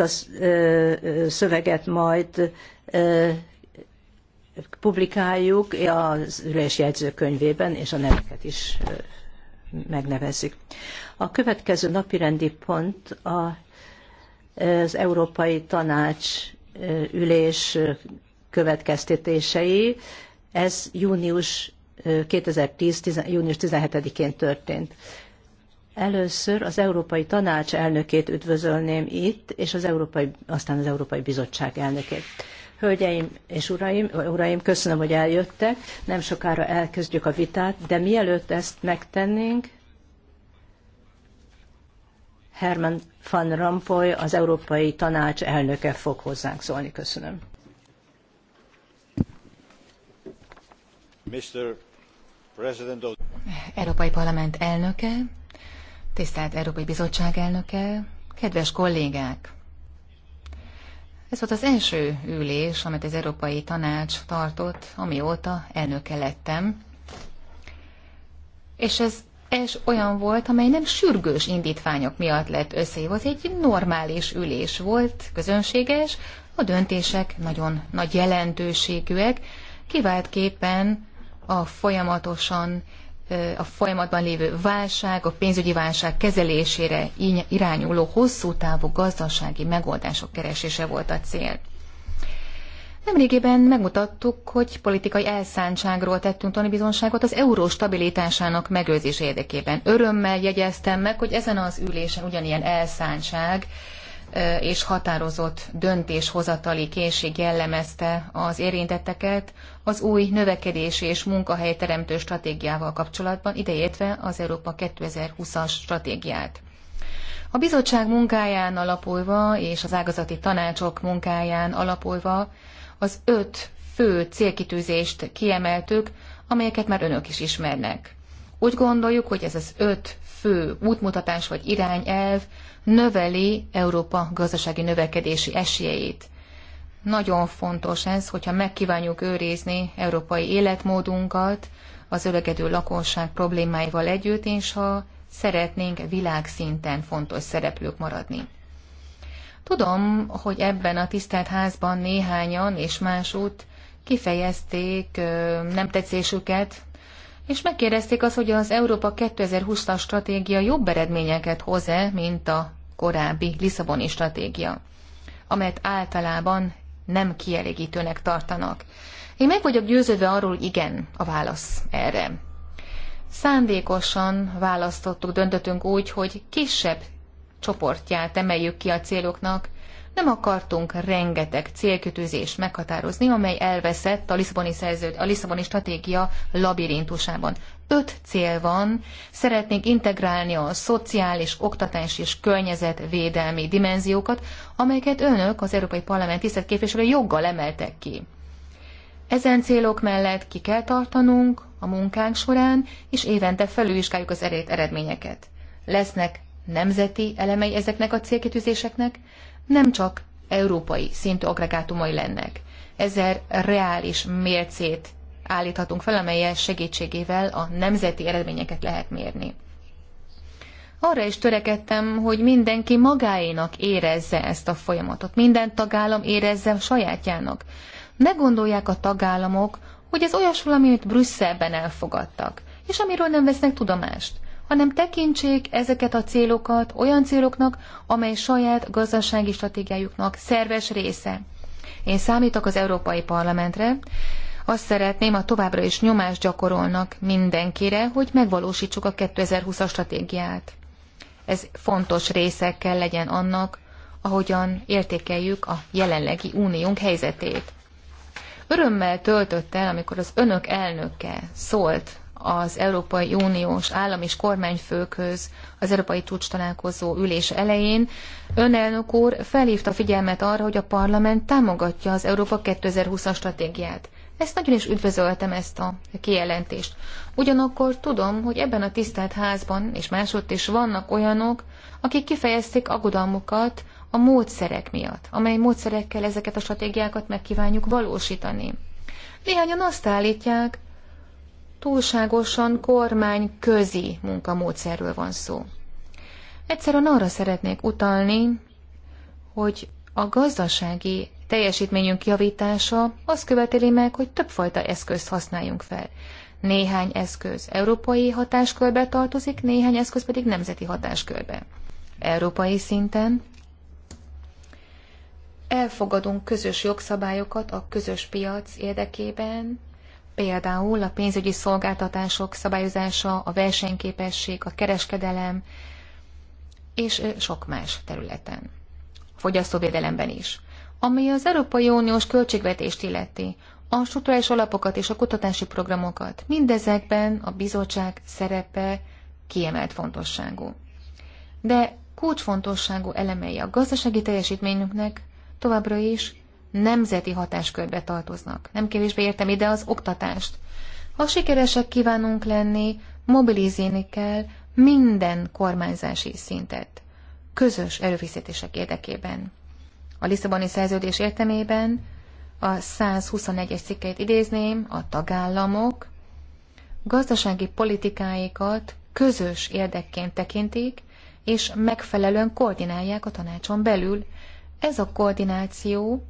a szöveget majd publikáljuk az ülés jegyzőkönyvében, és a neveket is megnevezzük. A következő napirendi pont a, az Európai Tanács ülés következtetései. Ez június 2010. június 17-én történt. Először az Európai Tanács elnökét üdvözölném itt, és az Európai, aztán az Európai Bizottság elnökét. Hölgyeim és uraim, uraim, köszönöm, hogy eljöttek. Nem sokára elkezdjük a vitát, de mielőtt ezt megtennénk, Herman van Rompuy, az Európai Tanács elnöke fog hozzánk szólni. Köszönöm. Mr. President of... Európai Parlament elnöke, Tisztelt Európai Bizottság elnöke, kedves kollégák! Ez volt az első ülés, amit az Európai Tanács tartott, amióta elnöke lettem. És ez, ez olyan volt, amely nem sürgős indítványok miatt lett összehívva. Ez egy normális ülés volt, közönséges, a döntések nagyon nagy jelentőségűek, kiváltképpen a folyamatosan a folyamatban lévő válság, a pénzügyi válság kezelésére irányuló hosszú távú gazdasági megoldások keresése volt a cél. Nemrégiben megmutattuk, hogy politikai elszántságról tettünk bizonságot az euró stabilitásának megőrzése érdekében. Örömmel jegyeztem meg, hogy ezen az ülésen ugyanilyen elszántság és határozott döntéshozatali készség jellemezte az érintetteket az új növekedési és munkahelyteremtő stratégiával kapcsolatban, ideértve az Európa 2020-as stratégiát. A bizottság munkáján alapulva és az ágazati tanácsok munkáján alapulva az öt fő célkitűzést kiemeltük, amelyeket már önök is ismernek. Úgy gondoljuk, hogy ez az öt fő útmutatás vagy irányelv növeli Európa gazdasági növekedési esélyeit. Nagyon fontos ez, hogyha megkívánjuk őrizni európai életmódunkat az öregedő lakosság problémáival együtt, és ha szeretnénk világszinten fontos szereplők maradni. Tudom, hogy ebben a tisztelt házban néhányan és másút kifejezték nem tetszésüket, és megkérdezték azt, hogy az Európa 2020-as stratégia jobb eredményeket hoz-e, mint a korábbi Lisszaboni stratégia, amelyet általában nem kielégítőnek tartanak. Én meg vagyok győződve arról, hogy igen a válasz erre. Szándékosan választottuk, döntöttünk úgy, hogy kisebb csoportját emeljük ki a céloknak, nem akartunk rengeteg célkötőzést meghatározni, amely elveszett a Lisszaboni, szerződ, a Lisszaboni stratégia labirintusában öt cél van, szeretnénk integrálni a szociális, oktatás és környezetvédelmi dimenziókat, amelyeket önök, az Európai Parlament tisztelt joggal emeltek ki. Ezen célok mellett ki kell tartanunk a munkánk során, és évente felülvizsgáljuk az eredményeket. Lesznek nemzeti elemei ezeknek a célkitűzéseknek, nem csak európai szintű agregátumai lennek. Ezzel reális mércét állíthatunk fel, amelyel segítségével a nemzeti eredményeket lehet mérni. Arra is törekedtem, hogy mindenki magáénak érezze ezt a folyamatot, minden tagállam érezze a sajátjának. Ne gondolják a tagállamok, hogy ez olyas valami, amit Brüsszelben elfogadtak, és amiről nem vesznek tudomást, hanem tekintsék ezeket a célokat olyan céloknak, amely saját gazdasági stratégiájuknak szerves része. Én számítok az Európai Parlamentre, azt szeretném, ha továbbra is nyomást gyakorolnak mindenkire, hogy megvalósítsuk a 2020-as stratégiát. Ez fontos része kell legyen annak, ahogyan értékeljük a jelenlegi uniónk helyzetét. Örömmel töltött el, amikor az önök elnöke szólt az Európai Uniós állam és kormányfőkhöz az Európai Csúcs találkozó ülés elején. Ön elnök úr felhívta figyelmet arra, hogy a parlament támogatja az Európa 2020-as stratégiát. Ezt nagyon is üdvözöltem, ezt a kijelentést. Ugyanakkor tudom, hogy ebben a tisztelt házban és másutt is vannak olyanok, akik kifejezték aggodalmukat a módszerek miatt, amely módszerekkel ezeket a stratégiákat megkívánjuk valósítani. Néhányan azt állítják, túlságosan kormány közi munkamódszerről van szó. Egyszerűen arra szeretnék utalni, hogy a gazdasági teljesítményünk kiavítása azt követeli meg, hogy többfajta eszközt használjunk fel. Néhány eszköz európai hatáskörbe tartozik, néhány eszköz pedig nemzeti hatáskörbe. Európai szinten elfogadunk közös jogszabályokat a közös piac érdekében, például a pénzügyi szolgáltatások szabályozása, a versenyképesség, a kereskedelem és sok más területen. Fogyasztóvédelemben is ami az Európai Uniós költségvetést illeti, a struktúrális alapokat és a kutatási programokat. Mindezekben a bizottság szerepe kiemelt fontosságú. De kulcsfontosságú elemei a gazdasági teljesítményünknek továbbra is nemzeti hatáskörbe tartoznak. Nem kevésbé értem ide az oktatást. Ha sikeresek kívánunk lenni, mobilizálni kell minden kormányzási szintet, közös erőfeszítések érdekében a Lisszaboni szerződés értelmében a 121-es cikkeit idézném, a tagállamok gazdasági politikáikat közös érdekként tekintik, és megfelelően koordinálják a tanácson belül. Ez a koordináció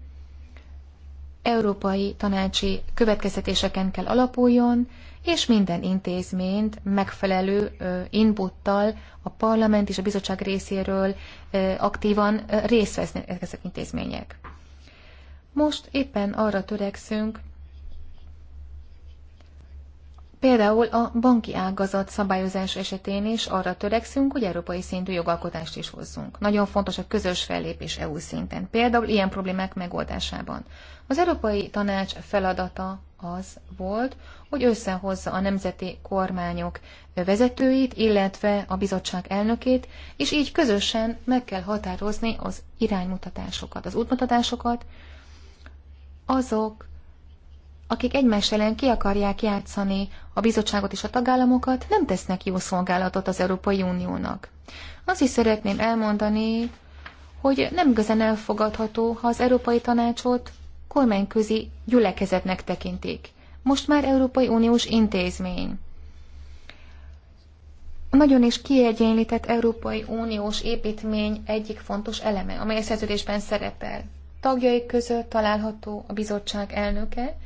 európai tanácsi következtetéseken kell alapuljon, és minden intézményt megfelelő inputtal a parlament és a bizottság részéről aktívan részt vesznek ezek intézmények. Most éppen arra törekszünk, Például a banki ágazat szabályozás esetén is arra törekszünk, hogy európai szintű jogalkotást is hozzunk. Nagyon fontos a közös fellépés EU szinten, például ilyen problémák megoldásában. Az Európai Tanács feladata az volt, hogy összehozza a nemzeti kormányok vezetőit, illetve a bizottság elnökét, és így közösen meg kell határozni az iránymutatásokat, az útmutatásokat, azok, akik egymás ellen ki akarják játszani a bizottságot és a tagállamokat, nem tesznek jó szolgálatot az Európai Uniónak. Azt is szeretném elmondani, hogy nem igazán elfogadható, ha az Európai Tanácsot kormányközi gyülekezetnek tekintik. Most már Európai Uniós intézmény. A nagyon is kiegyenlített Európai Uniós építmény egyik fontos eleme, amely a szerződésben szerepel. Tagjai között található a bizottság elnöke,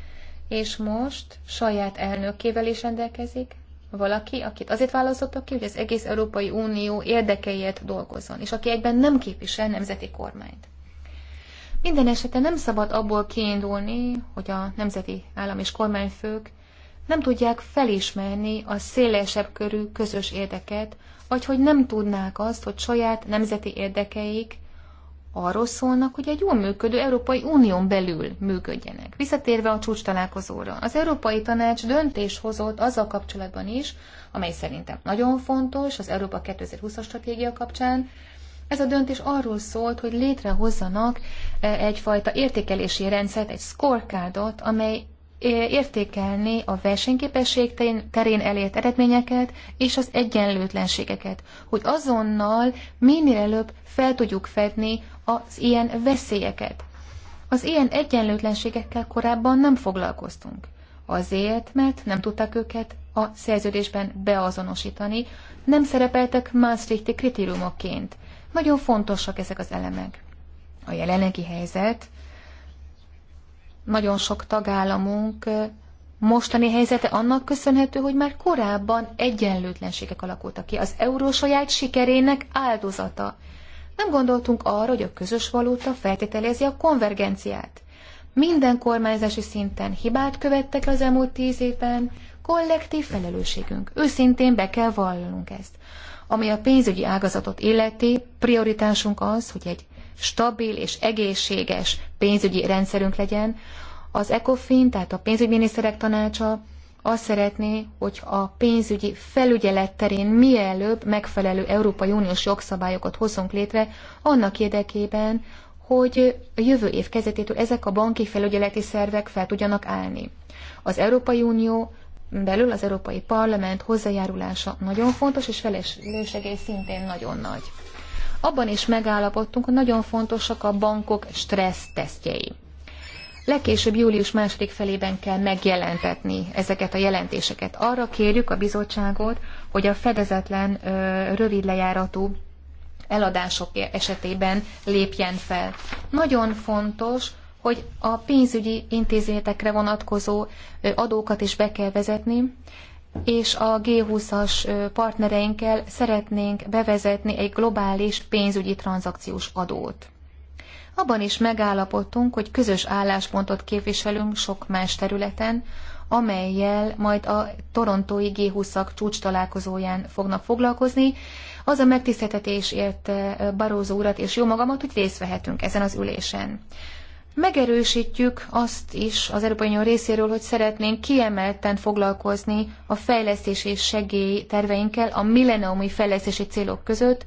és most saját elnökével is rendelkezik, valaki, akit azért választottak ki, hogy az egész Európai Unió érdekeiért dolgozzon, és aki egyben nem képvisel nemzeti kormányt. Minden esetre nem szabad abból kiindulni, hogy a nemzeti állam és kormányfők nem tudják felismerni a szélesebb körű közös érdeket, vagy hogy nem tudnák azt, hogy saját nemzeti érdekeik arról szólnak, hogy egy jól működő Európai Unión belül működjenek. Visszatérve a csúcs találkozóra, az Európai Tanács döntés hozott azzal kapcsolatban is, amely szerintem nagyon fontos az Európa 2020-as stratégia kapcsán, ez a döntés arról szólt, hogy létrehozzanak e, egyfajta értékelési rendszert, egy scorecardot, amely e, értékelni a versenyképesség terén elért eredményeket és az egyenlőtlenségeket, hogy azonnal minél előbb fel tudjuk fedni az ilyen veszélyeket. Az ilyen egyenlőtlenségekkel korábban nem foglalkoztunk. Azért, mert nem tudták őket a szerződésben beazonosítani, nem szerepeltek Maastrichti kritériumokként. Nagyon fontosak ezek az elemek. A jelenlegi helyzet, nagyon sok tagállamunk mostani helyzete annak köszönhető, hogy már korábban egyenlőtlenségek alakultak ki. Az euró saját sikerének áldozata. Nem gondoltunk arra, hogy a közös valóta feltételezi a konvergenciát. Minden kormányzási szinten hibát követtek az elmúlt tíz évben, kollektív felelősségünk. Őszintén be kell vallanunk ezt. Ami a pénzügyi ágazatot illeti, prioritásunk az, hogy egy stabil és egészséges pénzügyi rendszerünk legyen. Az ECOFIN, tehát a pénzügyminiszterek tanácsa azt szeretné, hogy a pénzügyi felügyelet terén mielőbb megfelelő Európai Uniós jogszabályokat hozzunk létre, annak érdekében, hogy a jövő év kezdetétől ezek a banki felügyeleti szervek fel tudjanak állni. Az Európai Unió belül az Európai Parlament hozzájárulása nagyon fontos, és felelősségei szintén nagyon nagy. Abban is megállapodtunk, hogy nagyon fontosak a bankok stressztesztjei. Legkésőbb július második felében kell megjelentetni ezeket a jelentéseket. Arra kérjük a bizottságot, hogy a fedezetlen, rövid lejáratú eladások esetében lépjen fel. Nagyon fontos, hogy a pénzügyi intézményekre vonatkozó adókat is be kell vezetni, és a G20-as partnereinkkel szeretnénk bevezetni egy globális pénzügyi tranzakciós adót. Abban is megállapodtunk, hogy közös álláspontot képviselünk sok más területen, amelyel majd a torontói G20-ak csúcs találkozóján fognak foglalkozni. Az a megtiszteltetésért érte Barózó urat és jó magamat, hogy részt vehetünk ezen az ülésen. Megerősítjük azt is az Európai Unió részéről, hogy szeretnénk kiemelten foglalkozni a fejlesztési és segély terveinkkel a milleniumi fejlesztési célok között.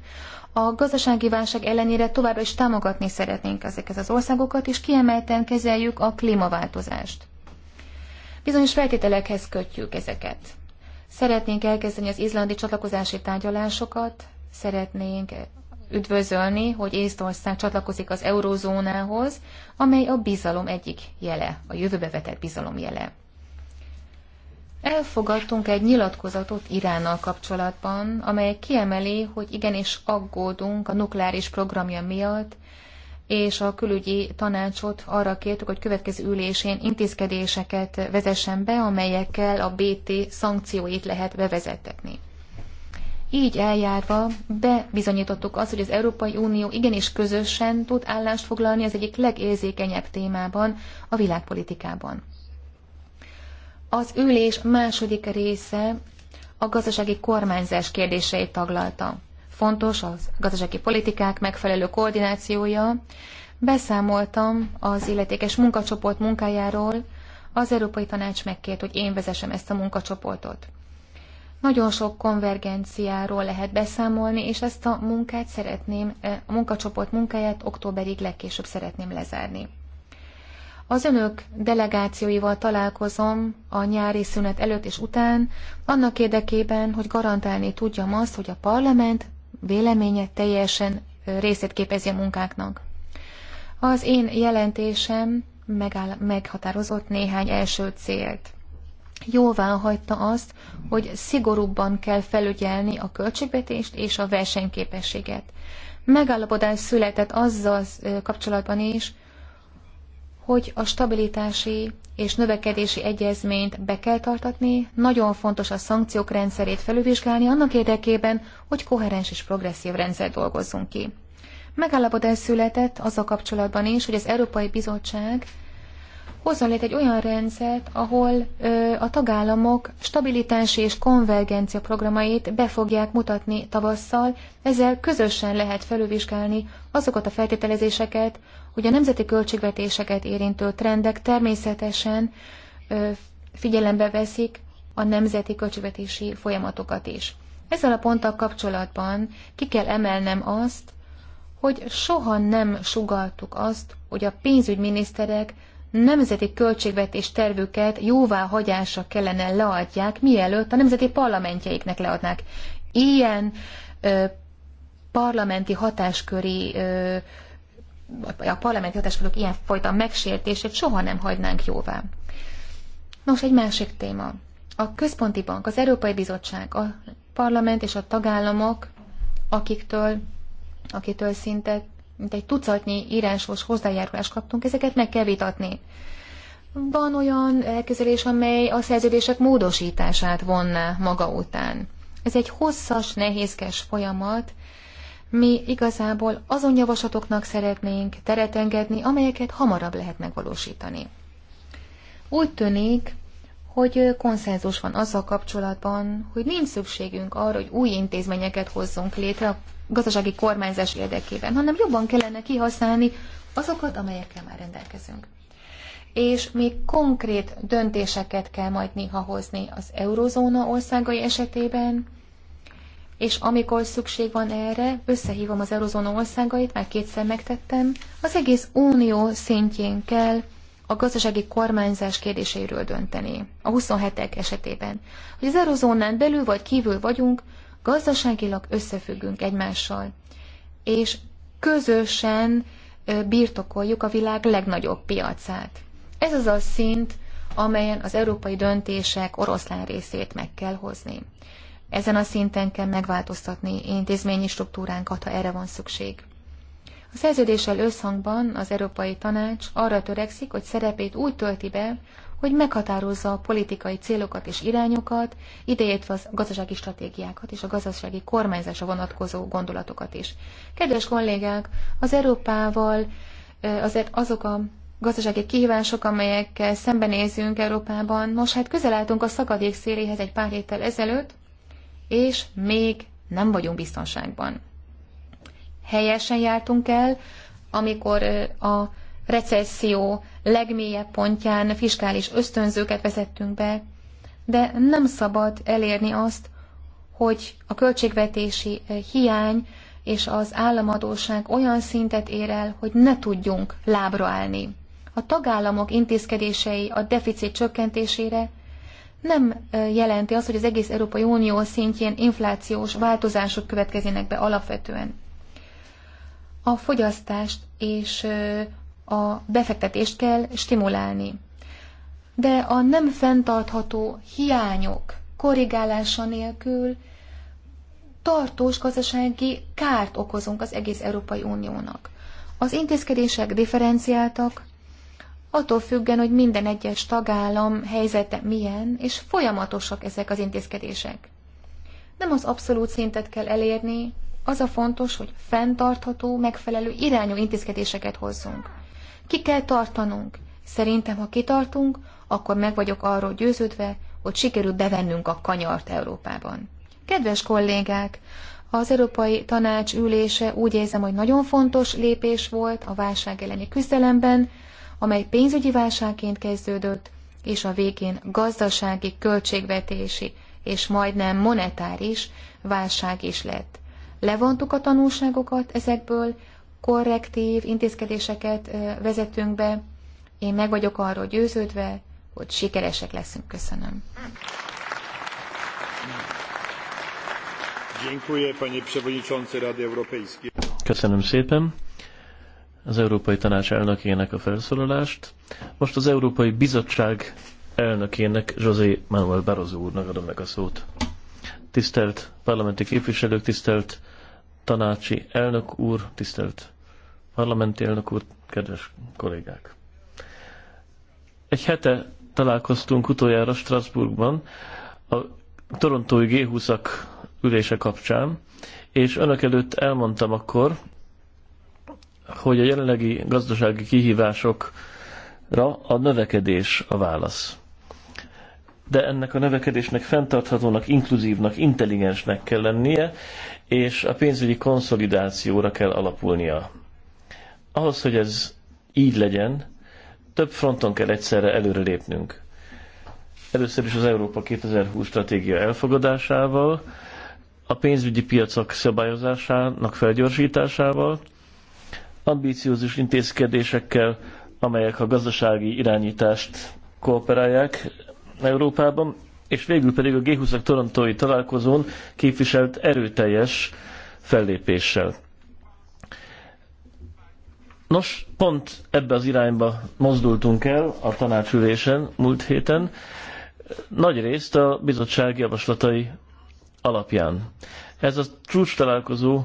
A gazdasági válság ellenére továbbra is támogatni szeretnénk ezeket az országokat, és kiemelten kezeljük a klímaváltozást. Bizonyos feltételekhez kötjük ezeket. Szeretnénk elkezdeni az izlandi csatlakozási tárgyalásokat, szeretnénk üdvözölni, hogy Észtország csatlakozik az eurózónához, amely a bizalom egyik jele, a jövőbe vetett bizalom jele. Elfogadtunk egy nyilatkozatot Iránnal kapcsolatban, amely kiemeli, hogy igenis aggódunk a nukleáris programja miatt, és a külügyi tanácsot arra kértük, hogy következő ülésén intézkedéseket vezessen be, amelyekkel a BT szankcióit lehet bevezetni. Így eljárva bebizonyítottuk azt, hogy az Európai Unió igenis közösen tud állást foglalni az egyik legérzékenyebb témában, a világpolitikában. Az ülés második része a gazdasági kormányzás kérdéseit taglalta. Fontos az gazdasági politikák megfelelő koordinációja. Beszámoltam az illetékes munkacsoport munkájáról, az Európai Tanács megkért, hogy én vezessem ezt a munkacsoportot. Nagyon sok konvergenciáról lehet beszámolni, és ezt a munkát szeretném, e, a munkacsoport munkáját októberig legkésőbb szeretném lezárni. Az önök delegációival találkozom a nyári szünet előtt és után, annak érdekében, hogy garantálni tudjam azt, hogy a parlament véleménye teljesen e, részét képezi a munkáknak. Az én jelentésem megáll- meghatározott néhány első célt jóvá hagyta azt, hogy szigorúbban kell felügyelni a költségvetést és a versenyképességet. Megállapodás született azzal kapcsolatban is, hogy a stabilitási és növekedési egyezményt be kell tartatni, nagyon fontos a szankciók rendszerét felülvizsgálni annak érdekében, hogy koherens és progresszív rendszer dolgozzunk ki. Megállapodás született azzal kapcsolatban is, hogy az Európai Bizottság hozzon létre egy olyan rendszert, ahol ö, a tagállamok stabilitási és konvergencia programait be fogják mutatni tavasszal, ezzel közösen lehet felülvizsgálni azokat a feltételezéseket, hogy a nemzeti költségvetéseket érintő trendek természetesen ö, figyelembe veszik a nemzeti költségvetési folyamatokat is. Ezzel a ponttal kapcsolatban ki kell emelnem azt, hogy soha nem sugaltuk azt, hogy a pénzügyminiszterek nemzeti költségvetés tervüket jóváhagyásra kellene leadják, mielőtt a nemzeti parlamentjeiknek leadnák. Ilyen ö, parlamenti hatásköri ö, a parlamenti hatáskörök ilyen fajta megsértését soha nem hagynánk jóvá. Nos, egy másik téma. A Központi Bank, az Európai Bizottság, a parlament és a tagállamok, akiktől, akitől szinte mint egy tucatnyi írásos hozzájárulást kaptunk, ezeket meg kell vitatni. Van olyan elképzelés, amely a szerződések módosítását vonna maga után. Ez egy hosszas, nehézkes folyamat, mi igazából azon javaslatoknak szeretnénk teret engedni, amelyeket hamarabb lehet megvalósítani. Úgy tűnik, hogy konszenzus van azzal kapcsolatban, hogy nincs szükségünk arra, hogy új intézményeket hozzunk létre a gazdasági kormányzás érdekében, hanem jobban kellene kihasználni azokat, amelyekkel már rendelkezünk. És még konkrét döntéseket kell majd néha hozni az eurozóna országai esetében, és amikor szükség van erre, összehívom az eurozóna országait, már kétszer megtettem, az egész unió szintjén kell a gazdasági kormányzás kérdéseiről dönteni, a 27-ek esetében. Hogy az eurozónán belül vagy kívül vagyunk, gazdaságilag összefüggünk egymással, és közösen birtokoljuk a világ legnagyobb piacát. Ez az a szint, amelyen az európai döntések oroszlán részét meg kell hozni. Ezen a szinten kell megváltoztatni intézményi struktúránkat, ha erre van szükség. A szerződéssel összhangban az Európai Tanács arra törekszik, hogy szerepét úgy tölti be, hogy meghatározza a politikai célokat és irányokat, idejét a gazdasági stratégiákat és a gazdasági kormányzásra vonatkozó gondolatokat is. Kedves kollégák, az Európával azért azok a gazdasági kihívások, amelyekkel szembenézünk Európában, most hát közel álltunk a szakadék széléhez egy pár héttel ezelőtt, és még nem vagyunk biztonságban helyesen jártunk el, amikor a recesszió legmélyebb pontján fiskális ösztönzőket vezettünk be, de nem szabad elérni azt, hogy a költségvetési hiány és az államadóság olyan szintet ér el, hogy ne tudjunk lábra állni. A tagállamok intézkedései a deficit csökkentésére nem jelenti azt, hogy az egész Európai Unió szintjén inflációs változások következének be alapvetően a fogyasztást és a befektetést kell stimulálni. De a nem fenntartható hiányok korrigálása nélkül tartós gazdasági kárt okozunk az egész Európai Uniónak. Az intézkedések differenciáltak, attól függen, hogy minden egyes tagállam helyzete milyen, és folyamatosak ezek az intézkedések. Nem az abszolút szintet kell elérni, az a fontos, hogy fenntartható, megfelelő irányú intézkedéseket hozzunk. Ki kell tartanunk. Szerintem, ha kitartunk, akkor meg vagyok arról győződve, hogy sikerül bevennünk a kanyart Európában. Kedves kollégák, az Európai Tanács ülése úgy érzem, hogy nagyon fontos lépés volt a válság elleni küzdelemben, amely pénzügyi válságként kezdődött, és a végén gazdasági, költségvetési és majdnem monetáris válság is lett levontuk a tanulságokat ezekből, korrektív intézkedéseket vezetünk be. Én meg vagyok arról győződve, hogy sikeresek leszünk. Köszönöm. Köszönöm szépen az Európai Tanács elnökének a felszólalást. Most az Európai Bizottság elnökének, José Manuel Barroso úrnak adom meg a szót. Tisztelt parlamenti képviselők, tisztelt tanácsi elnök úr, tisztelt parlamenti elnök úr, kedves kollégák! Egy hete találkoztunk utoljára Strasbourgban a torontói G20-ak ülése kapcsán, és önök előtt elmondtam akkor, hogy a jelenlegi gazdasági kihívásokra a növekedés a válasz de ennek a növekedésnek fenntarthatónak, inkluzívnak, intelligensnek kell lennie, és a pénzügyi konszolidációra kell alapulnia. Ahhoz, hogy ez így legyen, több fronton kell egyszerre előrelépnünk. Először is az Európa 2020 stratégia elfogadásával, a pénzügyi piacok szabályozásának felgyorsításával, ambíciózus intézkedésekkel, amelyek a gazdasági irányítást kooperálják, Európában, és végül pedig a G20-ak torontói találkozón képviselt erőteljes fellépéssel. Nos, pont ebbe az irányba mozdultunk el a tanácsülésen múlt héten, nagy részt a bizottság javaslatai alapján. Ez a csúcs találkozó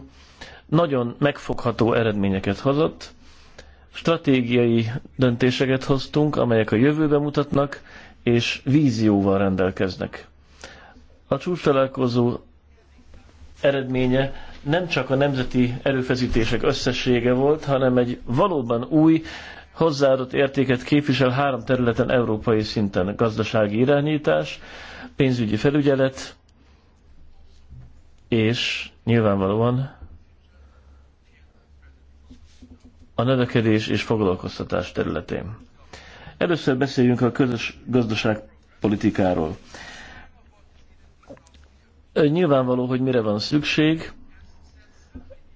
nagyon megfogható eredményeket hozott, stratégiai döntéseket hoztunk, amelyek a jövőbe mutatnak, és vízióval rendelkeznek. A csúcs találkozó eredménye nem csak a nemzeti erőfeszítések összessége volt, hanem egy valóban új, hozzáadott értéket képvisel három területen európai szinten. Gazdasági irányítás, pénzügyi felügyelet, és nyilvánvalóan a növekedés és foglalkoztatás területén. Először beszéljünk a közös gazdaságpolitikáról. Nyilvánvaló, hogy mire van szükség.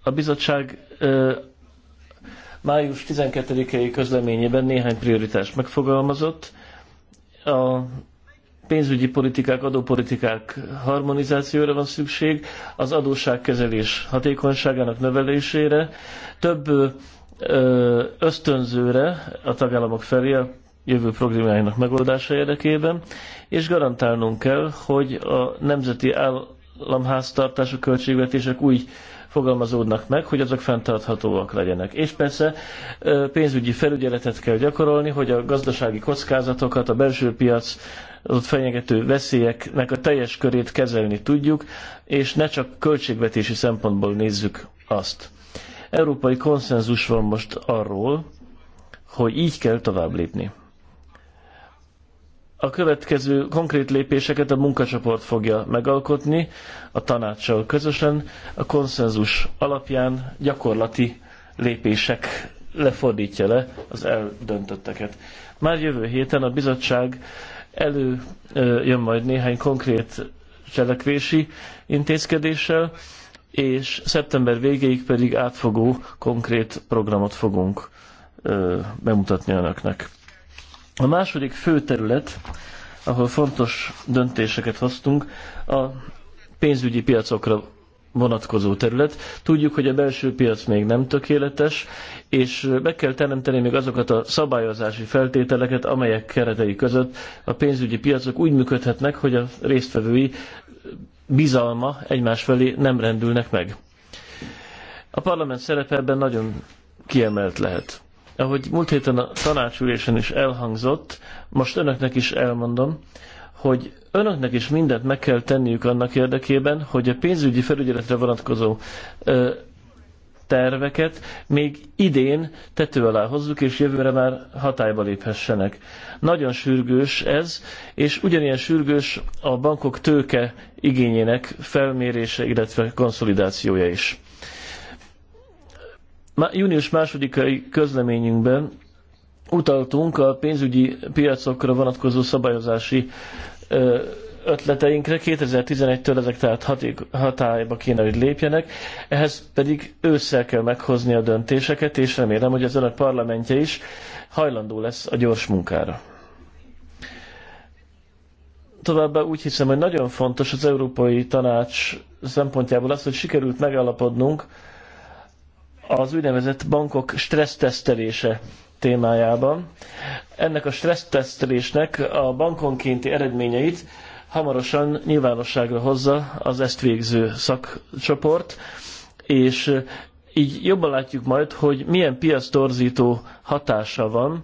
A bizottság május 12-i közleményében néhány prioritást megfogalmazott. A pénzügyi politikák, adópolitikák harmonizációra van szükség, az adósságkezelés hatékonyságának növelésére, több ösztönzőre a tagállamok felé a jövő problémáinak megoldása érdekében, és garantálnunk kell, hogy a nemzeti államháztartások költségvetések úgy fogalmazódnak meg, hogy azok fenntarthatóak legyenek. És persze pénzügyi felügyeletet kell gyakorolni, hogy a gazdasági kockázatokat, a belső piac ott fenyegető veszélyeknek a teljes körét kezelni tudjuk, és ne csak költségvetési szempontból nézzük azt. Európai konszenzus van most arról, hogy így kell tovább lépni a következő konkrét lépéseket a munkacsoport fogja megalkotni a tanácssal közösen, a konszenzus alapján gyakorlati lépések lefordítja le az eldöntötteket. Már jövő héten a bizottság elő jön majd néhány konkrét cselekvési intézkedéssel, és szeptember végéig pedig átfogó konkrét programot fogunk bemutatni önöknek. A második fő terület, ahol fontos döntéseket hoztunk, a pénzügyi piacokra vonatkozó terület. Tudjuk, hogy a belső piac még nem tökéletes, és be kell teremteni még azokat a szabályozási feltételeket, amelyek keretei között a pénzügyi piacok úgy működhetnek, hogy a résztvevői bizalma egymás felé nem rendülnek meg. A parlament szerepe ebben nagyon kiemelt lehet. Ahogy múlt héten a tanácsülésen is elhangzott, most önöknek is elmondom, hogy önöknek is mindent meg kell tenniük annak érdekében, hogy a pénzügyi felügyeletre vonatkozó ö, terveket még idén tető alá hozzuk, és jövőre már hatályba léphessenek. Nagyon sürgős ez, és ugyanilyen sürgős a bankok tőke igényének felmérése, illetve konszolidációja is június másodikai közleményünkben utaltunk a pénzügyi piacokra vonatkozó szabályozási ötleteinkre 2011-től ezek tehát hatályba kéne, hogy lépjenek, ehhez pedig ősszel kell meghozni a döntéseket, és remélem, hogy az önök parlamentje is hajlandó lesz a gyors munkára. Továbbá úgy hiszem, hogy nagyon fontos az Európai Tanács szempontjából az, hogy sikerült megállapodnunk az úgynevezett bankok stressztesztelése témájában. Ennek a stressztesztelésnek a bankonkénti eredményeit hamarosan nyilvánosságra hozza az ezt végző szakcsoport, és így jobban látjuk majd, hogy milyen piasztorzító hatása van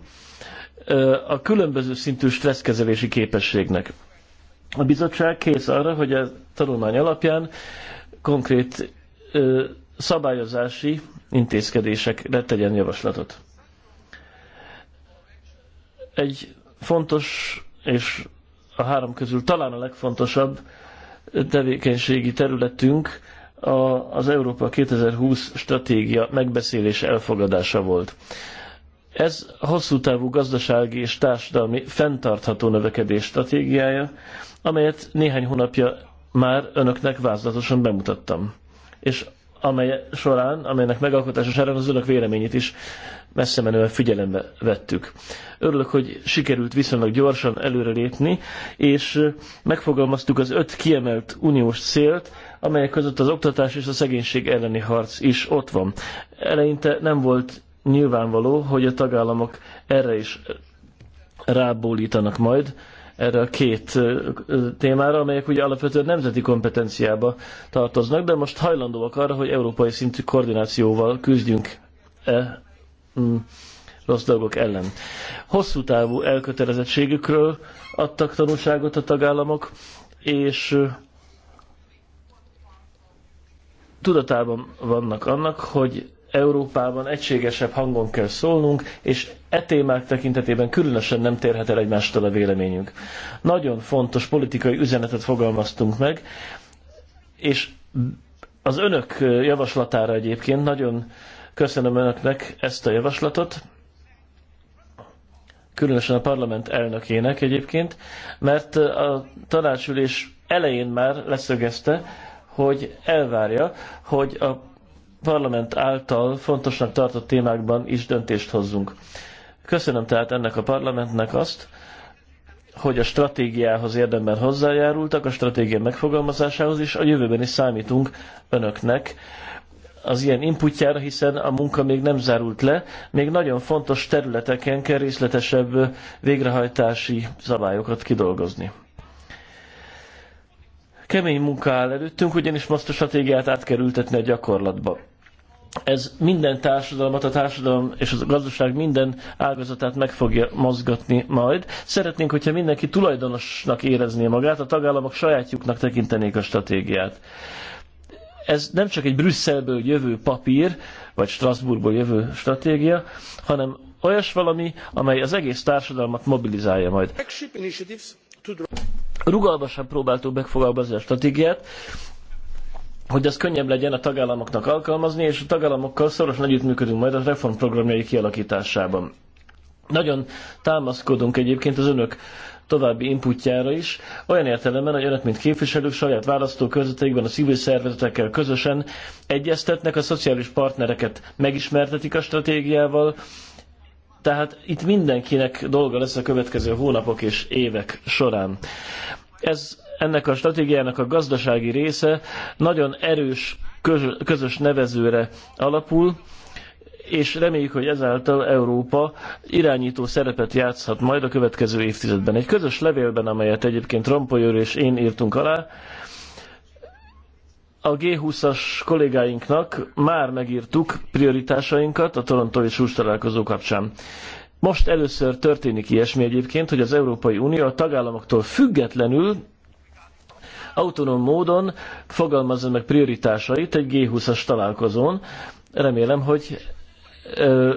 a különböző szintű stresszkezelési képességnek. A bizottság kész arra, hogy a tanulmány alapján konkrét szabályozási intézkedésekre tegyen javaslatot. Egy fontos és a három közül talán a legfontosabb tevékenységi területünk az Európa 2020 stratégia megbeszélés elfogadása volt. Ez hosszú távú gazdasági és társadalmi fenntartható növekedés stratégiája, amelyet néhány hónapja már önöknek vázlatosan bemutattam. És amely során, amelynek megalkotása során az önök véleményét is messze menően figyelembe vettük. Örülök, hogy sikerült viszonylag gyorsan előrelépni, és megfogalmaztuk az öt kiemelt uniós célt, amelyek között az oktatás és a szegénység elleni harc is ott van. Eleinte nem volt nyilvánvaló, hogy a tagállamok erre is rábólítanak majd, erre a két témára, amelyek ugye alapvetően nemzeti kompetenciába tartoznak, de most hajlandóak arra, hogy európai szintű koordinációval küzdjünk e mm, rossz dolgok ellen. Hosszú távú elkötelezettségükről adtak tanulságot a tagállamok, és tudatában vannak annak, hogy Európában egységesebb hangon kell szólnunk, és e témák tekintetében különösen nem térhet el egymástól a véleményünk. Nagyon fontos politikai üzenetet fogalmaztunk meg, és az önök javaslatára egyébként nagyon köszönöm önöknek ezt a javaslatot, különösen a parlament elnökének egyébként, mert a tanácsülés elején már leszögezte, hogy elvárja, hogy a parlament által fontosnak tartott témákban is döntést hozzunk. Köszönöm tehát ennek a parlamentnek azt, hogy a stratégiához érdemben hozzájárultak, a stratégia megfogalmazásához, is a jövőben is számítunk önöknek az ilyen inputjára, hiszen a munka még nem zárult le, még nagyon fontos területeken kell részletesebb végrehajtási szabályokat kidolgozni. Kemény munka áll előttünk, ugyanis most a stratégiát átkerültetni a gyakorlatba ez minden társadalmat, a társadalom és a gazdaság minden ágazatát meg fogja mozgatni majd. Szeretnénk, hogyha mindenki tulajdonosnak érezné magát, a tagállamok sajátjuknak tekintenék a stratégiát. Ez nem csak egy Brüsszelből jövő papír, vagy Strasbourgból jövő stratégia, hanem olyas valami, amely az egész társadalmat mobilizálja majd. Rugalmasan próbáltuk megfogalmazni a stratégiát, hogy ez könnyebb legyen a tagállamoknak alkalmazni, és a tagállamokkal szorosan együttműködünk majd a reformprogramjai kialakításában. Nagyon támaszkodunk egyébként az önök további inputjára is, olyan értelemben, hogy önök, mint képviselők saját választókörzeteikben a civil szervezetekkel közösen egyeztetnek, a szociális partnereket megismertetik a stratégiával, tehát itt mindenkinek dolga lesz a következő hónapok és évek során. Ez ennek a stratégiának a gazdasági része nagyon erős közös nevezőre alapul, és reméljük, hogy ezáltal Európa irányító szerepet játszhat majd a következő évtizedben. Egy közös levélben, amelyet egyébként Rompolyőr és én írtunk alá, a G20-as kollégáinknak már megírtuk prioritásainkat a és csúcs találkozó kapcsán. Most először történik ilyesmi egyébként, hogy az Európai Unió a tagállamoktól függetlenül autonóm módon fogalmazza meg prioritásait egy G20-as találkozón. Remélem, hogy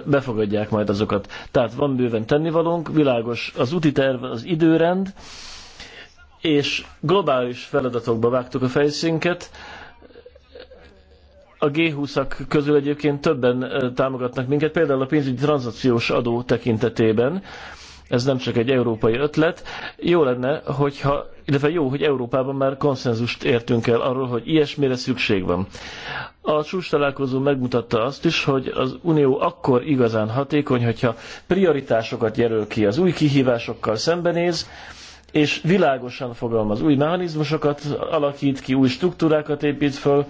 befogadják majd azokat. Tehát van bőven tennivalónk, világos az úti terv, az időrend, és globális feladatokba vágtuk a fejszínket. A G20-ak közül egyébként többen támogatnak minket, például a pénzügyi tranzakciós adó tekintetében ez nem csak egy európai ötlet. Jó lenne, hogyha, illetve jó, hogy Európában már konszenzust értünk el arról, hogy ilyesmire szükség van. A csúcs találkozó megmutatta azt is, hogy az Unió akkor igazán hatékony, hogyha prioritásokat jelöl ki, az új kihívásokkal szembenéz, és világosan fogalmaz, új mechanizmusokat alakít ki, új struktúrákat épít föl,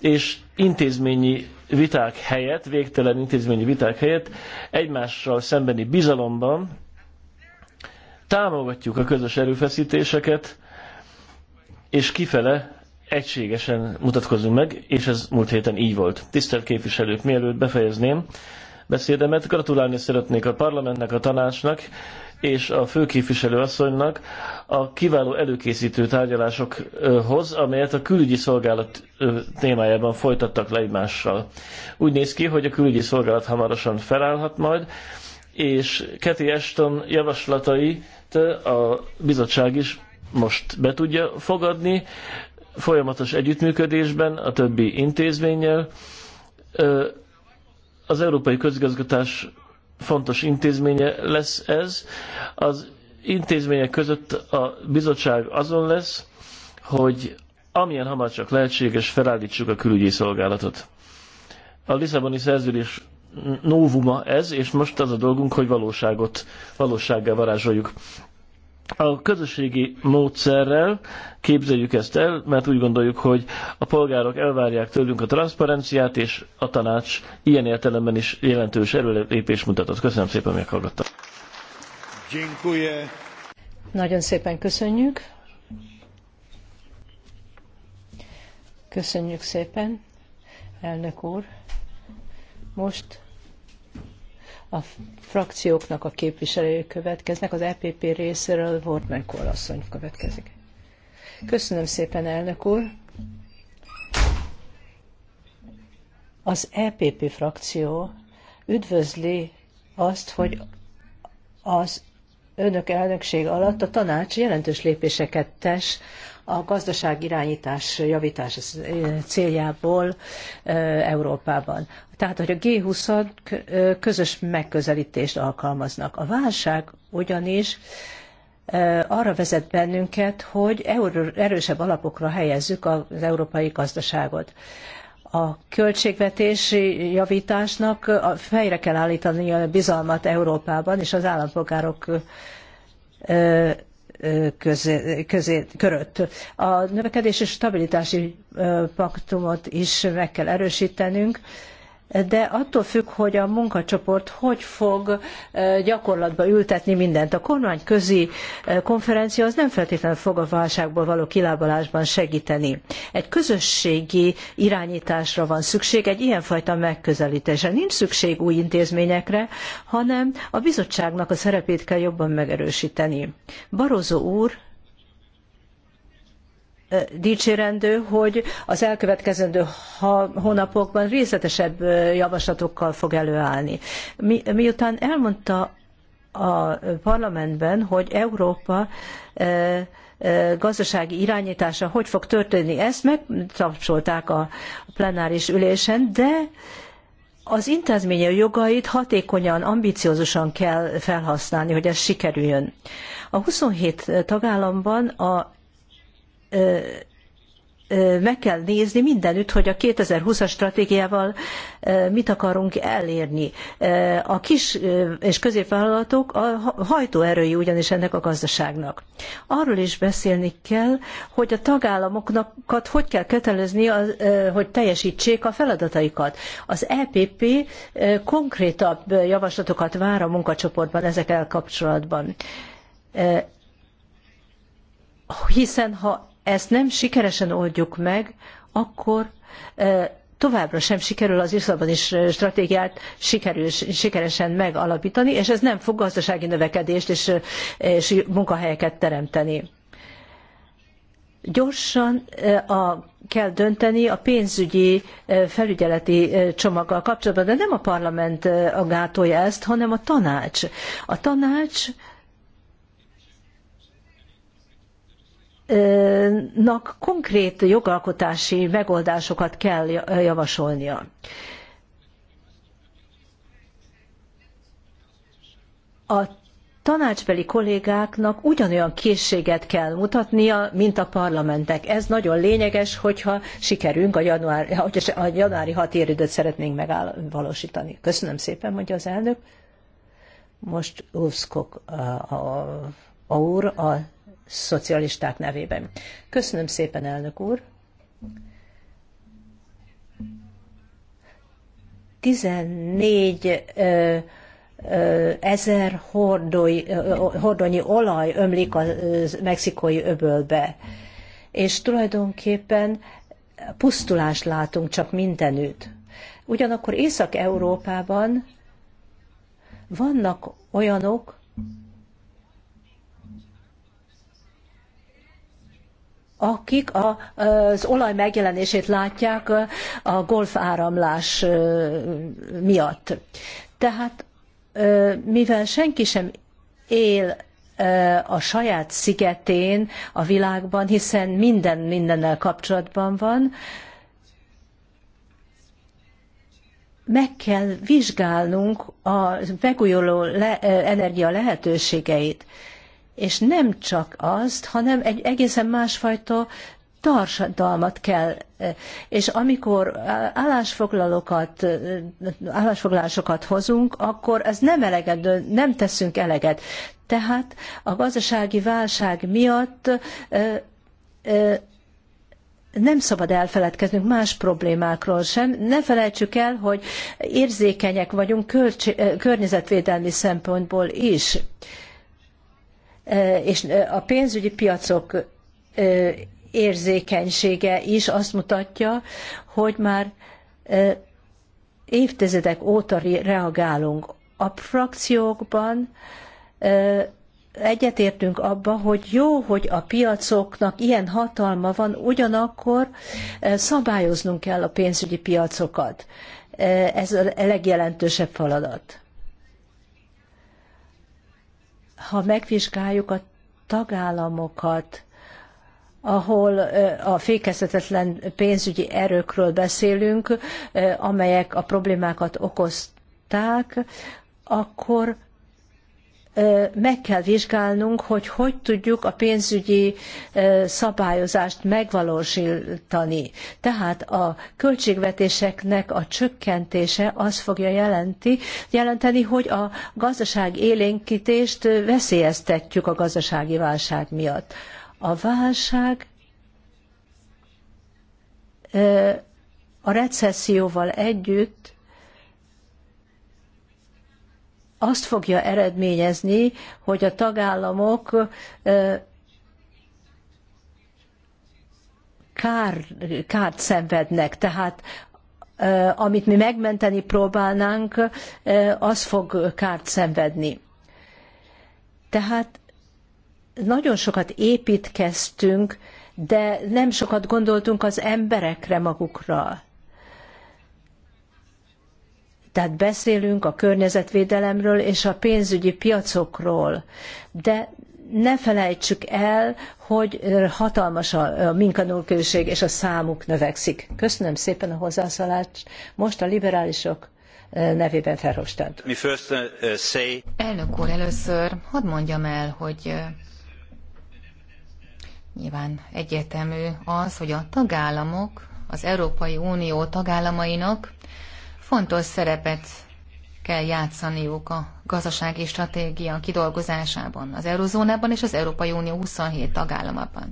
és intézményi viták helyett, végtelen intézményi viták helyett egymással szembeni bizalomban támogatjuk a közös erőfeszítéseket, és kifele egységesen mutatkozunk meg, és ez múlt héten így volt. Tisztelt képviselők, mielőtt befejezném beszédemet, gratulálni szeretnék a parlamentnek, a tanácsnak és a főképviselő asszonynak a kiváló előkészítő tárgyalásokhoz, amelyet a külügyi szolgálat témájában folytattak le egymással. Úgy néz ki, hogy a külügyi szolgálat hamarosan felállhat majd, és Keti Ashton javaslatait a bizottság is most be tudja fogadni, folyamatos együttműködésben a többi intézménnyel. Az Európai Közgazgatás fontos intézménye lesz ez. Az intézmények között a bizottság azon lesz, hogy amilyen hamar csak lehetséges, felállítsuk a külügyi szolgálatot. A Lisszaboni szerződés novuma ez, és most az a dolgunk, hogy valóságot, valósággal varázsoljuk. A közösségi módszerrel képzeljük ezt el, mert úgy gondoljuk, hogy a polgárok elvárják tőlünk a transzparenciát, és a tanács ilyen értelemben is jelentős erőlépés mutatott. Köszönöm szépen, hogy meghallgattam. Nagyon szépen köszönjük. Köszönjük szépen, elnök úr. Most a frakcióknak a képviselői következnek, az EPP részéről Wortmann asszony következik. Köszönöm szépen, elnök úr! Az EPP frakció üdvözli azt, hogy az önök elnökség alatt a tanács jelentős lépéseket tesz a gazdaság irányítás javítása céljából Európában. Tehát, hogy a G20 közös megközelítést alkalmaznak. A válság ugyanis arra vezet bennünket, hogy erősebb alapokra helyezzük az európai gazdaságot a költségvetési javításnak fejre kell állítani a bizalmat Európában és az állampolgárok közé, közé, körött. A növekedési és stabilitási paktumot is meg kell erősítenünk, de attól függ, hogy a munkacsoport hogy fog gyakorlatba ültetni mindent. A kormányközi konferencia az nem feltétlenül fog a válságból való kilábalásban segíteni. Egy közösségi irányításra van szükség, egy ilyenfajta megközelítésre. Nincs szükség új intézményekre, hanem a bizottságnak a szerepét kell jobban megerősíteni. Barozó úr dicsérendő, hogy az elkövetkezendő hónapokban részletesebb javaslatokkal fog előállni. Mi, miután elmondta a parlamentben, hogy Európa gazdasági irányítása hogy fog történni, ezt megtapsolták a plenáris ülésen, de az intézménye jogait hatékonyan, ambiciózusan kell felhasználni, hogy ez sikerüljön. A 27 tagállamban a meg kell nézni mindenütt, hogy a 2020-as stratégiával mit akarunk elérni. A kis és középvállalatok a hajtóerői ugyanis ennek a gazdaságnak. Arról is beszélni kell, hogy a tagállamoknak hogy kell kötelezni, hogy teljesítsék a feladataikat. Az EPP konkrétabb javaslatokat vár a munkacsoportban ezekkel kapcsolatban. Hiszen ha ezt nem sikeresen oldjuk meg, akkor e, továbbra sem sikerül az iszlabani stratégiát sikerül, sikeresen megalapítani, és ez nem fog gazdasági növekedést és, és munkahelyeket teremteni. Gyorsan e, a, kell dönteni a pénzügyi e, felügyeleti csomaggal kapcsolatban, de nem a parlament gátolja ezt, hanem a tanács. A tanács nak konkrét jogalkotási megoldásokat kell javasolnia. A tanácsbeli kollégáknak ugyanolyan készséget kell mutatnia, mint a parlamentnek. Ez nagyon lényeges, hogyha sikerünk a, január, a januári határidőt szeretnénk megvalósítani. Köszönöm szépen, mondja az elnök. Most Ulfskok a, a, a úr a szocialisták nevében. Köszönöm szépen, elnök úr! 14 ö, ö, ezer hordói, hordonyi olaj ömlik a mexikói öbölbe. És tulajdonképpen pusztulást látunk csak mindenütt. Ugyanakkor Észak-Európában vannak olyanok, akik az olaj megjelenését látják a golf áramlás miatt. Tehát mivel senki sem él a saját szigetén a világban, hiszen minden mindennel kapcsolatban van, meg kell vizsgálnunk a megújuló le, energia lehetőségeit és nem csak azt, hanem egy egészen másfajta társadalmat kell. Eh, és amikor állásfoglalókat, eh, állásfoglalásokat hozunk, akkor ez nem elegedő, nem teszünk eleget. Tehát a gazdasági válság miatt eh, nem szabad elfeledkeznünk más problémákról sem. Ne felejtsük el, hogy érzékenyek vagyunk környezetvédelmi szempontból is és a pénzügyi piacok érzékenysége is azt mutatja, hogy már évtizedek óta reagálunk. A frakciókban egyetértünk abba, hogy jó, hogy a piacoknak ilyen hatalma van, ugyanakkor szabályoznunk kell a pénzügyi piacokat. Ez a legjelentősebb feladat. Ha megvizsgáljuk a tagállamokat, ahol a fékezhetetlen pénzügyi erőkről beszélünk, amelyek a problémákat okozták, akkor meg kell vizsgálnunk, hogy hogy tudjuk a pénzügyi szabályozást megvalósítani. Tehát a költségvetéseknek a csökkentése az fogja jelenti, jelenteni, hogy a gazdaság élénkítést veszélyeztetjük a gazdasági válság miatt. A válság a recesszióval együtt azt fogja eredményezni, hogy a tagállamok kár, kárt szenvednek. Tehát amit mi megmenteni próbálnánk, az fog kárt szenvedni. Tehát nagyon sokat építkeztünk, de nem sokat gondoltunk az emberekre magukra. Tehát beszélünk a környezetvédelemről és a pénzügyi piacokról, de ne felejtsük el, hogy hatalmas a minkanélküliség, és a számuk növekszik. Köszönöm szépen a hozzászólást. Most a liberálisok eh, nevében Ferhofstadt. Eh, Elnök úr, először hadd mondjam el, hogy eh, nyilván egyértelmű az, hogy a tagállamok, az Európai Unió tagállamainak fontos szerepet kell játszaniuk a gazdasági stratégia kidolgozásában az eurozónában és az Európai Unió 27 tagállamában.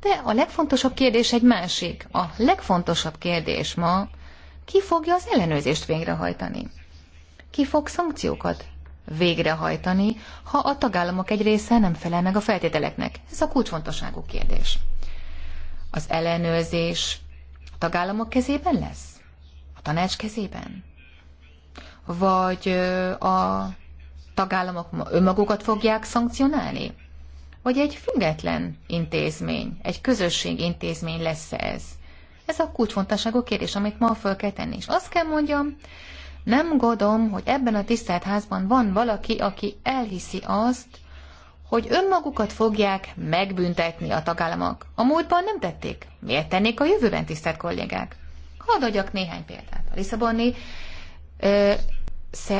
De a legfontosabb kérdés egy másik. A legfontosabb kérdés ma, ki fogja az ellenőrzést végrehajtani? Ki fog szankciókat végrehajtani, ha a tagállamok egy része nem felel meg a feltételeknek? Ez a kulcsfontosságú kérdés. Az ellenőrzés a tagállamok kezében lesz? tanács kezében? Vagy a tagállamok önmagukat fogják szankcionálni? Vagy egy független intézmény, egy közösség intézmény lesz ez? Ez a kulcsfontosságú kérdés, amit ma föl kell tenni. És azt kell mondjam, nem gondolom, hogy ebben a tisztelt házban van valaki, aki elhiszi azt, hogy önmagukat fogják megbüntetni a tagállamok. A múltban nem tették. Miért tennék a jövőben, tisztelt kollégák? Hadd adjak néhány példát. A Lisszaboni,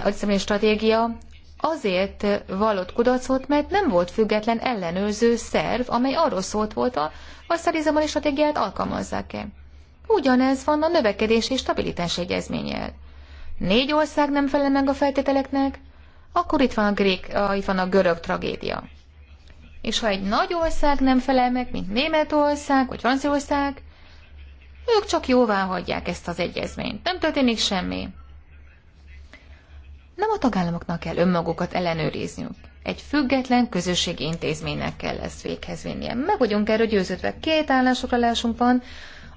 a stratégia azért vallott kudarcot, mert nem volt független ellenőrző szerv, amely arról szólt volt, a, azt a Lisszaboni stratégiát alkalmazzák-e. Ugyanez van a növekedési és stabilitás egyezménnyel. Négy ország nem felel meg a feltételeknek, akkor itt van a, grék, a, itt van a görög tragédia. És ha egy nagy ország nem felel meg, mint Németország vagy Franciaország, ők csak jóvá hagyják ezt az egyezményt. Nem történik semmi. Nem a tagállamoknak kell önmagukat ellenőrizniük. Egy független közösségi intézménynek kell ezt véghez vinnie. Meg vagyunk erről győződve. Két állásokralásunk van,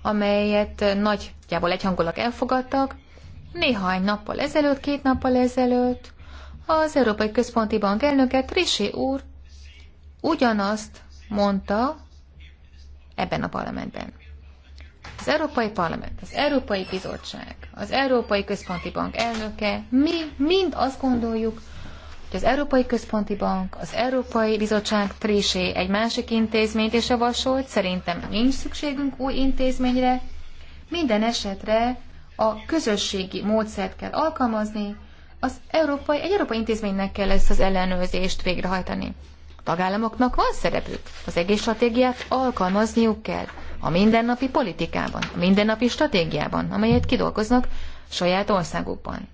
amelyet nagyjából egyhangulag elfogadtak. Néhány nappal ezelőtt, két nappal ezelőtt az Európai Központi Bank elnöke Trisi úr ugyanazt mondta ebben a parlamentben. Az Európai Parlament, az Európai Bizottság, az Európai Központi Bank elnöke, mi mind azt gondoljuk, hogy az Európai Központi Bank, az Európai Bizottság Trisé egy másik intézményt is javasolt, szerintem nincs szükségünk új intézményre. Minden esetre a közösségi módszert kell alkalmazni, az európai, egy európai intézménynek kell ezt az ellenőrzést végrehajtani. A tagállamoknak van szerepük, az egész stratégiát alkalmazniuk kell a mindennapi politikában, a mindennapi stratégiában, amelyet kidolgoznak saját országukban.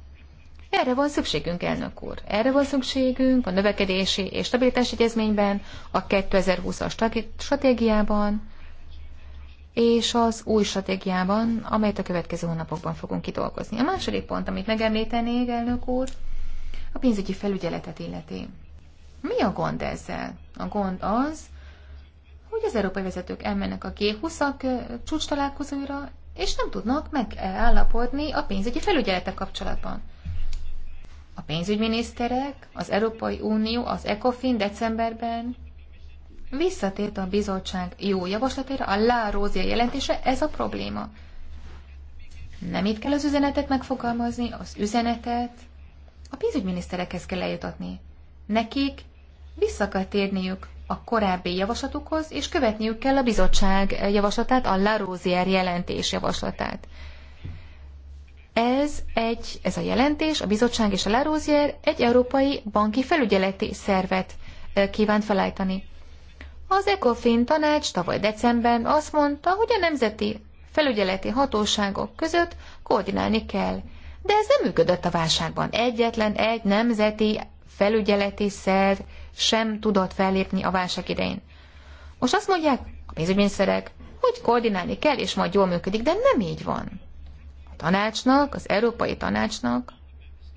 Erre van szükségünk, elnök úr. Erre van szükségünk a növekedési és stabilitási egyezményben, a 2020-as stratégiában, és az új stratégiában, amelyet a következő hónapokban fogunk kidolgozni. A második pont, amit megemlítenék, elnök úr, a pénzügyi felügyeletet illeti. Mi a gond ezzel? A gond az, hogy az európai vezetők elmennek a G20-ak csúcs találkozóira, és nem tudnak megállapodni a pénzügyi felügyelete kapcsolatban. A pénzügyminiszterek, az Európai Unió, az ECOFIN decemberben visszatért a bizottság jó javaslatára, a La Rosia jelentése, ez a probléma. Nem itt kell az üzenetet megfogalmazni, az üzenetet a pénzügyminiszterekhez kell eljutatni. Nekik vissza kell térniük a korábbi javaslatukhoz, és követniük kell a bizottság javaslatát, a Larózier jelentés javaslatát. Ez, egy, ez a jelentés, a bizottság és a Larózier egy európai banki felügyeleti szervet kívánt felállítani. Az ECOFIN tanács tavaly decemberben azt mondta, hogy a nemzeti felügyeleti hatóságok között koordinálni kell. De ez nem működött a válságban. Egyetlen egy nemzeti felügyeleti szerv sem tudott fellépni a válság idején. Most azt mondják a pénzügyminiszterek, hogy koordinálni kell, és majd jól működik, de nem így van. A tanácsnak, az Európai Tanácsnak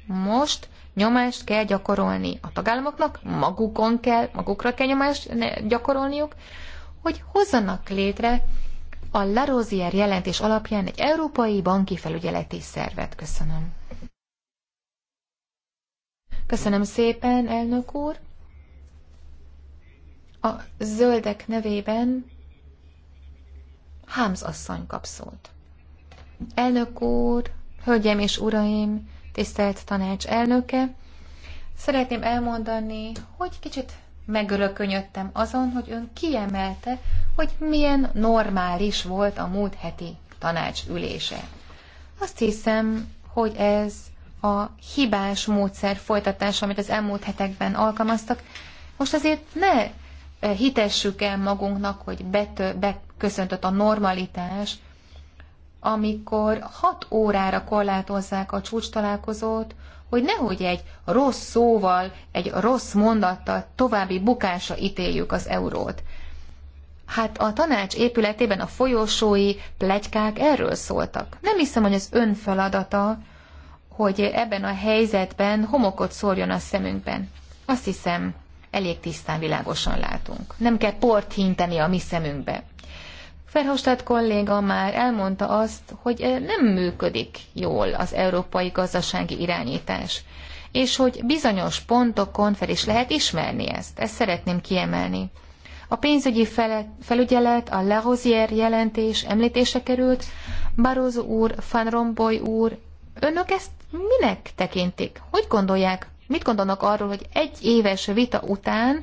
most nyomást kell gyakorolni a tagállamoknak, magukon kell, magukra kell nyomást gyakorolniuk, hogy hozzanak létre a Larosier jelentés alapján egy európai banki felügyeleti szervet. Köszönöm. Köszönöm szépen, elnök úr. A zöldek nevében Hámz asszony kap szót. Elnök úr, hölgyem és uraim, tisztelt tanács elnöke, szeretném elmondani, hogy kicsit megölökönyödtem azon, hogy ön kiemelte, hogy milyen normális volt a múlt heti tanács ülése. Azt hiszem, hogy ez a hibás módszer folytatása, amit az elmúlt hetekben alkalmaztak. Most azért ne hitessük el magunknak, hogy betö, beköszöntött a normalitás, amikor hat órára korlátozzák a csúcs találkozót, hogy nehogy egy rossz szóval, egy rossz mondattal további bukásra ítéljük az eurót. Hát a tanács épületében a folyosói plegykák erről szóltak. Nem hiszem, hogy az ön feladata, hogy ebben a helyzetben homokot szórjon a szemünkben. Azt hiszem, elég tisztán, világosan látunk. Nem kell port hinteni a mi szemünkbe. Ferhostad kolléga már elmondta azt, hogy eh, nem működik jól az európai gazdasági irányítás, és hogy bizonyos pontokon fel is lehet ismerni ezt. Ezt szeretném kiemelni. A pénzügyi felügyelet, a Larosière jelentés említése került, Barroso úr, Van Rompuy úr, önök ezt minek tekintik? Hogy gondolják, Mit gondolnak arról, hogy egy éves vita után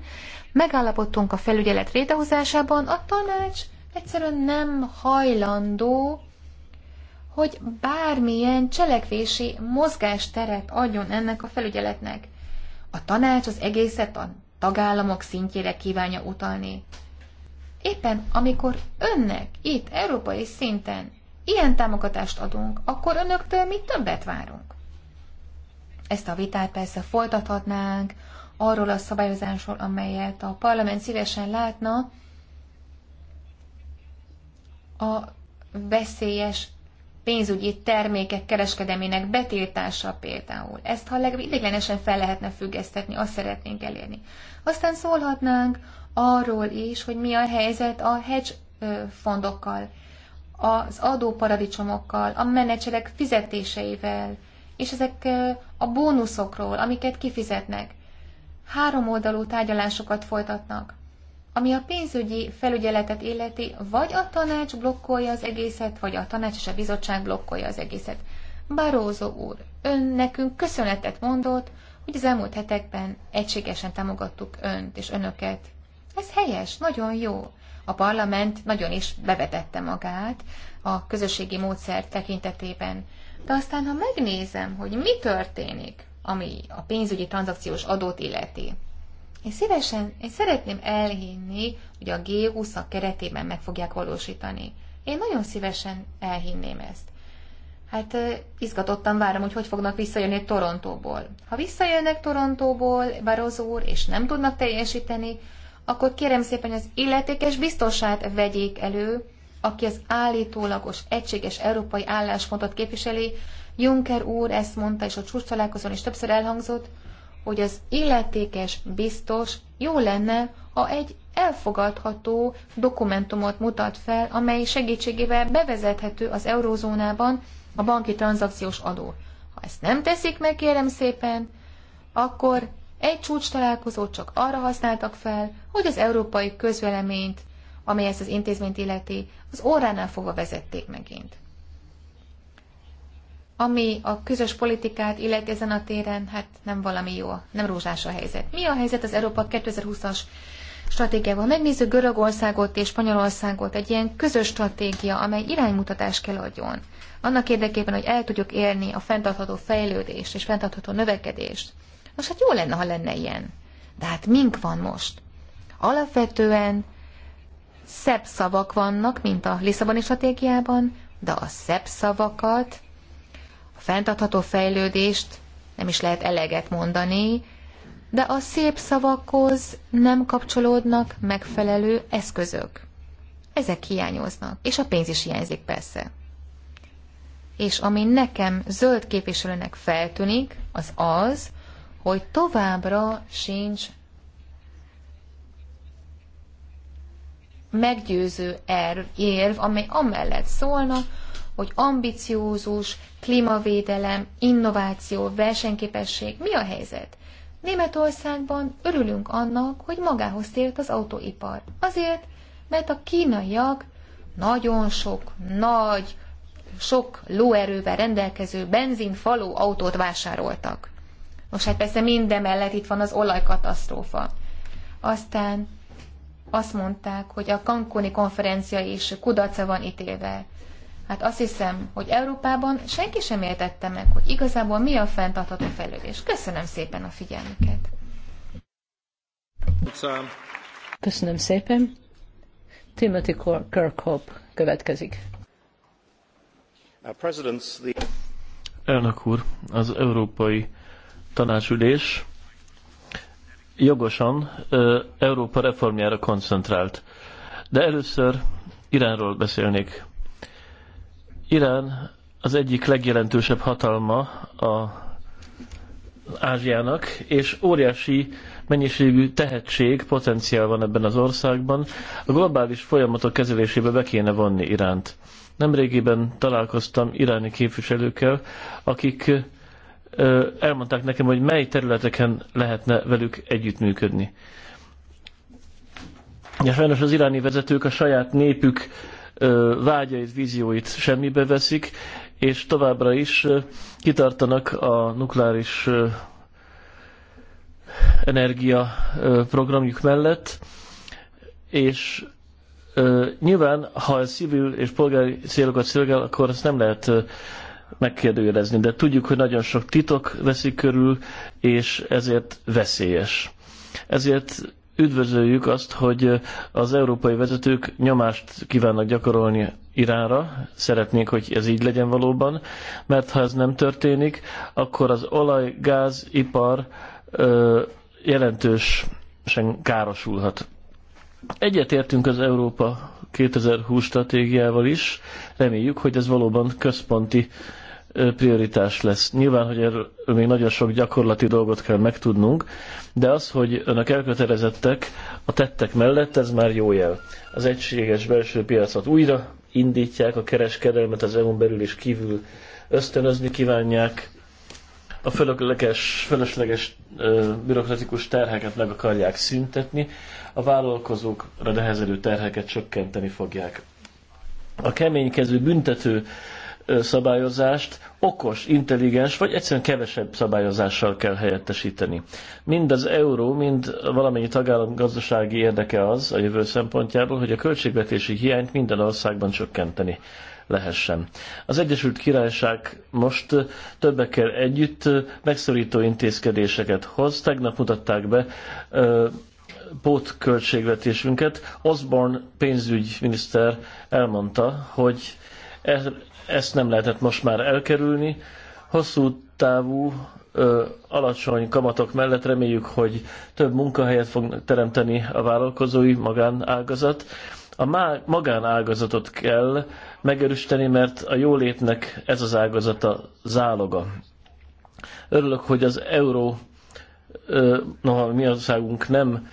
megállapodtunk a felügyelet rétehozásában, a tanács egyszerűen nem hajlandó, hogy bármilyen cselekvési mozgásteret adjon ennek a felügyeletnek. A tanács az egészet a tagállamok szintjére kívánja utalni. Éppen amikor önnek itt európai szinten ilyen támogatást adunk, akkor önöktől mi többet várunk. Ezt a vitát persze folytathatnánk arról a szabályozásról, amelyet a parlament szívesen látna a veszélyes pénzügyi termékek kereskedemének betiltása például. Ezt ha legideglenesen fel lehetne függesztetni, azt szeretnénk elérni. Aztán szólhatnánk arról is, hogy mi a helyzet a hedge fondokkal, az adóparadicsomokkal, a menedzserek fizetéseivel, és ezek a bónuszokról, amiket kifizetnek. Három oldalú tárgyalásokat folytatnak. Ami a pénzügyi felügyeletet illeti, vagy a tanács blokkolja az egészet, vagy a tanács és a bizottság blokkolja az egészet. Barózó úr, ön nekünk köszönetet mondott, hogy az elmúlt hetekben egységesen támogattuk önt és önöket. Ez helyes, nagyon jó. A parlament nagyon is bevetette magát a közösségi módszer tekintetében. De aztán, ha megnézem, hogy mi történik, ami a pénzügyi tranzakciós adót illeti, én szívesen, én szeretném elhinni, hogy a g 20 a keretében meg fogják valósítani. Én nagyon szívesen elhinném ezt. Hát izgatottan várom, hogy hogy fognak visszajönni Torontóból. Ha visszajönnek Torontóból, Barozó úr, és nem tudnak teljesíteni, akkor kérem szépen hogy az illetékes biztosát vegyék elő, aki az állítólagos egységes európai álláspontot képviseli, Juncker úr ezt mondta, és a csúcs találkozón is többször elhangzott, hogy az illetékes biztos jó lenne, ha egy elfogadható dokumentumot mutat fel, amely segítségével bevezethető az eurózónában a banki tranzakciós adó. Ha ezt nem teszik meg, kérem szépen, akkor egy csúcs találkozót csak arra használtak fel, hogy az európai közveleményt amely ezt az intézményt illeti, az óránál fogva vezették megint. Ami a közös politikát illeti ezen a téren, hát nem valami jó, nem rózsás a helyzet. Mi a helyzet az Európa 2020-as stratégiával? Megnézzük Görögországot és Spanyolországot, egy ilyen közös stratégia, amely iránymutatást kell adjon. Annak érdekében, hogy el tudjuk érni a fenntartható fejlődést és fenntartható növekedést. Most hát jó lenne, ha lenne ilyen. De hát mink van most? Alapvetően szebb szavak vannak, mint a Lisszaboni stratégiában, de a szebb szavakat, a fenntartható fejlődést nem is lehet eleget mondani, de a szép szavakhoz nem kapcsolódnak megfelelő eszközök. Ezek hiányoznak, és a pénz is hiányzik persze. És ami nekem zöld képviselőnek feltűnik, az az, hogy továbbra sincs meggyőző erv, érv, amely amellett szólna, hogy ambiciózus, klímavédelem, innováció, versenyképesség, mi a helyzet? Németországban örülünk annak, hogy magához tért az autóipar. Azért, mert a kínaiak nagyon sok, nagy, sok lóerővel rendelkező benzinfaló autót vásároltak. Most hát persze mellett itt van az olajkatasztrófa. Aztán azt mondták, hogy a Cancúni konferencia is kudarca van ítélve. Hát azt hiszem, hogy Európában senki sem értette meg, hogy igazából mi a fenntartható fejlődés. Köszönöm szépen a figyelmüket. Köszönöm szépen. Timothy Kirkhope következik. Elnök úr, az Európai Tanácsülés jogosan Európa reformjára koncentrált. De először Iránról beszélnék. Irán az egyik legjelentősebb hatalma a Ázsiának, és óriási mennyiségű tehetség, potenciál van ebben az országban. A globális folyamatok kezelésébe be kéne vonni Iránt. Nemrégiben találkoztam iráni képviselőkkel, akik elmondták nekem, hogy mely területeken lehetne velük együttműködni. Ja, sajnos az iráni vezetők a saját népük vágyait, vízióit semmibe veszik, és továbbra is kitartanak a nukleáris energia programjuk mellett, és nyilván, ha ez civil és polgári célokat szolgál, akkor ezt nem lehet megkérdőjelezni, de tudjuk, hogy nagyon sok titok veszik körül, és ezért veszélyes. Ezért üdvözöljük azt, hogy az európai vezetők nyomást kívánnak gyakorolni Iránra, szeretnék, hogy ez így legyen valóban, mert ha ez nem történik, akkor az olaj, gáz, ipar ö, jelentősen károsulhat. Egyetértünk az Európa 2020 stratégiával is. Reméljük, hogy ez valóban központi prioritás lesz. Nyilván, hogy erről még nagyon sok gyakorlati dolgot kell megtudnunk, de az, hogy önök elkötelezettek a tettek mellett, ez már jó jel. Az egységes belső piacot újra indítják, a kereskedelmet az EU-n belül is kívül ösztönözni kívánják, a fölösleges, fölösleges bürokratikus terheket meg akarják szüntetni, a vállalkozókra nehezelő terheket csökkenteni fogják. A keménykező büntető szabályozást okos, intelligens, vagy egyszerűen kevesebb szabályozással kell helyettesíteni. Mind az euró, mind valamennyi tagállam gazdasági érdeke az a jövő szempontjából, hogy a költségvetési hiányt minden országban csökkenteni lehessen. Az Egyesült Királyság most többekkel együtt megszorító intézkedéseket hoz. Tegnap mutatták be pótköltségvetésünket. Osborne pénzügyminiszter elmondta, hogy e-, ezt nem lehetett most már elkerülni. Hosszú távú ö, alacsony kamatok mellett reméljük, hogy több munkahelyet fog teremteni a vállalkozói magánágazat. A má, magánágazatot kell megerősíteni, mert a jólétnek ez az ágazata záloga. Örülök, hogy az euró, noha mi országunk nem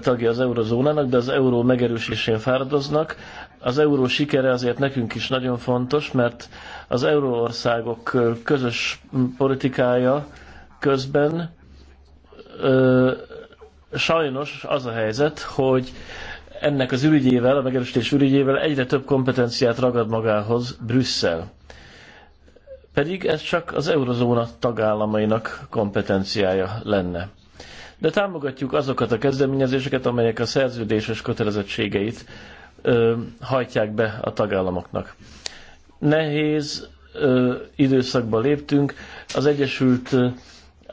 tagja az eurozónának, de az euró megerősítésén fáradoznak. Az euró sikere azért nekünk is nagyon fontos, mert az euróországok közös politikája közben sajnos az a helyzet, hogy ennek az ürügyével, a megerősítés ürügyével egyre több kompetenciát ragad magához Brüsszel. Pedig ez csak az eurozóna tagállamainak kompetenciája lenne. De támogatjuk azokat a kezdeményezéseket, amelyek a szerződéses kötelezettségeit ö, hajtják be a tagállamoknak. Nehéz ö, időszakba léptünk, az Egyesült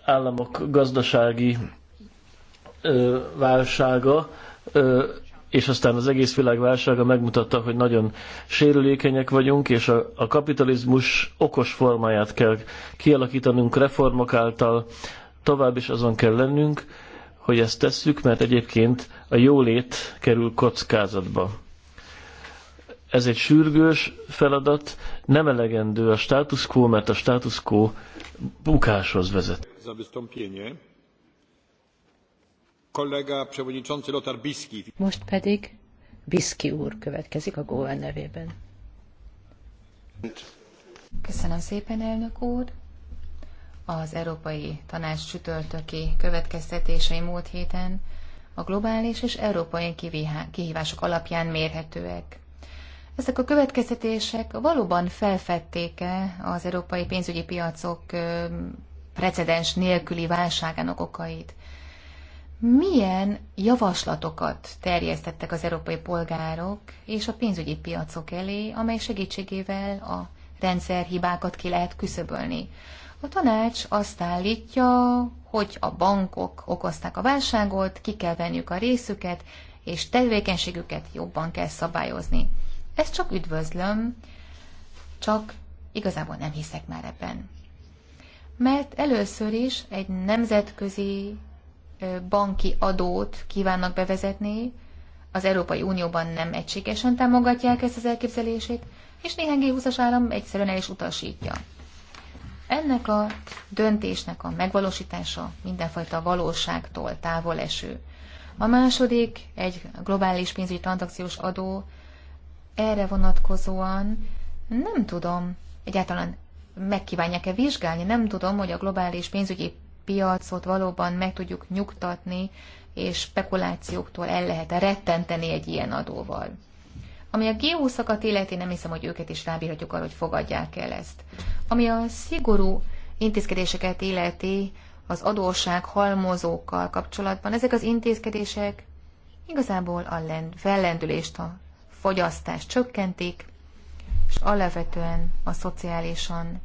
Államok gazdasági ö, válsága ö, és aztán az egész világ válsága megmutatta, hogy nagyon sérülékenyek vagyunk, és a, a kapitalizmus okos formáját kell kialakítanunk reformok által, tovább is azon kell lennünk, hogy ezt tesszük, mert egyébként a jólét kerül kockázatba. Ez egy sürgős feladat, nem elegendő a status quo, mert a status quo bukáshoz vezet kollega przewodniczący Lothar Most pedig Biski úr következik a Góa nevében. Köszönöm szépen, elnök úr! Az Európai Tanács csütörtöki következtetései múlt héten a globális és európai kihívások alapján mérhetőek. Ezek a következtetések valóban felfedték-e az európai pénzügyi piacok precedens nélküli válságának okait? milyen javaslatokat terjesztettek az európai polgárok és a pénzügyi piacok elé, amely segítségével a rendszer hibákat ki lehet küszöbölni. A tanács azt állítja, hogy a bankok okozták a válságot, ki kell venniük a részüket, és tevékenységüket jobban kell szabályozni. Ezt csak üdvözlöm, csak igazából nem hiszek már ebben. Mert először is egy nemzetközi banki adót kívánnak bevezetni, az Európai Unióban nem egységesen támogatják ezt az elképzelését, és néhány G20-as állam egyszerűen el is utasítja. Ennek a döntésnek a megvalósítása mindenfajta valóságtól távol eső. A második, egy globális pénzügyi transzakciós adó, erre vonatkozóan nem tudom, egyáltalán megkívánják-e vizsgálni, nem tudom, hogy a globális pénzügyi piacot valóban meg tudjuk nyugtatni, és spekulációktól el lehet rettenteni egy ilyen adóval. Ami a g 20 illeti, nem hiszem, hogy őket is rábírhatjuk arra, hogy fogadják el ezt. Ami a szigorú intézkedéseket illeti, az adóság halmozókkal kapcsolatban, ezek az intézkedések igazából a fellendülést, a fogyasztást csökkentik, és alapvetően a szociálisan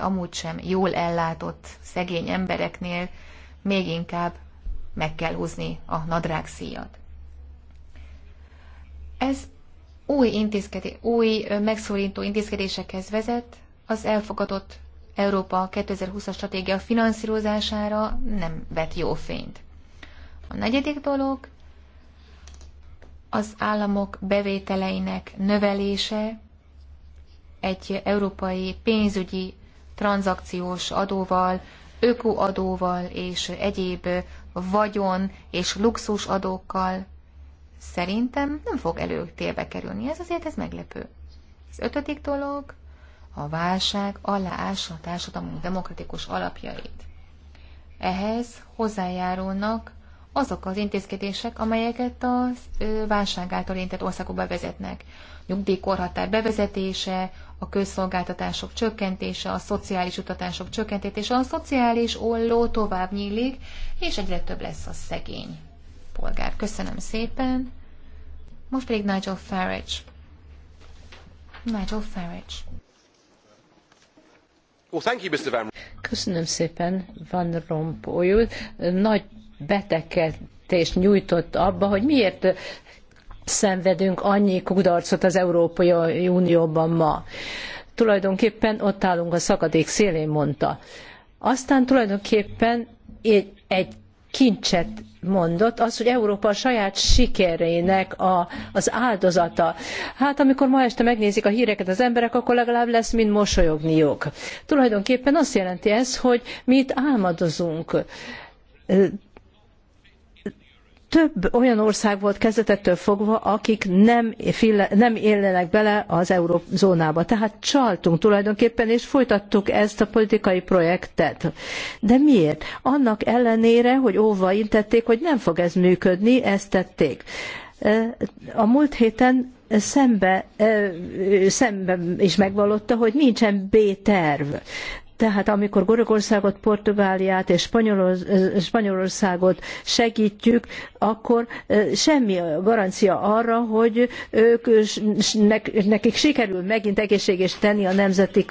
amúgy sem jól ellátott szegény embereknél még inkább meg kell húzni a nadrág szíjat. Ez új, intézkedé, új megszólító intézkedésekhez vezet, az elfogadott Európa 2020-as stratégia finanszírozására nem vet jó fényt. A negyedik dolog az államok bevételeinek növelése egy európai pénzügyi tranzakciós adóval, ökoadóval és egyéb vagyon és luxus adókkal szerintem nem fog előtérbe kerülni. Ez azért ez meglepő. Az ötödik dolog, a válság aláása a társadalom demokratikus alapjait. Ehhez hozzájárulnak azok az intézkedések, amelyeket a válság által érintett országok bevezetnek. Nyugdíjkorhatár bevezetése, a közszolgáltatások csökkentése, a szociális utatások csökkentése, a szociális olló tovább nyílik, és egyre több lesz a szegény polgár. Köszönöm szépen. Most pedig Nigel Farage. Nigel Farage. Köszönöm szépen, Van Rompuy Nagy beteket és nyújtott abba, hogy miért szenvedünk annyi kudarcot az Európai Unióban ma. Tulajdonképpen ott állunk a szakadék szélén, mondta. Aztán tulajdonképpen egy, egy kincset mondott, az, hogy Európa a saját sikerének a, az áldozata. Hát amikor ma este megnézik a híreket az emberek, akkor legalább lesz mind mosolyogniuk. Tulajdonképpen azt jelenti ez, hogy mi itt álmodozunk több olyan ország volt kezdetektől fogva, akik nem, fille, nem élnek bele az eurózónába. Tehát csaltunk tulajdonképpen, és folytattuk ezt a politikai projektet. De miért? Annak ellenére, hogy óva intették, hogy nem fog ez működni, ezt tették. A múlt héten szembe, szembe is megvallotta, hogy nincsen B-terv. Tehát amikor Görögországot, Portugáliát és Spanyolországot segítjük, akkor semmi garancia arra, hogy ők, nekik sikerül megint egészséges tenni a nemzeti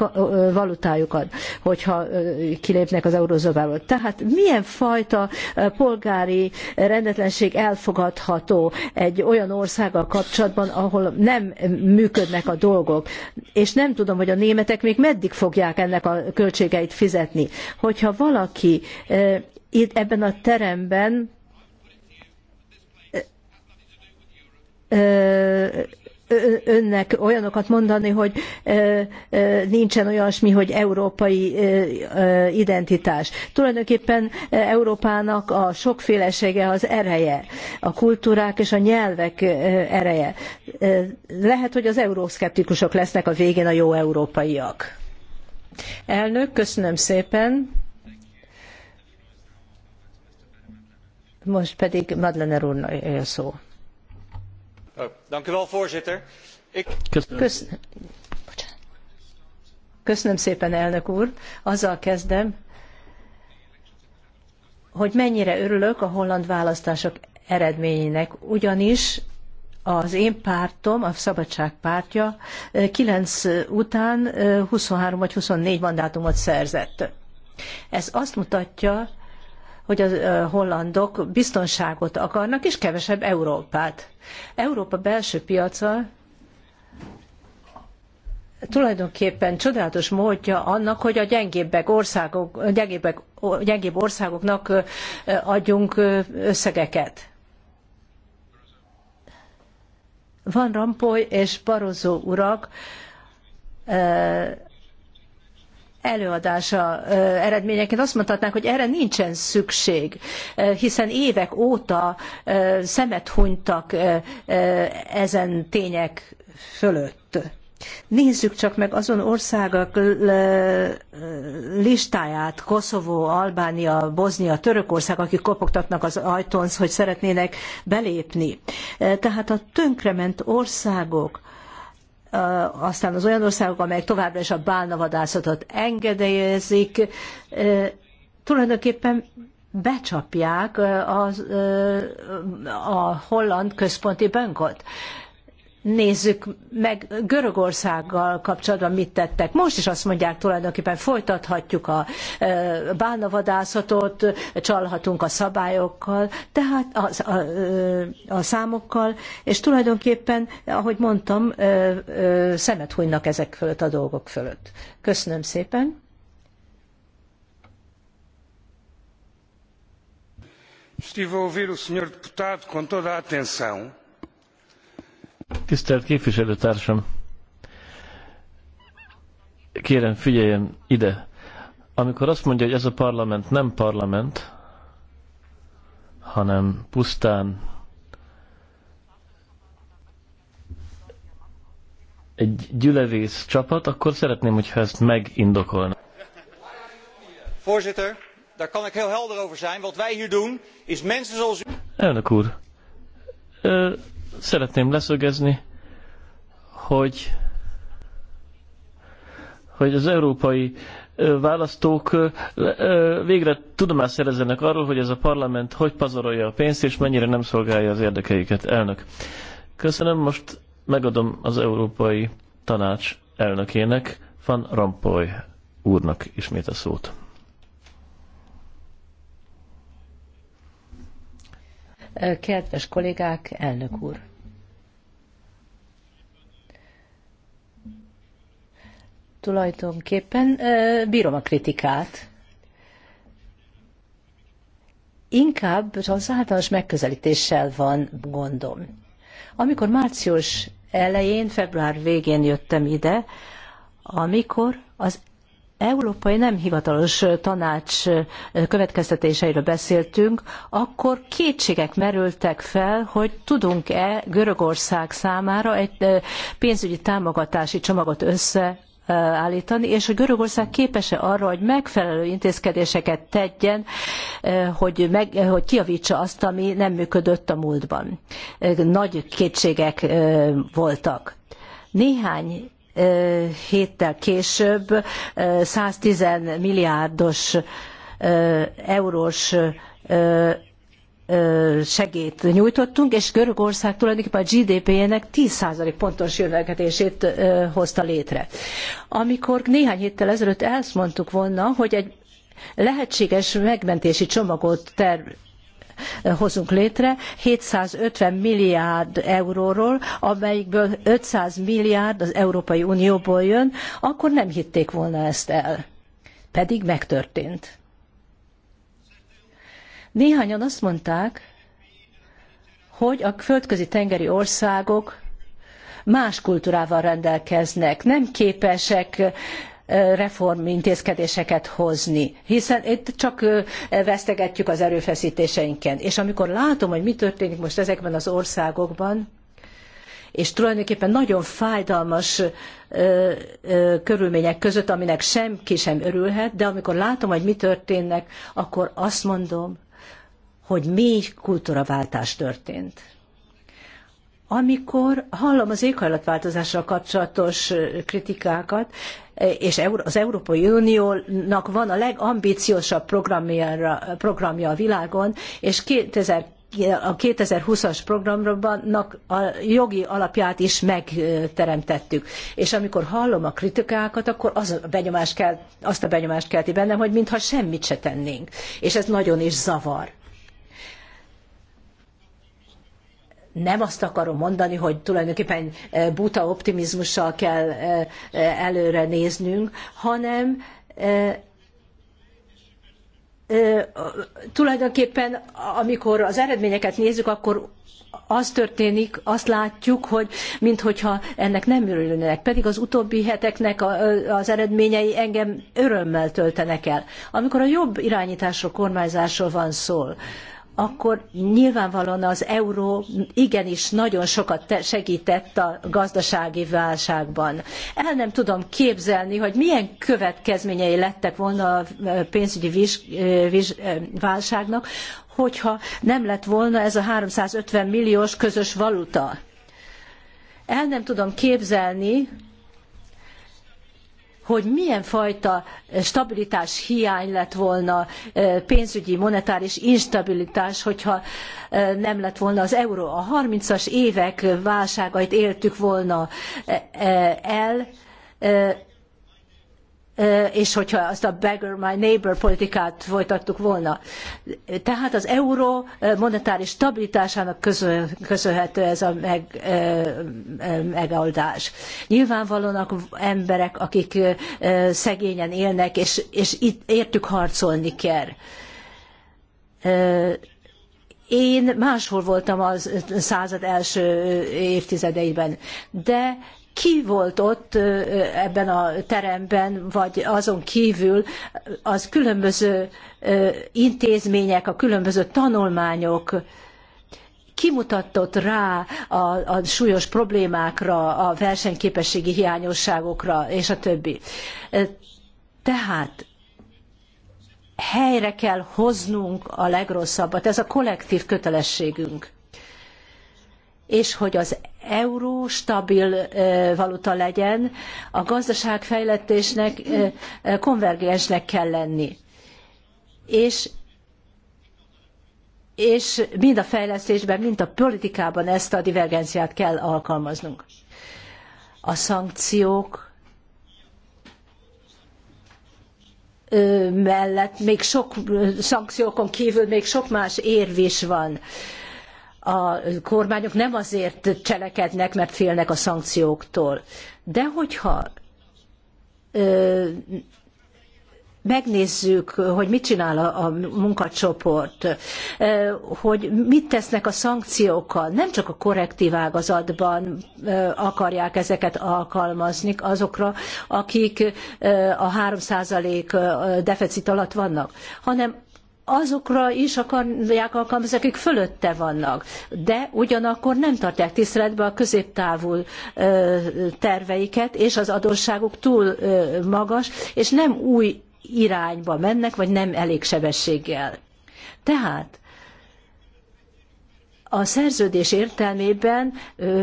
valutájukat, hogyha kilépnek az eurozóvából. Tehát milyen fajta polgári rendetlenség elfogadható egy olyan országgal kapcsolatban, ahol nem működnek a dolgok. És nem tudom, hogy a németek még meddig fogják ennek a költségvetésnek költségeit fizetni. Hogyha valaki itt ebben a teremben önnek olyanokat mondani, hogy nincsen olyasmi, hogy európai identitás. Tulajdonképpen Európának a sokfélesége az ereje, a kultúrák és a nyelvek ereje. Lehet, hogy az euroszkeptikusok lesznek a végén a jó európaiak. Elnök, köszönöm szépen. Most pedig Madlener úrnak a szó. Oh, köszönöm. Köszönöm szépen, elnök úr. Azzal kezdem, hogy mennyire örülök a holland választások eredményének, ugyanis az én pártom, a Szabadság pártja 9 után 23 vagy 24 mandátumot szerzett. Ez azt mutatja, hogy a hollandok biztonságot akarnak, és kevesebb Európát. Európa belső piaca tulajdonképpen csodálatos módja annak, hogy a gyengébbek országok, gyengébbek, gyengébb országoknak adjunk összegeket. Van Rampoy és Barozó urak előadása eredményeként azt mondhatnánk, hogy erre nincsen szükség, hiszen évek óta szemet hunytak ezen tények fölött. Nézzük csak meg azon országok listáját, Koszovó, Albánia, Bosznia, Törökország, akik kopogtatnak az ajtón, hogy szeretnének belépni. E, tehát a tönkrement országok, e, aztán az olyan országok, amelyek továbbra is a bálnavadászatot engedélyezik, e, tulajdonképpen becsapják a holland központi bankot nézzük meg Görögországgal kapcsolatban mit tettek. Most is azt mondják tulajdonképpen folytathatjuk a bánavadászatot, csalhatunk a szabályokkal, tehát a, a, a számokkal, és tulajdonképpen, ahogy mondtam, szemet hunynak ezek fölött a dolgok fölött. Köszönöm szépen. Estive a ouvir o senhor deputado com toda a atenção Tisztelt képviselőtársam! Kérem, figyeljen ide! Amikor azt mondja, hogy ez a parlament nem parlament, hanem pusztán egy gyülevész csapat, akkor szeretném, hogyha ezt megindokolna. Voorzitter, daar kan ik heel helder over zijn. Wat wij hier doen, is mensen zoals u... Elnök úr, szeretném leszögezni, hogy, hogy az európai választók végre tudomást szerezzenek arról, hogy ez a parlament hogy pazarolja a pénzt, és mennyire nem szolgálja az érdekeiket. Elnök. Köszönöm, most megadom az Európai Tanács elnökének, Van Rampoy úrnak ismét a szót. Kedves kollégák, elnök úr! Tulajdonképpen bírom a kritikát. Inkább az általános megközelítéssel van gondom. Amikor március elején, február végén jöttem ide, amikor az európai nem hivatalos tanács következtetéseiről beszéltünk, akkor kétségek merültek fel, hogy tudunk-e Görögország számára egy pénzügyi támogatási csomagot össze állítani, és hogy Görögország képes-e arra, hogy megfelelő intézkedéseket tegyen, hogy, meg, hogy kiavítsa azt, ami nem működött a múltban. Nagy kétségek voltak. Néhány héttel később 110 milliárdos eurós segélyt nyújtottunk, és Görögország tulajdonképpen a GDP-jének 10% pontos növekedését hozta létre. Amikor néhány héttel ezelőtt elmondtuk volna, hogy egy lehetséges megmentési csomagot ter- hozunk létre 750 milliárd euróról, amelyikből 500 milliárd az Európai Unióból jön, akkor nem hitték volna ezt el. Pedig megtörtént. Néhányan azt mondták, hogy a földközi tengeri országok más kultúrával rendelkeznek, nem képesek reformintézkedéseket hozni, hiszen itt csak vesztegetjük az erőfeszítéseinken. És amikor látom, hogy mi történik most ezekben az országokban, és tulajdonképpen nagyon fájdalmas ö, ö, körülmények között, aminek senki sem örülhet, de amikor látom, hogy mi történnek, akkor azt mondom, hogy mély kultúraváltás történt. Amikor hallom az éghajlatváltozással kapcsolatos kritikákat, és az Európai Uniónak van a legambiciósabb programja, programja a világon, és 2000 a 2020-as programnak a jogi alapját is megteremtettük. És amikor hallom a kritikákat, akkor az a benyomás kell, azt a benyomást kelti bennem, hogy mintha semmit se tennénk. És ez nagyon is zavar. nem azt akarom mondani, hogy tulajdonképpen e, buta optimizmussal kell e, e, előre néznünk, hanem tulajdonképpen amikor az eredményeket nézzük, akkor az történik, azt látjuk, hogy minthogyha ennek nem örülnének, pedig az utóbbi heteknek az eredményei engem örömmel töltenek el. Amikor a jobb irányításról, kormányzásról van szó, akkor nyilvánvalóan az euró igenis nagyon sokat segített a gazdasági válságban. El nem tudom képzelni, hogy milyen következményei lettek volna a pénzügyi válságnak, hogyha nem lett volna ez a 350 milliós közös valuta. El nem tudom képzelni, hogy milyen fajta stabilitás hiány lett volna, pénzügyi, monetáris instabilitás, hogyha nem lett volna az euró. A 30-as évek válságait éltük volna el, Eh, és hogyha azt a beggar my neighbor politikát folytattuk volna. Tehát az euró eh, monetáris stabilitásának köszönhető ez a meg, eh, megoldás. Nyilvánvalónak emberek, akik szegényen élnek, és, és itt értük harcolni kell. Én máshol voltam a század első évtizedeiben, de ki volt ott ebben a teremben, vagy azon kívül az különböző intézmények, a különböző tanulmányok kimutatott rá a, a súlyos problémákra, a versenyképességi hiányosságokra, és a többi. Tehát helyre kell hoznunk a legrosszabbat, ez a kollektív kötelességünk és hogy az euró stabil valuta legyen, a gazdaságfejlesztésnek konvergensnek kell lenni. És és mind a fejlesztésben, mind a politikában ezt a divergenciát kell alkalmaznunk. A szankciók mellett még sok szankciókon kívül még sok más érv is van a kormányok nem azért cselekednek, mert félnek a szankcióktól. De hogyha ö, megnézzük, hogy mit csinál a, munkacsoport, hogy mit tesznek a szankciókkal. Nem csak a korrektív ágazatban akarják ezeket alkalmazni azokra, akik a 3% deficit alatt vannak, hanem azokra is akarják alkalmazni, akik fölötte vannak, de ugyanakkor nem tartják tiszteletbe a középtávú terveiket, és az adósságuk túl magas, és nem új irányba mennek, vagy nem elég sebességgel. Tehát a szerződés értelmében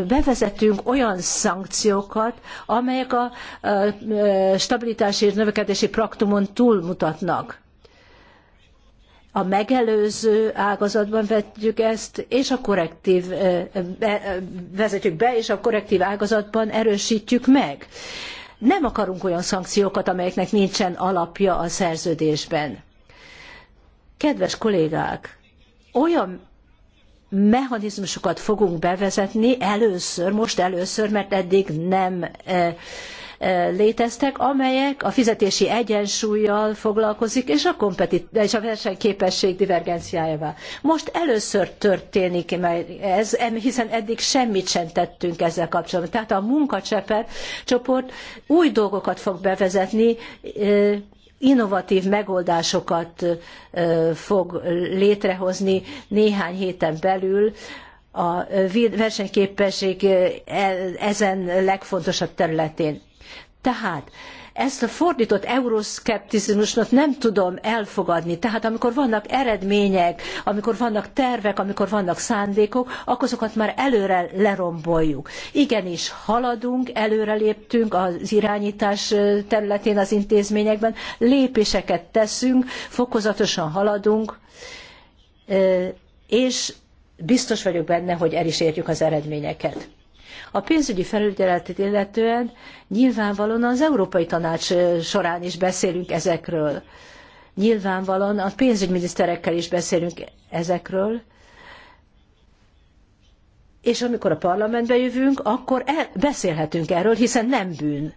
bevezetünk olyan szankciókat, amelyek a stabilitási és növekedési praktumon túlmutatnak a megelőző ágazatban vetjük ezt, és a korrektív vezetjük be, és a korrektív ágazatban erősítjük meg. Nem akarunk olyan szankciókat, amelyeknek nincsen alapja a szerződésben. Kedves kollégák, olyan mechanizmusokat fogunk bevezetni először, most először, mert eddig nem léteztek, amelyek a fizetési egyensúlyjal foglalkozik, és a, kompetit- és a versenyképesség divergenciájával. Most először történik ez, hiszen eddig semmit sem tettünk ezzel kapcsolatban. Tehát a munkacseper csoport új dolgokat fog bevezetni, innovatív megoldásokat fog létrehozni néhány héten belül a versenyképesség ezen legfontosabb területén. Tehát ezt a fordított euroszkepticizmusnak nem tudom elfogadni. Tehát amikor vannak eredmények, amikor vannak tervek, amikor vannak szándékok, akkor azokat már előre leromboljuk. Igenis, haladunk, előreléptünk az irányítás területén az intézményekben, lépéseket teszünk, fokozatosan haladunk, és biztos vagyok benne, hogy el is érjük az eredményeket. A pénzügyi felügyeletet illetően nyilvánvalóan az Európai Tanács során is beszélünk ezekről. Nyilvánvalóan a pénzügyminiszterekkel is beszélünk ezekről. És amikor a parlamentbe jövünk, akkor beszélhetünk erről, hiszen nem bűn.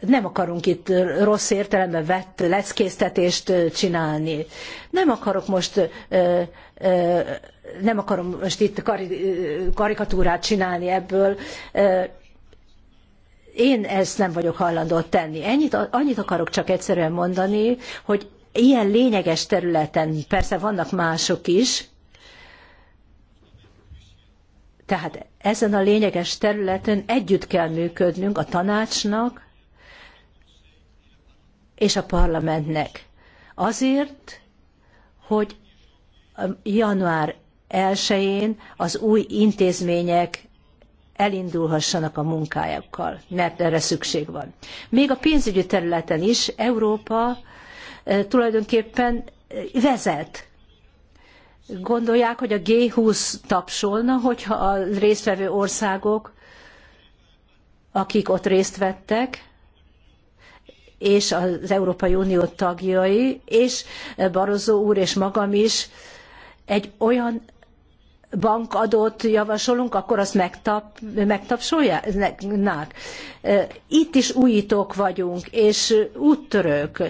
nem akarunk itt rossz értelemben vett leckésztetést csinálni. Nem akarok most nem akarom most itt karikatúrát csinálni ebből. Én ezt nem vagyok hajlandó tenni. Ennyit, annyit akarok csak egyszerűen mondani, hogy ilyen lényeges területen, persze vannak mások is, tehát ezen a lényeges területen együtt kell működnünk a tanácsnak, és a parlamentnek. Azért, hogy január 1-én az új intézmények elindulhassanak a munkájukkal, mert erre szükség van. Még a pénzügyi területen is Európa eh, tulajdonképpen eh, vezet. Gondolják, hogy a G20 tapsolna, hogyha a résztvevő országok, akik ott részt vettek, és az Európai Unió tagjai, és Barozó úr és magam is egy olyan bankadót javasolunk, akkor azt megtap, megtapsolják. Itt is újítók vagyunk, és úttörők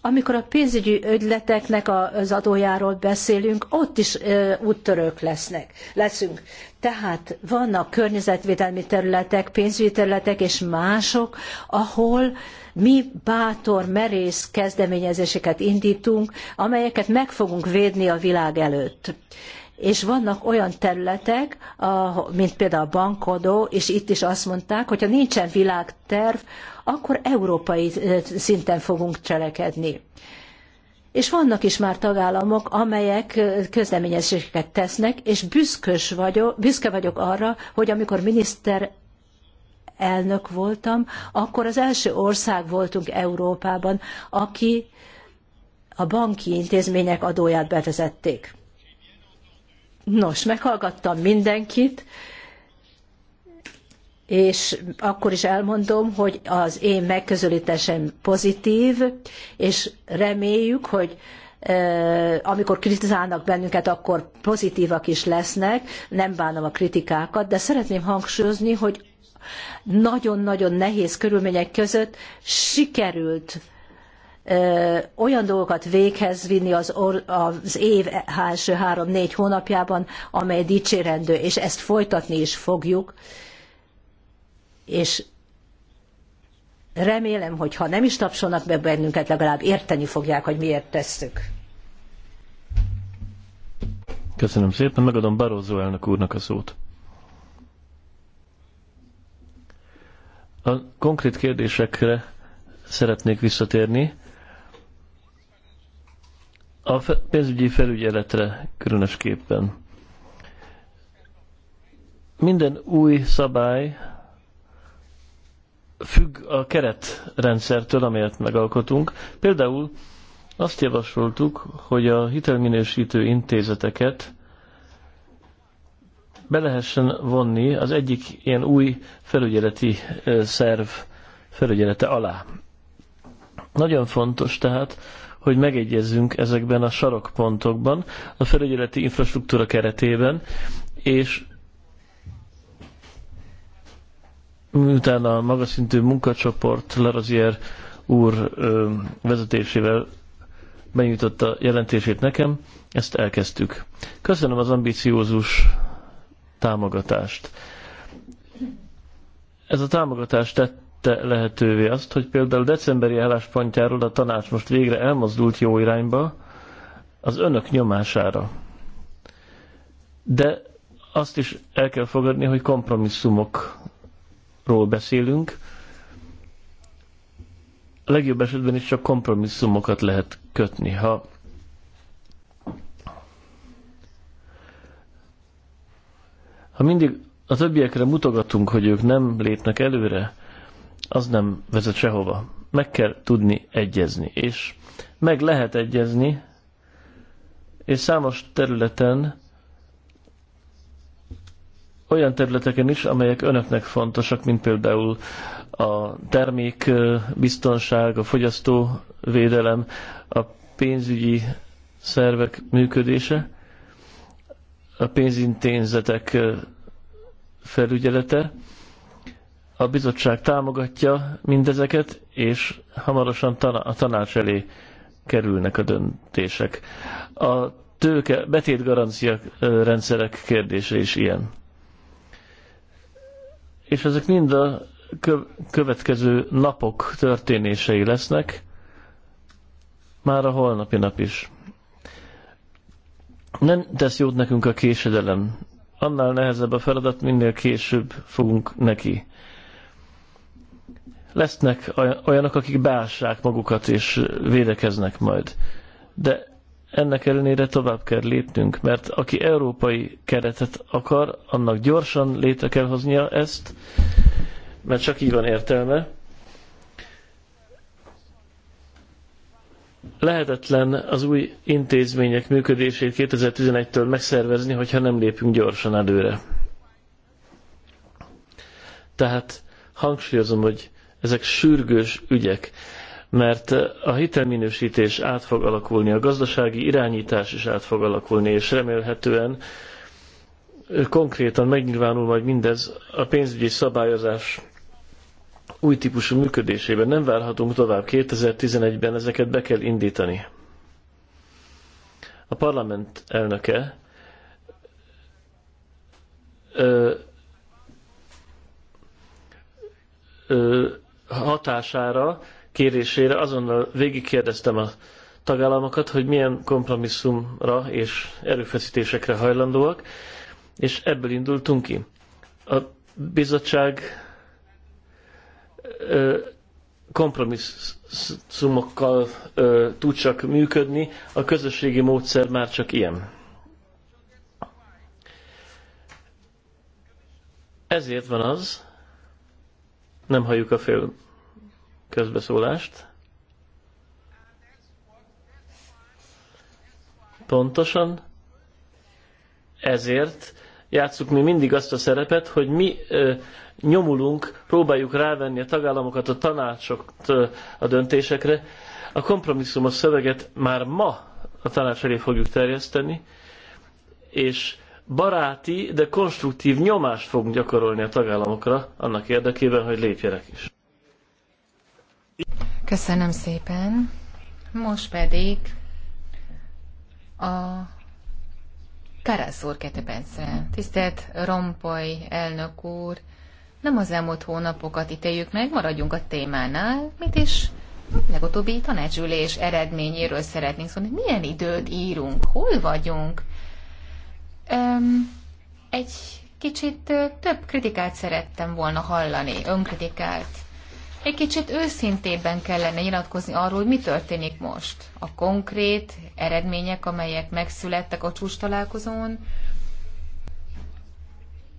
amikor a pénzügyi ögyleteknek az adójáról beszélünk, ott is úttörők lesznek, leszünk. Tehát vannak környezetvédelmi területek, pénzügyi területek és mások, ahol mi bátor, merész kezdeményezéseket indítunk, amelyeket meg fogunk védni a világ előtt. És vannak olyan területek, mint például a bankodó, és itt is azt mondták, hogy ha nincsen világterv, akkor európai szinten fogunk cselekedni. És vannak is már tagállamok, amelyek közleményezéseket tesznek, és büszkös vagyok, büszke vagyok arra, hogy amikor miniszter elnök voltam, akkor az első ország voltunk Európában, aki a banki intézmények adóját bevezették. Nos, meghallgattam mindenkit, és akkor is elmondom, hogy az én megközelítésem pozitív, és reméljük, hogy e, amikor kritizálnak bennünket, akkor pozitívak is lesznek, nem bánom a kritikákat, de szeretném hangsúlyozni, hogy nagyon-nagyon nehéz körülmények között sikerült e, olyan dolgokat véghez vinni az, az év első három-négy hónapjában, amely dicsérendő, és ezt folytatni is fogjuk. Ö, és remélem, hogy ha nem is tapsolnak be bennünket, legalább érteni fogják, hogy miért tesszük. Köszönöm szépen, megadom Barózó elnök úrnak a szót. A konkrét kérdésekre szeretnék visszatérni. A pénzügyi felügyeletre különösképpen. Minden új szabály függ a keretrendszertől, amelyet megalkotunk. Például azt javasoltuk, hogy a hitelminősítő intézeteket be lehessen vonni az egyik ilyen új felügyeleti szerv felügyelete alá. Nagyon fontos tehát, hogy megegyezzünk ezekben a sarokpontokban, a felügyeleti infrastruktúra keretében, és miután a magas szintű munkacsoport Larazier úr vezetésével benyújtotta jelentését nekem, ezt elkezdtük. Köszönöm az ambiciózus támogatást. Ez a támogatás tette lehetővé azt, hogy például decemberi álláspontjáról a tanács most végre elmozdult jó irányba, az önök nyomására. De azt is el kell fogadni, hogy kompromisszumok ról beszélünk. A legjobb esetben is csak kompromisszumokat lehet kötni. Ha ha mindig a többiekre mutogatunk, hogy ők nem lépnek előre, az nem vezet sehova. Meg kell tudni egyezni, és meg lehet egyezni, és számos területen olyan területeken is, amelyek önöknek fontosak, mint például a termékbiztonság, a fogyasztóvédelem, a pénzügyi szervek működése, a pénzintézetek felügyelete. A bizottság támogatja mindezeket, és hamarosan a tanács elé kerülnek a döntések. A tőke, betét garancia rendszerek kérdése is ilyen és ezek mind a következő napok történései lesznek, már a holnapi nap is. Nem tesz jót nekünk a késedelem. Annál nehezebb a feladat, minél később fogunk neki. Lesznek olyanok, akik beássák magukat és védekeznek majd. De ennek ellenére tovább kell lépnünk, mert aki európai keretet akar, annak gyorsan létre kell hoznia ezt, mert csak így van értelme. Lehetetlen az új intézmények működését 2011-től megszervezni, hogyha nem lépünk gyorsan előre. Tehát hangsúlyozom, hogy ezek sürgős ügyek mert a hitelminősítés át fog alakulni, a gazdasági irányítás is át fog alakulni, és remélhetően konkrétan megnyilvánul majd mindez a pénzügyi szabályozás új típusú működésében. Nem várhatunk tovább, 2011-ben ezeket be kell indítani. A parlament elnöke ö, ö, hatására kérésére azonnal végigkérdeztem a tagállamokat, hogy milyen kompromisszumra és erőfeszítésekre hajlandóak, és ebből indultunk ki. A bizottság kompromisszumokkal tud csak működni, a közösségi módszer már csak ilyen. Ezért van az, nem halljuk a fél közbeszólást. Pontosan ezért játsszuk mi mindig azt a szerepet, hogy mi ö, nyomulunk, próbáljuk rávenni a tagállamokat, a tanácsokat a döntésekre. A kompromisszumos szöveget már ma a tanács elé fogjuk terjeszteni, és baráti, de konstruktív nyomást fogunk gyakorolni a tagállamokra annak érdekében, hogy lépjenek is. Köszönöm szépen. Most pedig a Karasz ketebence. Tisztelt Rompoy elnök úr, nem az elmúlt hónapokat ítéljük meg, maradjunk a témánál, mit is legutóbbi tanácsülés eredményéről szeretnénk szólni. Milyen időt írunk? Hol vagyunk? Öm, egy kicsit több kritikát szerettem volna hallani, önkritikát egy kicsit őszintében kellene nyilatkozni arról, hogy mi történik most. A konkrét eredmények, amelyek megszülettek a csúcs találkozón,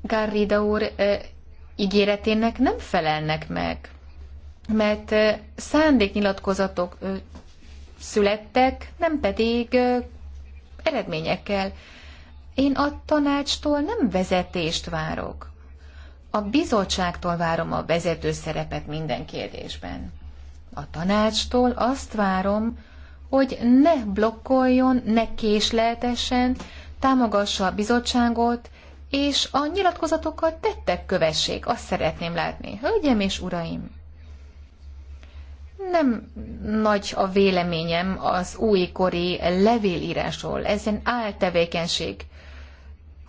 Garrida úr e, ígéretének nem felelnek meg, mert e, szándéknyilatkozatok e, születtek, nem pedig e, eredményekkel. Én a tanácstól nem vezetést várok. A bizottságtól várom a vezető szerepet minden kérdésben. A tanácstól azt várom, hogy ne blokkoljon, ne késleltessen, támogassa a bizottságot, és a nyilatkozatokat tettek kövessék, azt szeretném látni. Hölgyem és uraim! Nem nagy a véleményem az újkori levélírásról, ez egy áltevékenység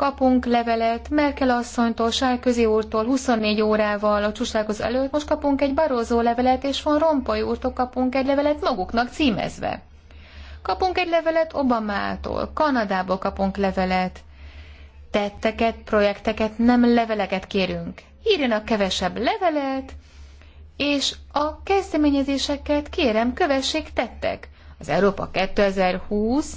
kapunk levelet Merkel asszonytól, Sárközi úrtól 24 órával a csúcsálkoz előtt, most kapunk egy Barózó levelet, és van Rompoly úrtól kapunk egy levelet maguknak címezve. Kapunk egy levelet Obamától, Kanadából kapunk levelet. Tetteket, projekteket, nem leveleket kérünk. Írjanak kevesebb levelet, és a kezdeményezéseket kérem, kövessék tettek. Az Európa 2020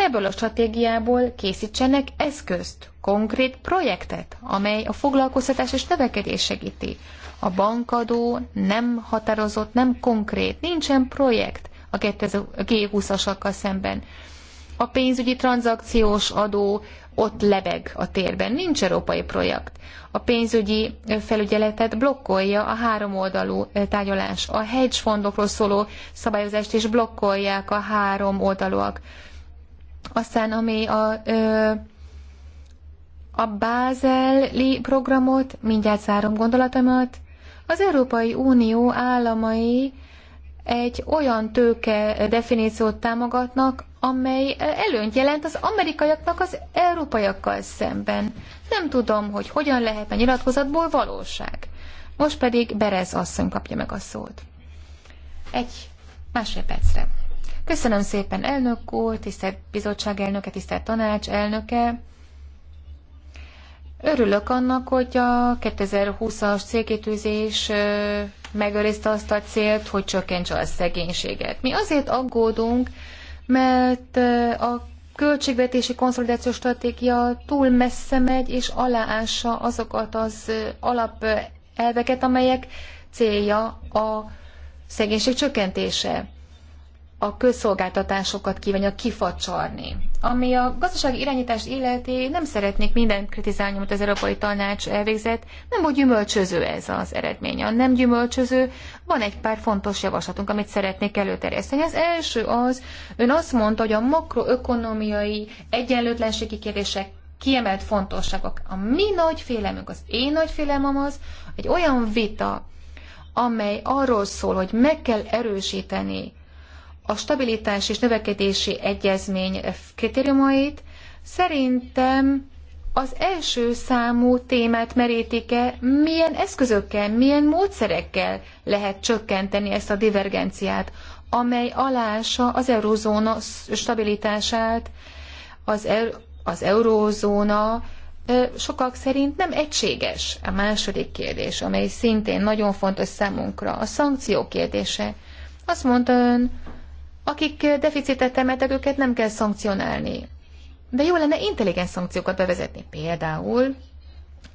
ebből a stratégiából készítsenek eszközt, konkrét projektet, amely a foglalkoztatás és növekedés segíti. A bankadó nem határozott, nem konkrét, nincsen projekt a G20-asakkal szemben. A pénzügyi tranzakciós adó ott lebeg a térben, nincs európai projekt. A pénzügyi felügyeletet blokkolja a háromoldalú tárgyalás. A hedge fondokról szóló szabályozást is blokkolják a háromoldalúak. oldalúak aztán ami a, ö, a Bázeli programot, mindjárt zárom gondolatomat, az Európai Unió államai egy olyan tőke definíciót támogatnak, amely előnyt jelent az amerikaiaknak az európaiakkal szemben. Nem tudom, hogy hogyan lehetne nyilatkozatból valóság. Most pedig Berez asszony kapja meg a szót. Egy másfél percre. Köszönöm szépen, elnök úr, tisztelt bizottság elnöke, tisztelt tanács elnöke. Örülök annak, hogy a 2020-as célkitűzés megőrizte azt a célt, hogy csökkentse a szegénységet. Mi azért aggódunk, mert a költségvetési konszolidációs stratégia túl messze megy, és aláássa azokat az alapelveket, amelyek célja a szegénység csökkentése a közszolgáltatásokat kívánja kifacsarni. Ami a gazdasági irányítás illeti, nem szeretnék mindent kritizálni, amit az Európai Tanács elvégzett, nem volt gyümölcsöző ez az eredmény. A nem gyümölcsöző, van egy pár fontos javaslatunk, amit szeretnék előterjeszteni. Az első az, ön azt mondta, hogy a makroökonomiai egyenlőtlenségi kérdések kiemelt fontosságok. A mi nagy félelmünk, az én nagy félelmem az, egy olyan vita, amely arról szól, hogy meg kell erősíteni a stabilitás és növekedési egyezmény kritériumait, szerintem az első számú témát merítik-e, milyen eszközökkel, milyen módszerekkel lehet csökkenteni ezt a divergenciát, amely alása az eurózóna stabilitását, az, er, az eurózóna sokak szerint nem egységes. A második kérdés, amely szintén nagyon fontos számunkra, a szankció kérdése. Azt mondta ön, akik deficitet emeltek, őket nem kell szankcionálni. De jó lenne intelligens szankciókat bevezetni. Például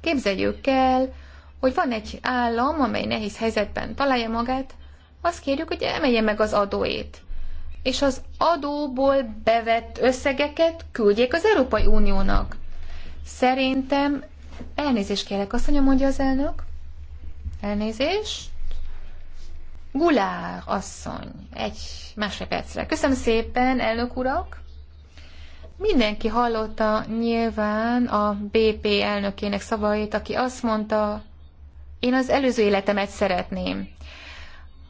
képzeljük el, hogy van egy állam, amely nehéz helyzetben találja magát, azt kérjük, hogy emelje meg az adóét. És az adóból bevett összegeket küldjék az Európai Uniónak. Szerintem, elnézést kérek, azt mondja az elnök. Elnézést. Gulár asszony, egy másfél percre. Köszönöm szépen, elnök urak! Mindenki hallotta nyilván a BP elnökének szavait, aki azt mondta, én az előző életemet szeretném.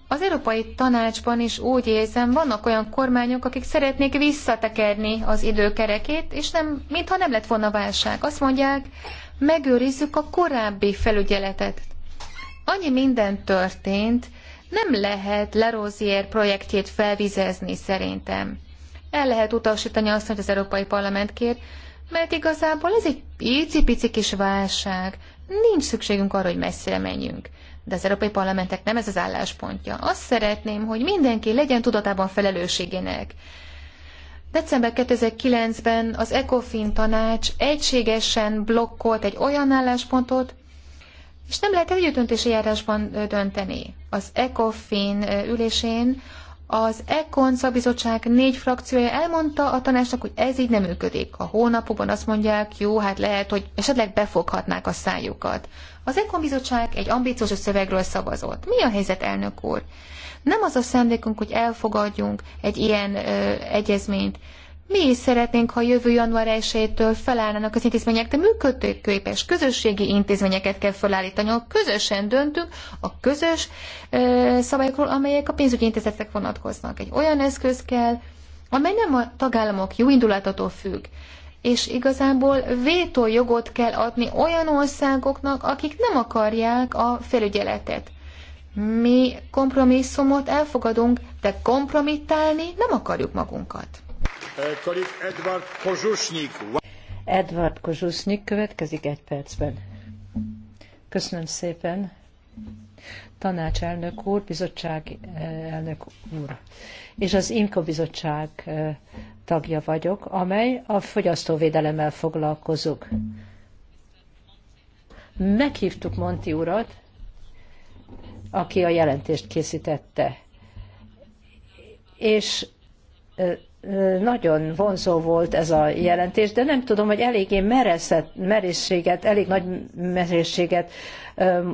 Az Európai Tanácsban is úgy érzem, vannak olyan kormányok, akik szeretnék visszatekerni az időkerekét, és nem, mintha nem lett volna válság. Azt mondják, megőrizzük a korábbi felügyeletet. Annyi minden történt, nem lehet Lerozier projektjét felvizezni szerintem. El lehet utasítani azt, hogy az Európai Parlament kér, mert igazából ez egy icipici kis válság. Nincs szükségünk arra, hogy messzire menjünk. De az Európai Parlamentek nem ez az álláspontja. Azt szeretném, hogy mindenki legyen tudatában felelősségének. December 2009-ben az ECOFIN tanács egységesen blokkolt egy olyan álláspontot, és nem lehet együttöntési járásban dönteni. Az ECOFIN ülésén az ECON szabizottság négy frakciója elmondta a tanácsnak, hogy ez így nem működik. A hónapokban azt mondják, jó, hát lehet, hogy esetleg befoghatnák a szájukat. Az ECON bizottság egy ambíciós szövegről szavazott. Mi a helyzet, elnök úr? Nem az a szándékunk, hogy elfogadjunk egy ilyen ö, egyezményt. Mi is szeretnénk, ha jövő január 1-től felállnának az intézmények, de működőképes közösségi intézményeket kell felállítani, ahol közösen döntünk a közös ö, szabályokról, amelyek a pénzügyi intézetek vonatkoznak. Egy olyan eszköz kell, amely nem a tagállamok jó indulatától függ, és igazából vétójogot kell adni olyan országoknak, akik nem akarják a felügyeletet. Mi kompromisszumot elfogadunk, de kompromittálni nem akarjuk magunkat. Edward Kozsusnyik. Edward következik egy percben. Köszönöm szépen. Tanácselnök úr, bizottság eh, elnök úr. És az IMCO bizottság eh, tagja vagyok, amely a fogyasztóvédelemmel foglalkozunk. Meghívtuk Monti urat, aki a jelentést készítette. És eh, nagyon vonzó volt ez a jelentés, de nem tudom, hogy eléggé mereszet, merészséget, elég nagy merészséget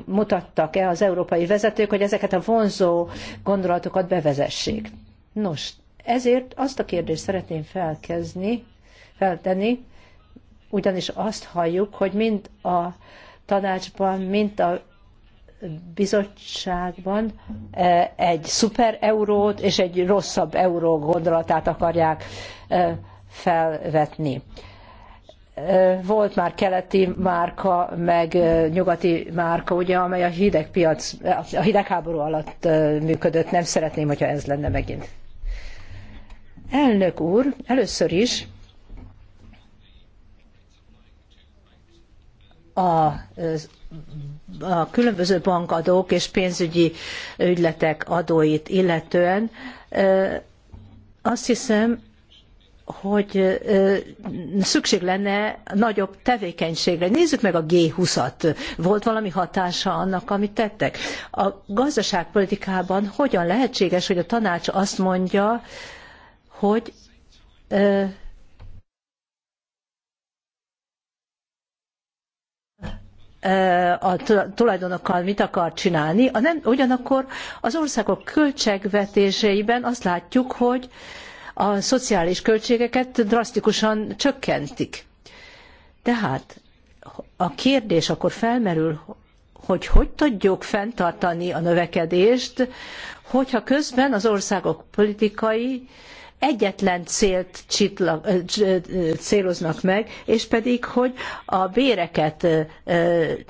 mutattak-e az európai vezetők, hogy ezeket a vonzó gondolatokat bevezessék. Nos, ezért azt a kérdést szeretném felkezni, feltenni, ugyanis azt halljuk, hogy mind a tanácsban, mint a bizottságban eh, egy szuper eurót és egy rosszabb euró gondolatát akarják eh, felvetni. Eh, volt már keleti márka, meg nyugati márka, ugye, amely a hidegpiac, a hidegháború alatt működött. Nem szeretném, hogyha ez lenne megint. Elnök úr, először is a, a különböző bankadók és pénzügyi ügyletek adóit illetően, azt hiszem, hogy szükség lenne nagyobb tevékenységre. Nézzük meg a G20-at. Volt valami hatása annak, amit tettek? A gazdaságpolitikában hogyan lehetséges, hogy a tanács azt mondja, hogy a tulajdonokkal mit akar csinálni. A nem, ugyanakkor az országok költségvetéseiben azt látjuk, hogy a szociális költségeket drasztikusan csökkentik. Tehát a kérdés akkor felmerül, hogy hogy tudjuk fenntartani a növekedést, hogyha közben az országok politikai egyetlen célt csitla, céloznak meg, és pedig, hogy a béreket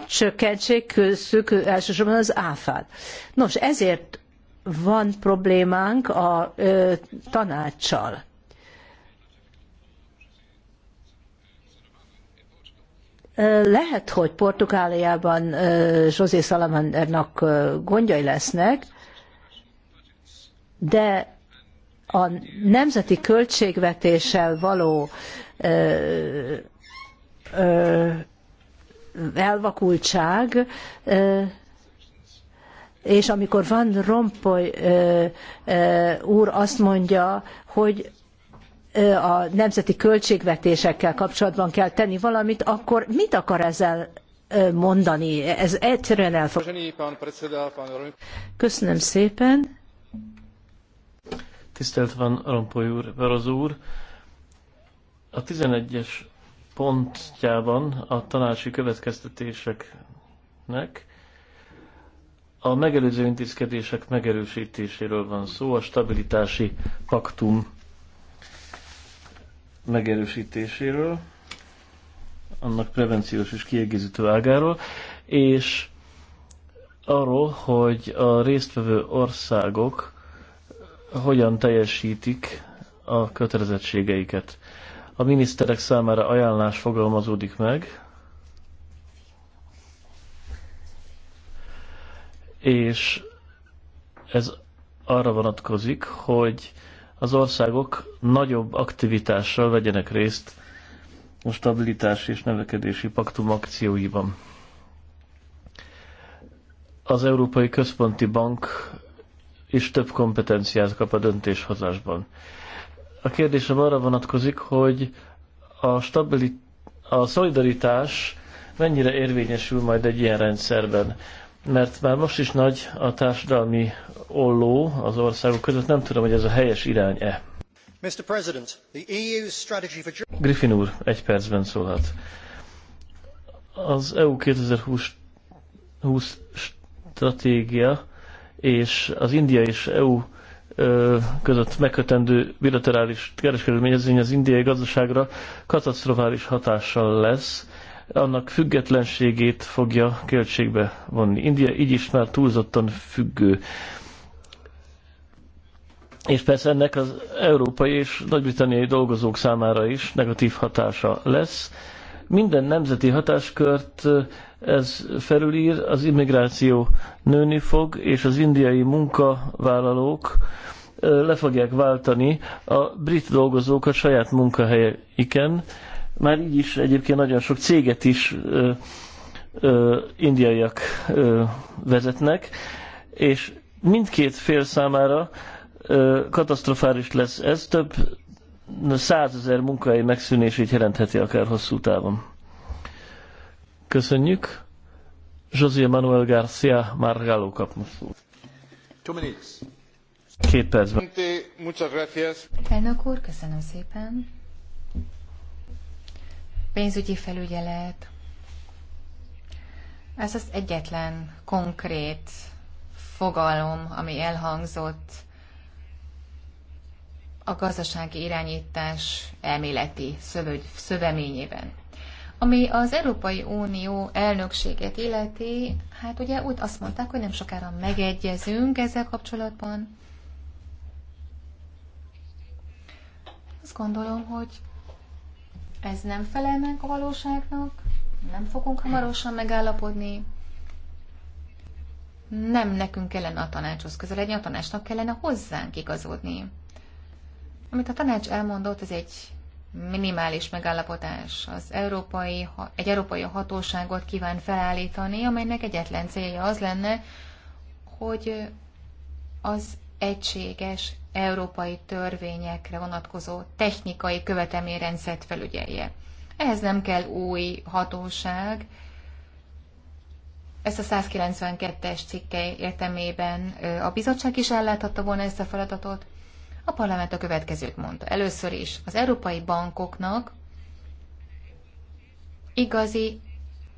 csökkentsék, köztük elsősorban az áfát. Nos, ezért van problémánk a ö, tanácssal. Lehet, hogy Portugáliában José Salamandernak gondjai lesznek, de a nemzeti költségvetéssel való ö, ö, elvakultság, ö, és amikor Van Rompuy ö, ö, úr azt mondja, hogy a nemzeti költségvetésekkel kapcsolatban kell tenni valamit, akkor mit akar ezzel mondani? Ez egyszerűen elfog. Köszönöm szépen. Tisztelt Van Rompuy úr, Veroz úr, a 11-es pontjában a tanácsi következtetéseknek a megelőző intézkedések megerősítéséről van szó, a stabilitási paktum megerősítéséről, annak prevenciós és kiegészítő ágáról, és arról, hogy a résztvevő országok hogyan teljesítik a kötelezettségeiket. A miniszterek számára ajánlás fogalmazódik meg, és ez arra vonatkozik, hogy az országok nagyobb aktivitással vegyenek részt a stabilitási és növekedési paktum akcióiban. Az Európai Központi Bank és több kompetenciát kap a döntéshozásban. A kérdésem arra vonatkozik, hogy a, stabili, a szolidaritás mennyire érvényesül majd egy ilyen rendszerben. Mert már most is nagy a társadalmi olló az országok között, nem tudom, hogy ez a helyes irány-e. Mr. President, the EU's strategy for... Griffin úr, egy percben szólhat. Az EU 2020 stratégia és az India és EU között megkötendő bilaterális kereskedelményezvény az indiai gazdaságra katasztrofális hatással lesz, annak függetlenségét fogja költségbe vonni. India így is már túlzottan függő. És persze ennek az európai és nagy dolgozók számára is negatív hatása lesz. Minden nemzeti hatáskört ez felülír, az immigráció nőni fog, és az indiai munkavállalók le fogják váltani a brit dolgozókat saját munkahelyeiken. Már így is egyébként nagyon sok céget is ö, ö, indiaiak ö, vezetnek, és mindkét fél számára ö, katasztrofális lesz ez, több százezer munkahely megszűnését jelentheti akár hosszú távon. Köszönjük. José Manuel García Margalo kap Két percben. Elnök úr, köszönöm szépen. Pénzügyi felügyelet. Ez az egyetlen konkrét fogalom, ami elhangzott a gazdasági irányítás elméleti szövögy, szöveményében. Ami az Európai Unió elnökséget illeti, hát ugye úgy azt mondták, hogy nem sokára megegyezünk ezzel kapcsolatban. Azt gondolom, hogy ez nem felel meg a valóságnak, nem fogunk hamarosan megállapodni. Nem nekünk kellene a tanácshoz közeledni, a tanácsnak kellene hozzánk igazodni. Amit a tanács elmondott, ez egy minimális megállapodás. Az európai, egy európai hatóságot kíván felállítani, amelynek egyetlen célja az lenne, hogy az egységes európai törvényekre vonatkozó technikai követelményrendszert felügyelje. Ehhez nem kell új hatóság, ezt a 192-es cikke értelmében a bizottság is elláthatta volna ezt a feladatot, a parlament a következőt mondta. Először is az európai bankoknak igazi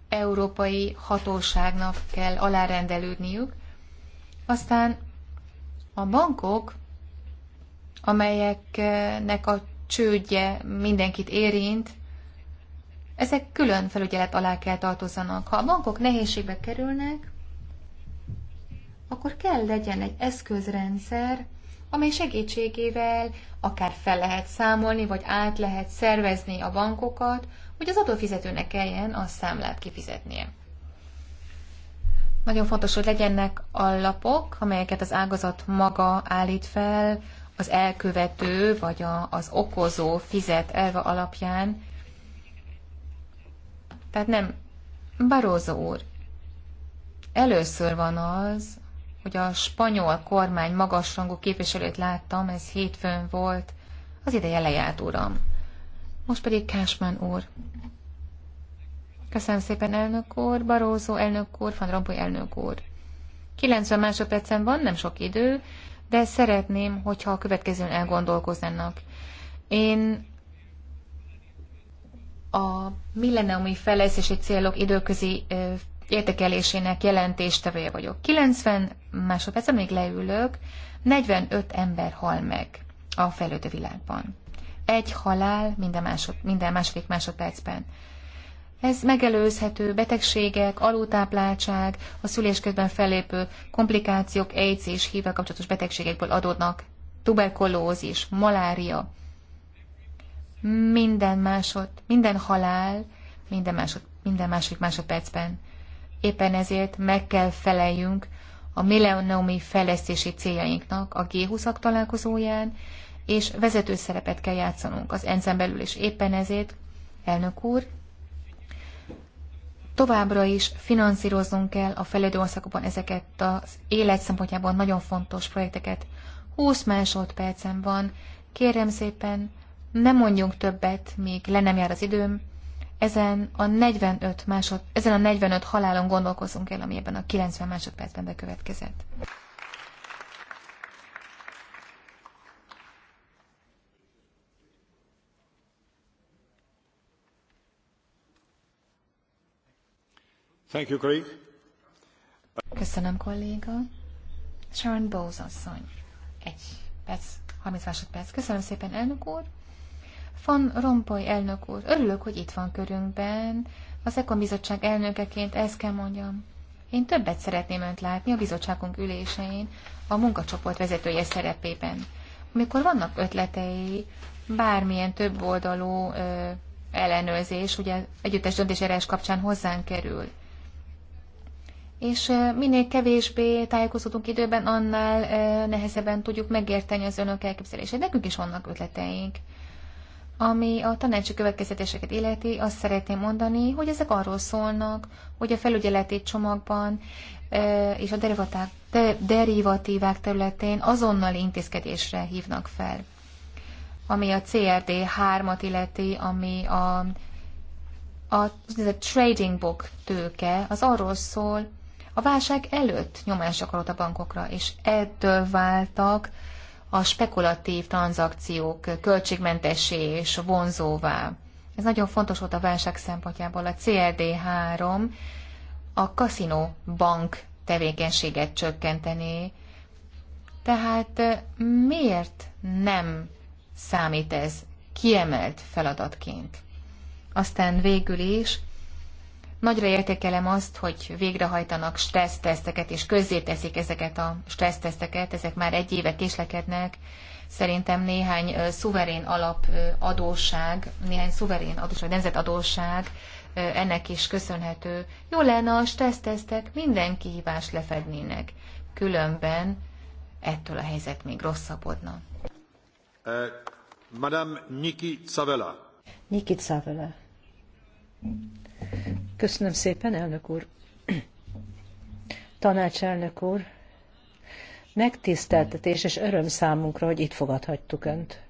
európai hatóságnak kell alárendelődniük, aztán a bankok, amelyeknek a csődje mindenkit érint, ezek külön felügyelet alá kell tartozanak. Ha a bankok nehézségbe kerülnek, akkor kell legyen egy eszközrendszer, amely segítségével akár fel lehet számolni, vagy át lehet szervezni a bankokat, hogy az adófizetőnek kelljen a számlát kifizetnie. Nagyon fontos, hogy legyenek alapok, amelyeket az ágazat maga állít fel, az elkövető vagy a, az okozó fizet elve alapján. Tehát nem, Barózó úr, először van az, hogy a spanyol kormány magasrangú képviselőt láttam, ez hétfőn volt, az ideje lejárt, uram. Most pedig Cashman úr. Köszönöm szépen, elnök úr, Barózó elnök úr, Van Rompuy elnök úr. 90 másodpercen van, nem sok idő, de szeretném, hogyha a következőn elgondolkoznának. Én a milleniumi fejlesztési célok időközi értekelésének jelentéstevője vagyok. 90 másodpercen még leülök, 45 ember hal meg a felődő világban. Egy halál minden, másod, minden második másodpercben. Ez megelőzhető betegségek, alultápláltság, a szülés közben fellépő komplikációk, AIDS és hívvel kapcsolatos betegségekből adódnak, tuberkulózis, malária, minden másod, minden halál, minden másod, minden második másodpercben éppen ezért meg kell feleljünk a milleniumi fejlesztési céljainknak a g 20 találkozóján, és vezető szerepet kell játszanunk az enzen belül, és éppen ezért, elnök úr, továbbra is finanszírozunk kell a fejlődő országokban ezeket az élet szempontjából nagyon fontos projekteket. 20 másodpercem van, kérem szépen, ne mondjunk többet, még le nem jár az időm, ezen a 45, másod, ezen a 45 halálon gondolkozunk el, ami ebben a 90 másodpercben bekövetkezett. Thank you, Köszönöm, kolléga. Sharon Bowes asszony. Egy perc, 30 másodperc. Köszönöm szépen, elnök úr. Van Rompoy elnök úr, örülök, hogy itt van körünkben. Az ECOM bizottság elnökeként ezt kell mondjam. Én többet szeretném önt látni a bizottságunk ülésein, a munkacsoport vezetője szerepében. Amikor vannak ötletei, bármilyen több oldalú ö, ellenőrzés, ugye együttes döntésjárás kapcsán hozzánk kerül. És ö, minél kevésbé tájékozódunk időben, annál ö, nehezebben tudjuk megérteni az önök elképzelését. Nekünk is vannak ötleteink. Ami a tanácsi következetéseket illeti, azt szeretném mondani, hogy ezek arról szólnak, hogy a felügyeleti csomagban e, és a derivaták, derivatívák területén azonnali intézkedésre hívnak fel. Ami a CRD 3-at illeti, ami a, a, a trading book tőke, az arról szól, a válság előtt nyomás gyakorolt a bankokra, és ettől váltak a spekulatív tranzakciók költségmentessé és vonzóvá. Ez nagyon fontos volt a válság szempontjából. A CLD3 a kaszinó bank tevékenységet csökkenteni. Tehát miért nem számít ez kiemelt feladatként? Aztán végül is Nagyra értékelem azt, hogy végrehajtanak stresszteszteket, és közzéteszik ezeket a stresszteszteket, ezek már egy éve késlekednek. Szerintem néhány szuverén alap adósság, néhány szuverén adósság, nemzetadósság ennek is köszönhető. Jó lenne a stressztesztek minden kihívást lefednének, különben ettől a helyzet még rosszabbodna. Uh, Madame Niki Niki Köszönöm szépen, elnök úr. Tanácselnök úr, megtiszteltetés és öröm számunkra, hogy itt fogadhattuk Önt.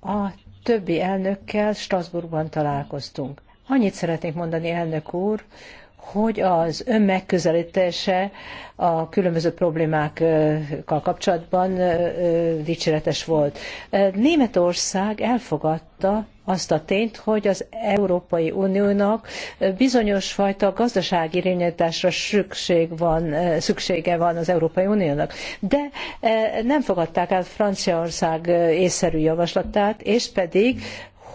A többi elnökkel Strasbourgban találkoztunk. Annyit szeretnék mondani, elnök úr, hogy az ön megközelítése a különböző problémákkal kapcsolatban dicséretes volt. Németország elfogadta azt a tényt, hogy az Európai Uniónak bizonyos fajta gazdasági irányításra szükség van, szüksége van az Európai Uniónak. De nem fogadták el Franciaország észszerű javaslatát, és pedig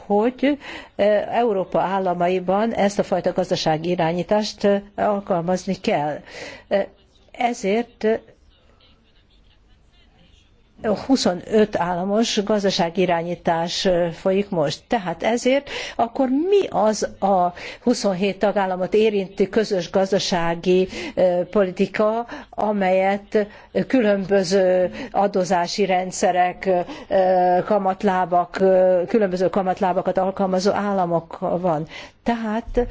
hogy e, Európa államaiban ezt a fajta gazdasági irányítást e, alkalmazni kell. E, ezért 25 államos gazdaságirányítás folyik most. Tehát ezért akkor mi az a 27 tagállamot érinti közös gazdasági politika, amelyet különböző adózási rendszerek, kamatlábak, különböző kamatlábakat alkalmazó államok van. Tehát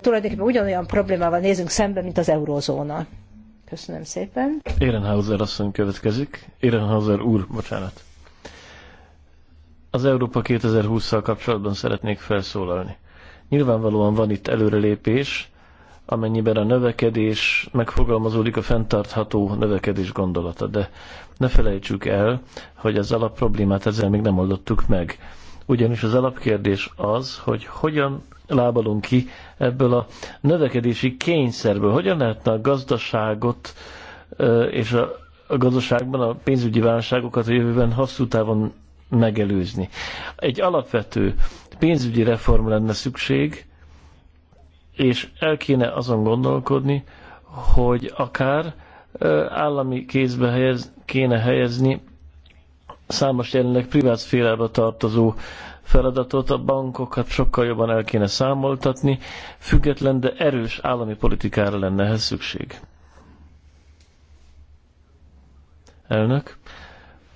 tulajdonképpen ugyanolyan problémával nézünk szembe, mint az eurózóna. Köszönöm szépen. Ehrenhauser asszony következik. Ehrenhauser úr, bocsánat. Az Európa 2020-szal kapcsolatban szeretnék felszólalni. Nyilvánvalóan van itt előrelépés, amennyiben a növekedés megfogalmazódik a fenntartható növekedés gondolata. De ne felejtsük el, hogy az alapproblémát ezzel még nem oldottuk meg. Ugyanis az alapkérdés az, hogy hogyan lábalunk ki ebből a növekedési kényszerből? Hogyan lehetne a gazdaságot és a, gazdaságban a pénzügyi válságokat a jövőben hosszú távon megelőzni? Egy alapvető pénzügyi reform lenne szükség, és el kéne azon gondolkodni, hogy akár állami kézbe helyez, kéne helyezni számos jelenleg privát tartozó feladatot, a bankokat sokkal jobban el kéne számoltatni, független, de erős állami politikára lenne ehhez szükség. Elnök,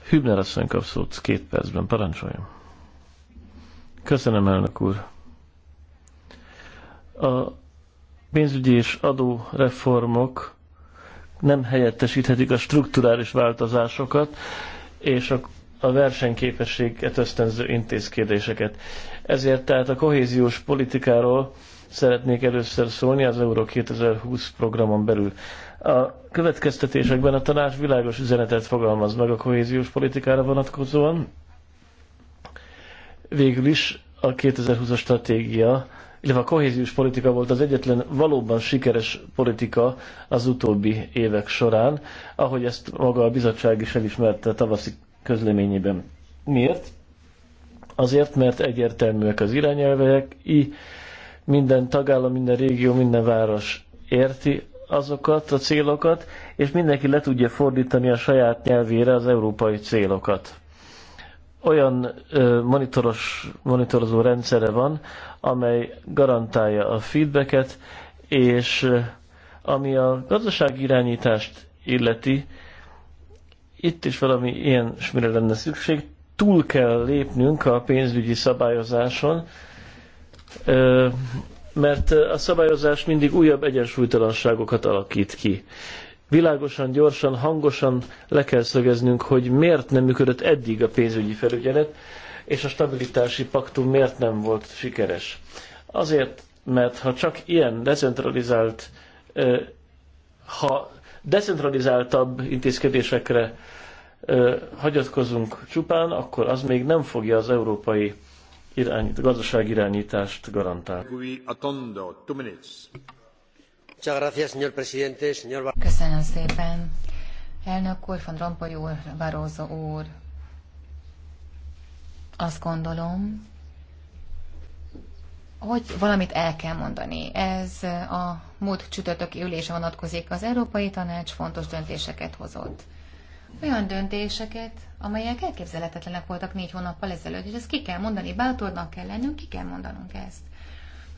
Hübner asszony kap szót két percben, parancsoljon. Köszönöm, elnök úr. A pénzügyi és adóreformok nem helyettesíthetik a strukturális változásokat, és a a versenyképességet ösztönző intézkedéseket. Ezért tehát a kohéziós politikáról szeretnék először szólni az Euró 2020 programon belül. A következtetésekben a tanács világos üzenetet fogalmaz meg a kohéziós politikára vonatkozóan. Végül is a 2020-as stratégia, illetve a kohéziós politika volt az egyetlen valóban sikeres politika az utóbbi évek során, ahogy ezt maga a bizottság is elismerte a tavaszi közleményében. Miért? Azért, mert egyértelműek az irányelvek, i minden tagállam, minden régió, minden város érti azokat a célokat, és mindenki le tudja fordítani a saját nyelvére az európai célokat. Olyan ö, monitoros, monitorozó rendszere van, amely garantálja a feedbacket, és ami a gazdasági irányítást illeti, itt is valami ilyen mire lenne szükség. Túl kell lépnünk a pénzügyi szabályozáson, mert a szabályozás mindig újabb egyensúlytalanságokat alakít ki. Világosan, gyorsan, hangosan le kell szögeznünk, hogy miért nem működött eddig a pénzügyi felügyelet, és a stabilitási paktum miért nem volt sikeres. Azért, mert ha csak ilyen decentralizált, ha decentralizáltabb intézkedésekre hagyatkozunk csupán, akkor az még nem fogja az európai irányít, gazdaság irányítást garantálni. Köszönöm szépen. Elnök úr, Van Rompuy úr, Barózo úr, azt gondolom, hogy valamit el kell mondani. Ez a múlt csütörtöki ülése vonatkozik. Az Európai Tanács fontos döntéseket hozott. Olyan döntéseket, amelyek elképzelhetetlenek voltak négy hónappal ezelőtt, és ezt ki kell mondani, bátornak kell lennünk, ki kell mondanunk ezt.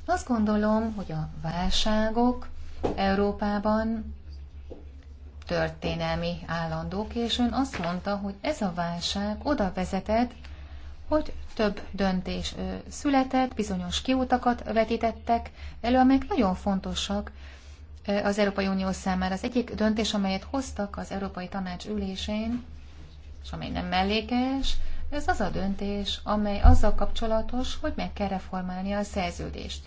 Azt gondolom, hogy a válságok Európában történelmi állandók, és ön azt mondta, hogy ez a válság oda vezetett, hogy több döntés született, bizonyos kiutakat vetítettek elő, amelyek nagyon fontosak az Európai Unió számára. Az egyik döntés, amelyet hoztak az Európai Tanács ülésén, és amely nem mellékes, ez az a döntés, amely azzal kapcsolatos, hogy meg kell reformálni a szerződést.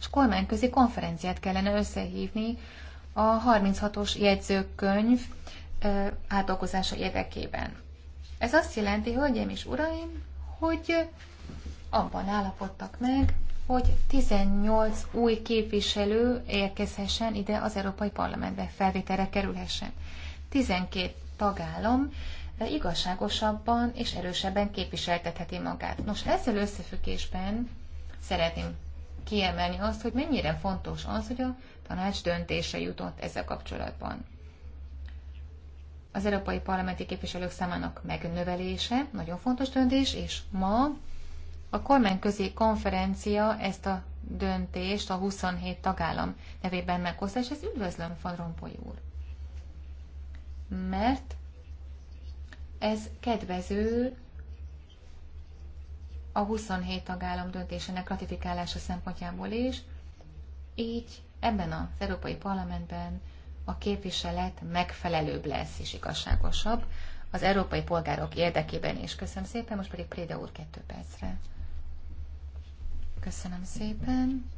És kormányközi konferenciát kellene összehívni a 36-os jegyzőkönyv átdolgozása érdekében. Ez azt jelenti, hölgyeim és uraim, hogy abban állapodtak meg, hogy 18 új képviselő érkezhessen ide az Európai Parlamentbe, felvételre kerülhessen. 12 tagállam igazságosabban és erősebben képviseltetheti magát. Nos, ezzel összefüggésben szeretném kiemelni azt, hogy mennyire fontos az, hogy a tanács döntése jutott ezzel kapcsolatban az európai parlamenti képviselők számának megnövelése, nagyon fontos döntés, és ma a kormányközi konferencia ezt a döntést a 27 tagállam nevében meghozta, és ezt üdvözlöm, Van Rompuy úr. Mert ez kedvező a 27 tagállam döntésének ratifikálása szempontjából is, így ebben az Európai Parlamentben a képviselet megfelelőbb lesz és igazságosabb az európai polgárok érdekében is. Köszönöm szépen, most pedig Préda úr kettő percre. Köszönöm szépen.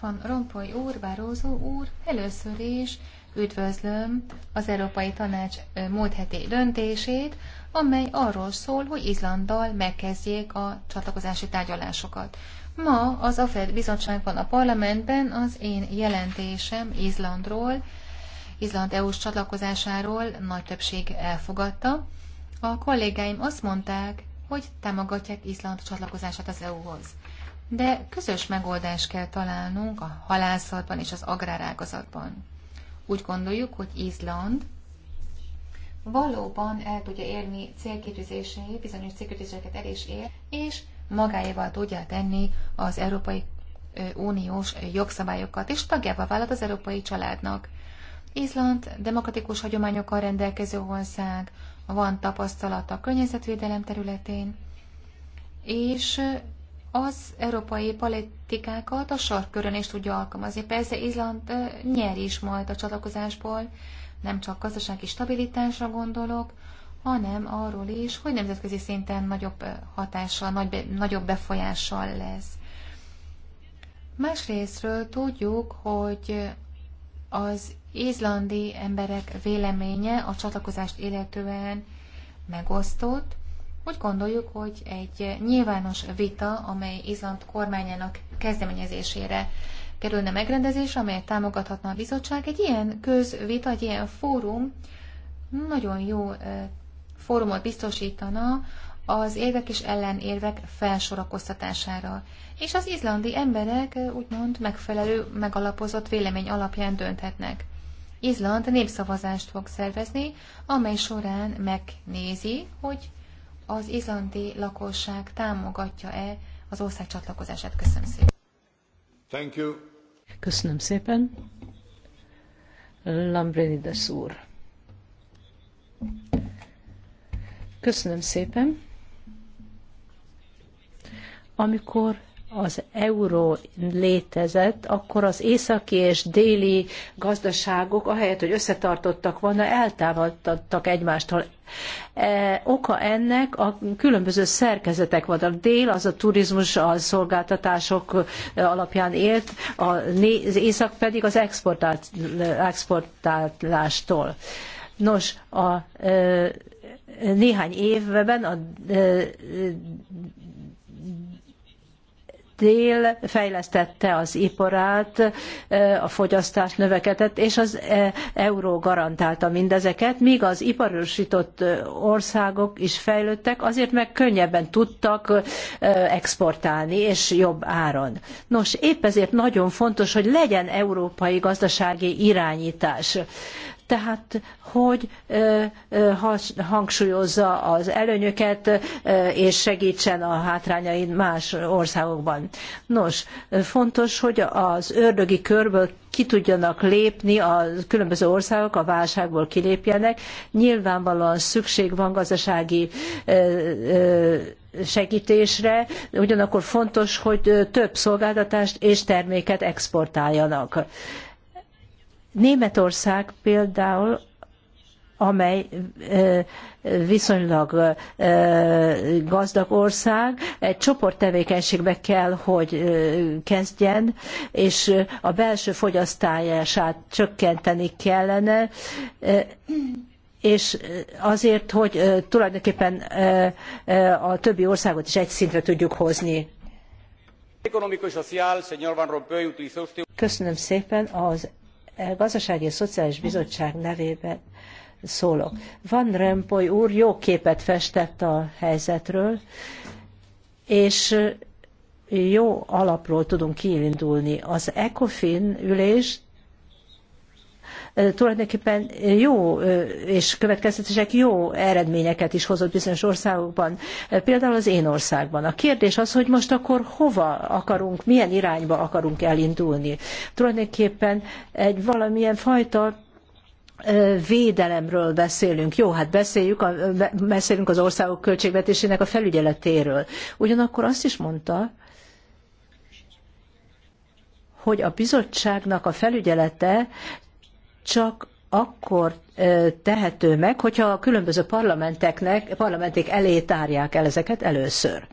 Van Rompoy úr, Bárózó úr, először is üdvözlöm az Európai Tanács múlt heti döntését, amely arról szól, hogy Izlanddal megkezdjék a csatlakozási tárgyalásokat. Ma az AFED bizottságban a parlamentben az én jelentésem Izlandról, Izland EU-s csatlakozásáról nagy többség elfogadta. A kollégáim azt mondták, hogy támogatják Izland csatlakozását az EU-hoz. De közös megoldást kell találnunk a halászatban és az agrárágazatban. Úgy gondoljuk, hogy Izland valóban el tudja érni célkitűzéseit, bizonyos célkitűzéseket el is ér, és magáéval tudja tenni az Európai Uniós jogszabályokat, és tagjává vált az európai családnak. Izland demokratikus hagyományokkal rendelkező ország, van tapasztalata a környezetvédelem területén, és az európai politikákat a sarkkörön is tudja alkalmazni. Persze Izland nyer is majd a csatlakozásból, nem csak gazdasági stabilitásra gondolok, hanem arról is, hogy nemzetközi szinten nagyobb hatással, nagy, nagyobb befolyással lesz. Másrésztről tudjuk, hogy az izlandi emberek véleménye a csatlakozást illetően megosztott. Úgy gondoljuk, hogy egy nyilvános vita, amely Izland kormányának kezdeményezésére kerülne megrendezésre, amelyet támogathatna a bizottság, egy ilyen közvita, egy ilyen fórum nagyon jó fórumot biztosítana az érvek és ellenérvek felsorakoztatására, és az izlandi emberek úgymond megfelelő, megalapozott vélemény alapján dönthetnek. Izland népszavazást fog szervezni, amely során megnézi, hogy az izlandi lakosság támogatja-e az ország csatlakozását. Köszönöm szépen. Thank you. Köszönöm szépen. Lambrinides úr. Köszönöm szépen. Amikor az euró létezett, akkor az északi és déli gazdaságok, ahelyett, hogy összetartottak volna, eltávolodtak egymástól. E, oka ennek a különböző szerkezetek volt. A dél az a turizmus, a szolgáltatások alapján élt, az észak pedig az exportált, exportálástól. Nos, a e, néhány évben a dél fejlesztette az iparát, a fogyasztást növekedett, és az euró garantálta mindezeket, míg az iparosított országok is fejlődtek, azért meg könnyebben tudtak exportálni, és jobb áron. Nos, épp ezért nagyon fontos, hogy legyen európai gazdasági irányítás tehát hogy hangsúlyozza az előnyöket és segítsen a hátrányain más országokban. Nos, fontos, hogy az ördögi körből ki tudjanak lépni a különböző országok, a válságból kilépjenek. Nyilvánvalóan szükség van gazdasági segítésre, ugyanakkor fontos, hogy több szolgáltatást és terméket exportáljanak Németország például amely viszonylag gazdag ország, egy csoporttevékenységbe kell, hogy kezdjen, és a belső fogyasztását csökkenteni kellene, és azért, hogy tulajdonképpen a többi országot is egy szintre tudjuk hozni. Köszönöm szépen az Gazdasági és Szociális Bizottság nevében szólok. Van Rempoy úr jó képet festett a helyzetről, és jó alapról tudunk kiindulni. Az ECOFIN ülést tulajdonképpen jó és következetesek jó eredményeket is hozott bizonyos országokban, például az én országban. A kérdés az, hogy most akkor hova akarunk, milyen irányba akarunk elindulni. Tulajdonképpen egy valamilyen fajta védelemről beszélünk. Jó, hát beszéljük, beszélünk az országok költségvetésének a felügyeletéről. Ugyanakkor azt is mondta, hogy a bizottságnak a felügyelete csak akkor tehető meg, hogyha a különböző parlamenteknek, parlamenték elé tárják el ezeket először.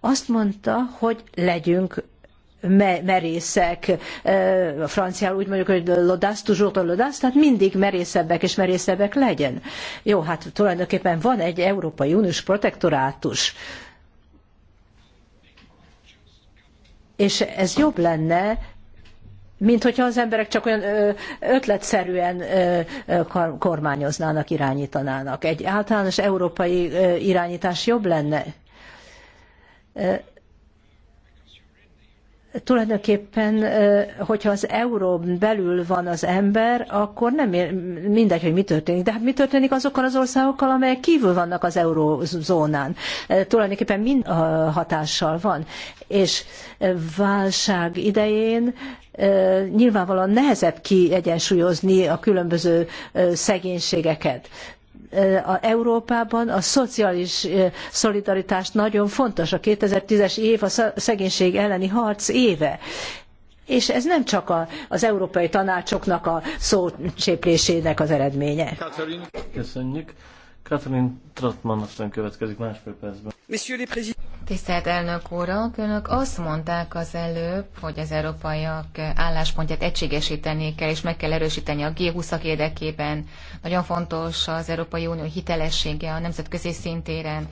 Azt mondta, hogy legyünk merészek, a franciául úgy mondjuk, hogy lodász, toujours de lodász, tehát mindig merészebbek és merészebbek legyen. Jó, hát tulajdonképpen van egy Európai Uniós protektorátus, és ez jobb lenne, mint hogyha az emberek csak olyan ötletszerűen kormányoznának, irányítanának. Egy általános európai irányítás jobb lenne tulajdonképpen, hogyha az eurón belül van az ember, akkor nem ér, mindegy, hogy mi történik. De hát mi történik azokkal az országokkal, amelyek kívül vannak az eurózónán? Tulajdonképpen mind hatással van. És válság idején nyilvánvalóan nehezebb kiegyensúlyozni a különböző szegénységeket a Európában a szociális szolidaritás nagyon fontos. A 2010-es év a szegénység elleni harc éve. És ez nem csak a, az európai tanácsoknak a szócséplésének az eredménye. Catherine, Köszönjük. Catherine Trattmann aztán következik másfél percben. Tisztelt elnök úrak, önök azt mondták az előbb, hogy az európaiak álláspontját egységesíteni kell, és meg kell erősíteni a G20-ak érdekében. Nagyon fontos az Európai Unió hitelessége a nemzetközi szintéren.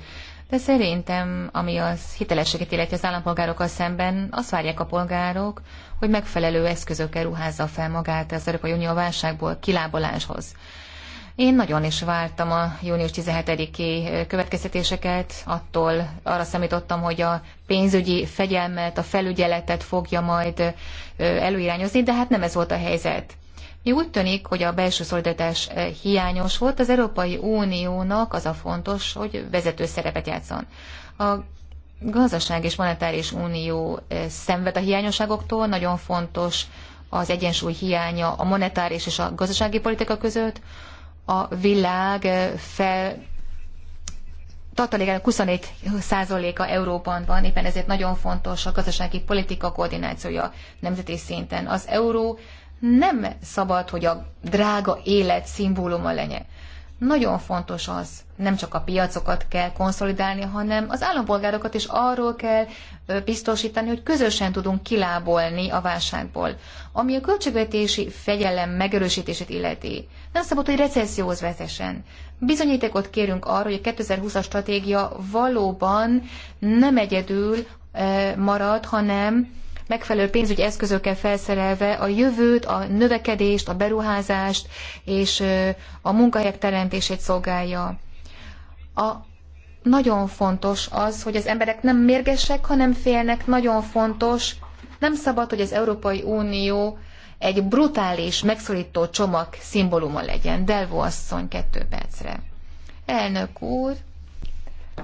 De szerintem, ami az hitelességet illeti az állampolgárokkal szemben, azt várják a polgárok, hogy megfelelő eszközökkel ruházza fel magát az Európai Unió válságból kilábaláshoz. Én nagyon is vártam a június 17-i következtetéseket, attól arra számítottam, hogy a pénzügyi fegyelmet, a felügyeletet fogja majd előirányozni, de hát nem ez volt a helyzet. Mi úgy tűnik, hogy a belső szolidaritás hiányos volt, az Európai Uniónak az a fontos, hogy vezető szerepet játszon. A gazdaság és monetáris unió szenved a hiányosságoktól, nagyon fontos az egyensúly hiánya a monetáris és a gazdasági politika között a világ eh, fel tartalékának 24%-a Euróban van, éppen ezért nagyon fontos a gazdasági politika koordinációja nemzeti szinten. Az euró nem szabad, hogy a drága élet szimbóluma legyen. Nagyon fontos az, nem csak a piacokat kell konszolidálni, hanem az állampolgárokat is arról kell biztosítani, hogy közösen tudunk kilábolni a válságból, ami a költségvetési fegyelem megerősítését illeti. Nem szabad, hogy recesszióhoz vezessen. Bizonyítékot kérünk arra, hogy a 2020-as stratégia valóban nem egyedül marad, hanem megfelelő pénzügyi eszközökkel felszerelve a jövőt, a növekedést, a beruházást és a munkahelyek teremtését szolgálja. A nagyon fontos az, hogy az emberek nem mérgesek, hanem félnek, nagyon fontos. Nem szabad, hogy az Európai Unió egy brutális, megszorító csomag szimbóluma legyen. Delvo asszony kettő percre. Elnök úr,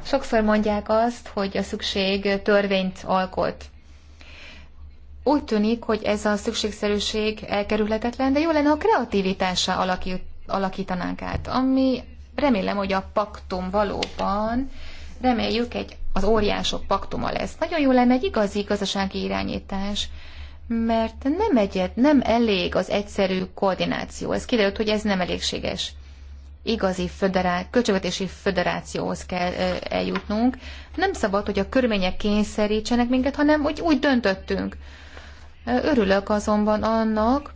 sokszor mondják azt, hogy a szükség törvényt alkot úgy tűnik, hogy ez a szükségszerűség elkerülhetetlen, de jó lenne, ha kreativitással alakít, alakítanánk át, ami remélem, hogy a paktum valóban, reméljük egy az óriások paktuma lesz. Nagyon jó lenne egy igazi gazdasági irányítás, mert nem egyet, nem elég az egyszerű koordináció. Ez kiderült, hogy ez nem elégséges. Igazi föderá- költségvetési föderációhoz kell ö, eljutnunk. Nem szabad, hogy a körmények kényszerítsenek minket, hanem hogy úgy döntöttünk. Örülök azonban annak,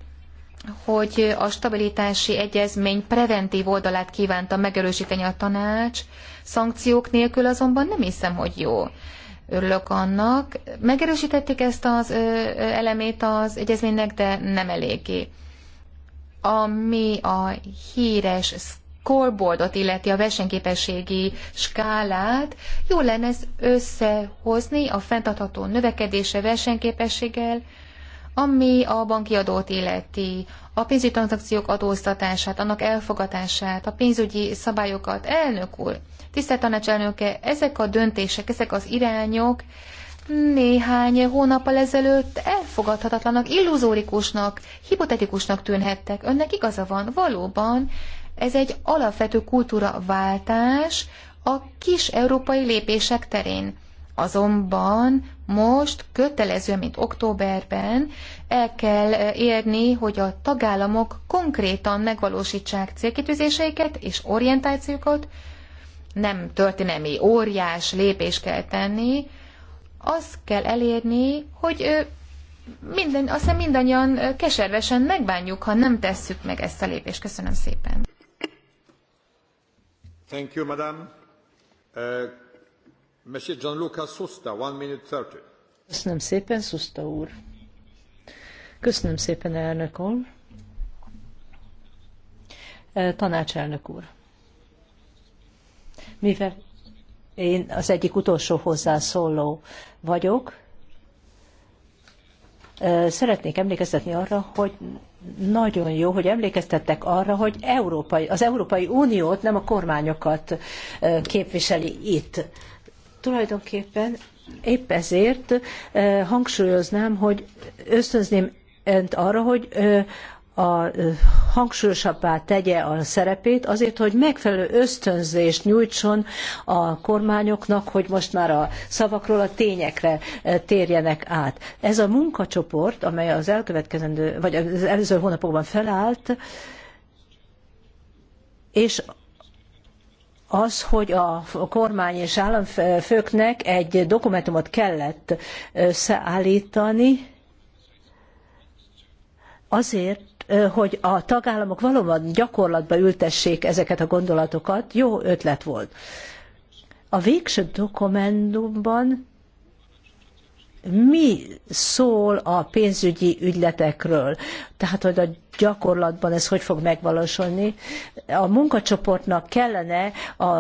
hogy a stabilitási egyezmény preventív oldalát kívánta megerősíteni a tanács, szankciók nélkül azonban nem hiszem, hogy jó. Örülök annak. Megerősítették ezt az elemét az egyezménynek, de nem eléggé. Ami a híres scoreboardot illeti a versenyképességi skálát, jó lenne ez összehozni a fenntartható növekedése versenyképességgel, ami a banki adót illeti, a pénzügyi tranzakciók adóztatását, annak elfogadását, a pénzügyi szabályokat. Elnök úr, tisztelt tanácselnöke, ezek a döntések, ezek az irányok néhány hónappal ezelőtt elfogadhatatlanak, illuzórikusnak, hipotetikusnak tűnhettek. Önnek igaza van, valóban ez egy alapvető kultúraváltás a kis európai lépések terén. Azonban most kötelezően, mint októberben el kell eh, érni, hogy a tagállamok konkrétan megvalósítsák célkitűzéseiket és orientációkat, nem történelmi óriás lépés kell tenni, azt kell elérni, hogy eh, minden, azt hiszem mindannyian eh, keservesen megbánjuk, ha nem tesszük meg ezt a lépést. Köszönöm szépen. Thank you, madam. Uh... Monsieur Gianluca Susta, 1 minute 30. Köszönöm szépen, Susta úr. Köszönöm szépen, elnök úr. E, tanácselnök úr. Mivel én az egyik utolsó hozzászóló vagyok, e, szeretnék emlékeztetni arra, hogy nagyon jó, hogy emlékeztettek arra, hogy európai, az Európai Uniót nem a kormányokat e, képviseli itt, Tulajdonképpen épp ezért eh, hangsúlyoznám, hogy ösztönzném önt arra, hogy eh, a eh, hangsúlyosabbá tegye a szerepét, azért, hogy megfelelő ösztönzést nyújtson a kormányoknak, hogy most már a szavakról a tényekre térjenek át. Ez a munkacsoport, amely az elkövetkezendő, vagy az előző hónapokban felállt, és az, hogy a kormány és államfőknek egy dokumentumot kellett összeállítani, azért, hogy a tagállamok valóban gyakorlatba ültessék ezeket a gondolatokat, jó ötlet volt. A végső dokumentumban mi szól a pénzügyi ügyletekről, tehát hogy a gyakorlatban ez hogy fog megvalósulni. A munkacsoportnak kellene a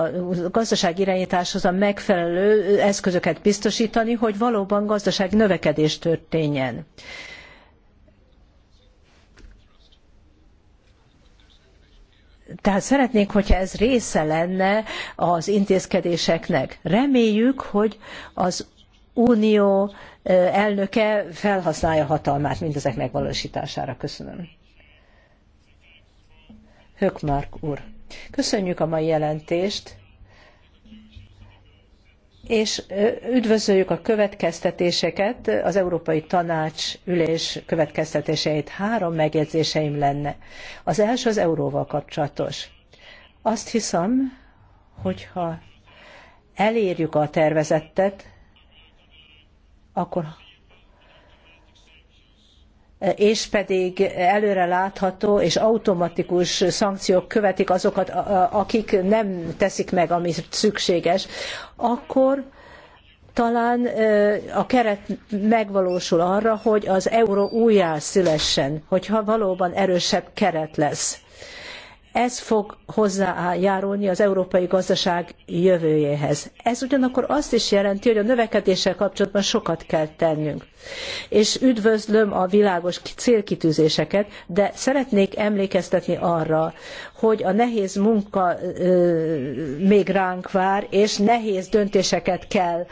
gazdaság irányításhoz a megfelelő eszközöket biztosítani, hogy valóban gazdaság növekedés történjen. Tehát szeretnénk, hogyha ez része lenne az intézkedéseknek. Reméljük, hogy az Unió elnöke felhasználja hatalmát mindezek megvalósítására. Köszönöm. Hökmark úr. Köszönjük a mai jelentést, és üdvözöljük a következtetéseket, az Európai Tanács ülés következtetéseit. Három megjegyzéseim lenne. Az első az euróval kapcsolatos. Azt hiszem, hogyha elérjük a tervezettet, akkor és pedig előre látható és automatikus szankciók követik azokat, akik nem teszik meg, ami szükséges, akkor talán a keret megvalósul arra, hogy az euró újjá szülessen, hogyha valóban erősebb keret lesz ez fog hozzájárulni az európai gazdaság jövőjéhez. Ez ugyanakkor azt is jelenti, hogy a növekedéssel kapcsolatban sokat kell tennünk. És üdvözlöm a világos célkitűzéseket, de szeretnék emlékeztetni arra, hogy a nehéz munka még ránk vár, és nehéz döntéseket kell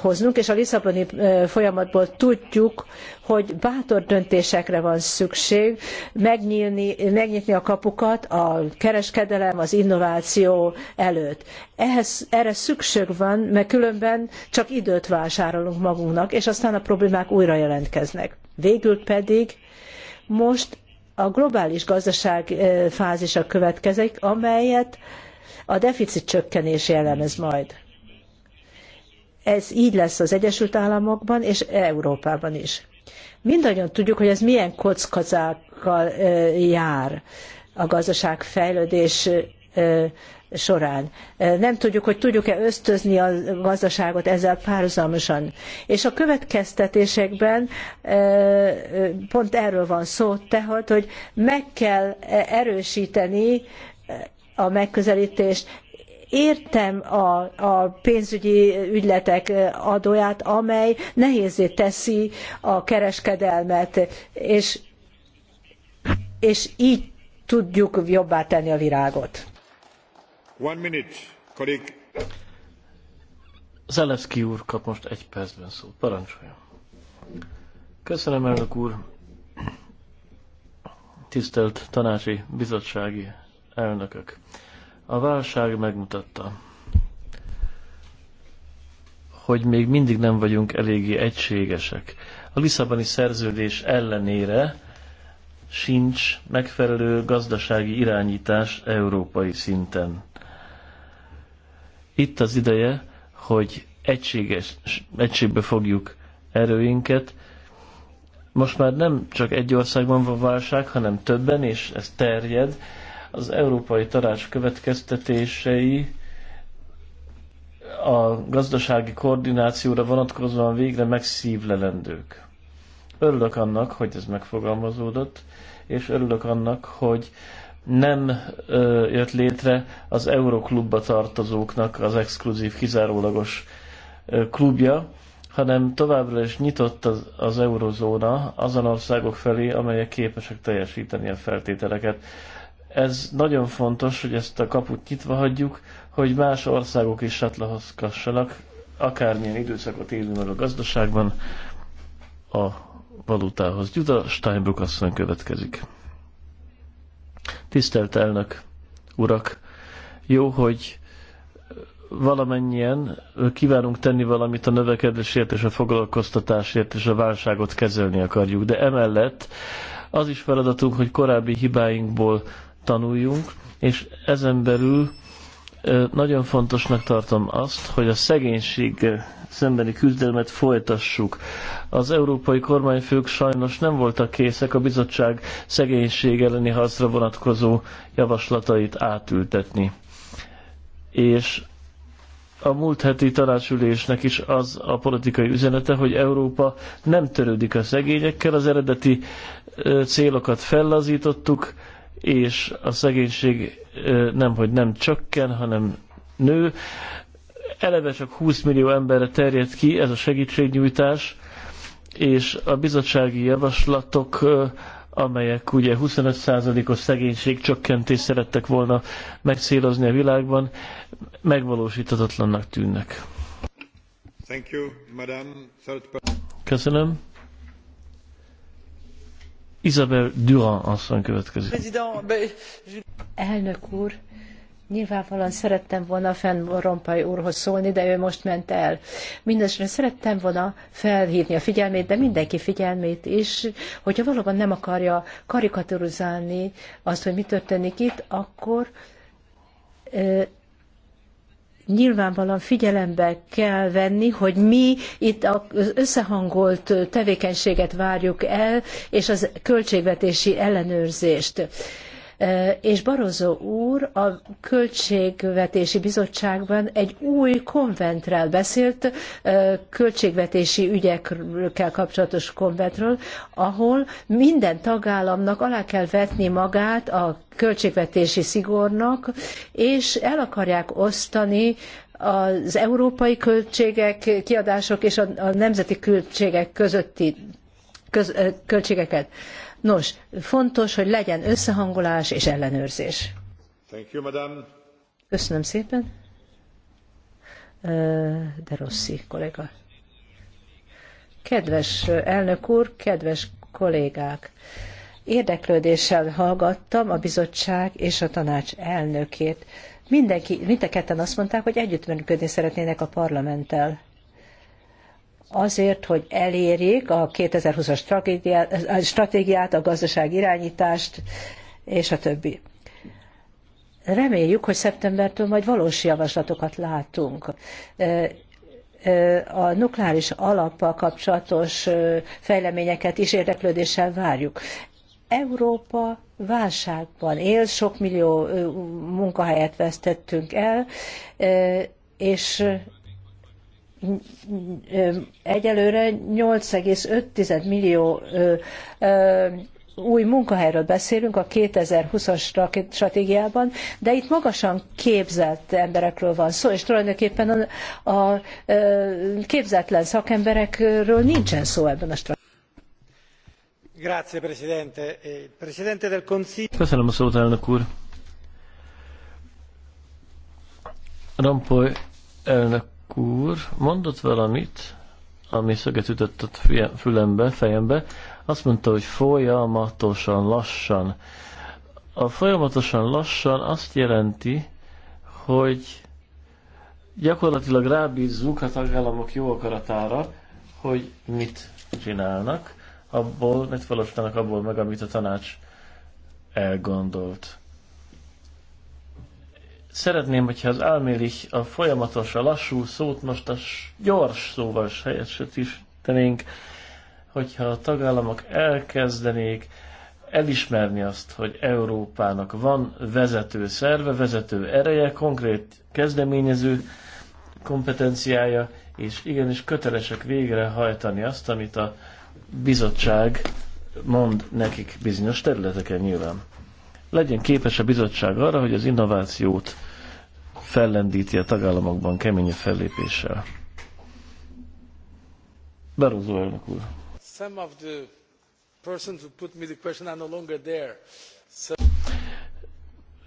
hoznunk, és a Lisszaboni folyamatból tudjuk, hogy bátor döntésekre van szükség, megnyílni, megnyitni a kapukat a kereskedelem, az innováció előtt. Ehhez, erre szükség van, mert különben csak időt vásárolunk magunknak, és aztán a problémák újra jelentkeznek. Végül pedig most a globális gazdaság fázisa következik, amelyet a deficit csökkenés jellemez majd. Ez így lesz az Egyesült Államokban és Európában is. Mindannyian tudjuk, hogy ez milyen kockázákkal jár a gazdaság fejlődés során. Nem tudjuk, hogy tudjuk-e ösztözni a gazdaságot ezzel párhuzamosan. És a következtetésekben pont erről van szó, tehát, hogy meg kell erősíteni a megközelítést, értem a, a, pénzügyi ügyletek adóját, amely nehézé teszi a kereskedelmet, és, és így tudjuk jobbá tenni a virágot. One minute, colleague. Zelevszki úr kap most egy percben szót. Parancsoljon. Köszönöm, elnök úr. Tisztelt tanácsi bizottsági elnökök. A válság megmutatta, hogy még mindig nem vagyunk eléggé egységesek. A Lisszaboni szerződés ellenére sincs megfelelő gazdasági irányítás európai szinten. Itt az ideje, hogy egységes, egységbe fogjuk erőinket. Most már nem csak egy országban van válság, hanem többen, és ez terjed. Az Európai Tanács következtetései a gazdasági koordinációra vonatkozóan végre megszívlelendők. Örülök annak, hogy ez megfogalmazódott, és örülök annak, hogy nem ö, jött létre az Euroklubba tartozóknak az exkluzív, kizárólagos ö, klubja, hanem továbbra is nyitott az, az eurozóna azon országok felé, amelyek képesek teljesíteni a feltételeket. Ez nagyon fontos, hogy ezt a kaput nyitva hagyjuk, hogy más országok is csatlakozhassanak, akármilyen időszakot élünk meg a gazdaságban, a valutához. Gyuda Steinbrück asszony következik. Tisztelt elnök, urak! Jó, hogy valamennyien kívánunk tenni valamit a növekedésért és a foglalkoztatásért és a válságot kezelni akarjuk, de emellett az is feladatunk, hogy korábbi hibáinkból tanuljunk, és ezen belül nagyon fontosnak tartom azt, hogy a szegénység szembeni küzdelmet folytassuk. Az európai kormányfők sajnos nem voltak készek a bizottság szegénység elleni harcra vonatkozó javaslatait átültetni. És a múlt heti tanácsülésnek is az a politikai üzenete, hogy Európa nem törődik a szegényekkel, az eredeti célokat fellazítottuk, és a szegénység nem, hogy nem csökken, hanem nő. Eleve csak 20 millió emberre terjed ki ez a segítségnyújtás, és a bizottsági javaslatok, amelyek ugye 25%-os szegénység csökkentést szerettek volna megszélozni a világban, megvalósíthatatlannak tűnnek. Thank you, madam. Köszönöm. Isabel Durand asszony következik. Elnök úr, Nyilvánvalóan szerettem volna Fenn Rompai úrhoz szólni, de ő most ment el. Mindenesetre szerettem volna felhívni a figyelmét, de mindenki figyelmét is, hogyha valóban nem akarja karikaturizálni azt, hogy mi történik itt, akkor nyilvánvalóan figyelembe kell venni, hogy mi itt az összehangolt tevékenységet várjuk el, és az költségvetési ellenőrzést. És Barozó úr a Költségvetési Bizottságban egy új konventrel beszélt, költségvetési ügyekkel kapcsolatos konventről, ahol minden tagállamnak alá kell vetni magát a költségvetési szigornak, és el akarják osztani az európai költségek, kiadások és a, nemzeti költségek közötti köz, költségeket. Nos, fontos, hogy legyen összehangolás és ellenőrzés. Thank you, madam. Köszönöm szépen. De Rossi kollega. Kedves elnök úr, kedves kollégák! Érdeklődéssel hallgattam a bizottság és a tanács elnökét. Mindenki, mind a ketten azt mondták, hogy együttműködni szeretnének a parlamenttel azért, hogy elérjék a 2020-as stratégiát, a gazdaság irányítást, és a többi. Reméljük, hogy szeptembertől majd valós javaslatokat látunk. A nukleáris alappal kapcsolatos fejleményeket is érdeklődéssel várjuk. Európa válságban él, sok millió munkahelyet vesztettünk el, és egyelőre 8,5 millió új munkahelyről beszélünk a 2020-as stratégiában, de itt magasan képzelt emberekről van szó, és tulajdonképpen a, a képzetlen szakemberekről nincsen szó ebben a stratégiában. Eh, Köszönöm a szót, elnök úr. Rampoly elnök úr mondott valamit, ami szöget ütött a fülembe, fejembe, azt mondta, hogy folyamatosan, lassan. A folyamatosan lassan azt jelenti, hogy gyakorlatilag rábízzuk a tagállamok jó akaratára, hogy mit csinálnak, abból, mit valósítanak abból meg, amit a tanács elgondolt szeretném, hogyha az elmélik a folyamatos, a lassú szót most a gyors szóval is helyettesítenénk, hogyha a tagállamok elkezdenék elismerni azt, hogy Európának van vezető szerve, vezető ereje, konkrét kezdeményező kompetenciája, és igenis kötelesek végrehajtani azt, amit a bizottság mond nekik bizonyos területeken nyilván legyen képes a bizottság arra, hogy az innovációt fellendíti a tagállamokban keményebb fellépéssel. Berúzó elnök úr. Some of the persons who put me the question are no longer there. So...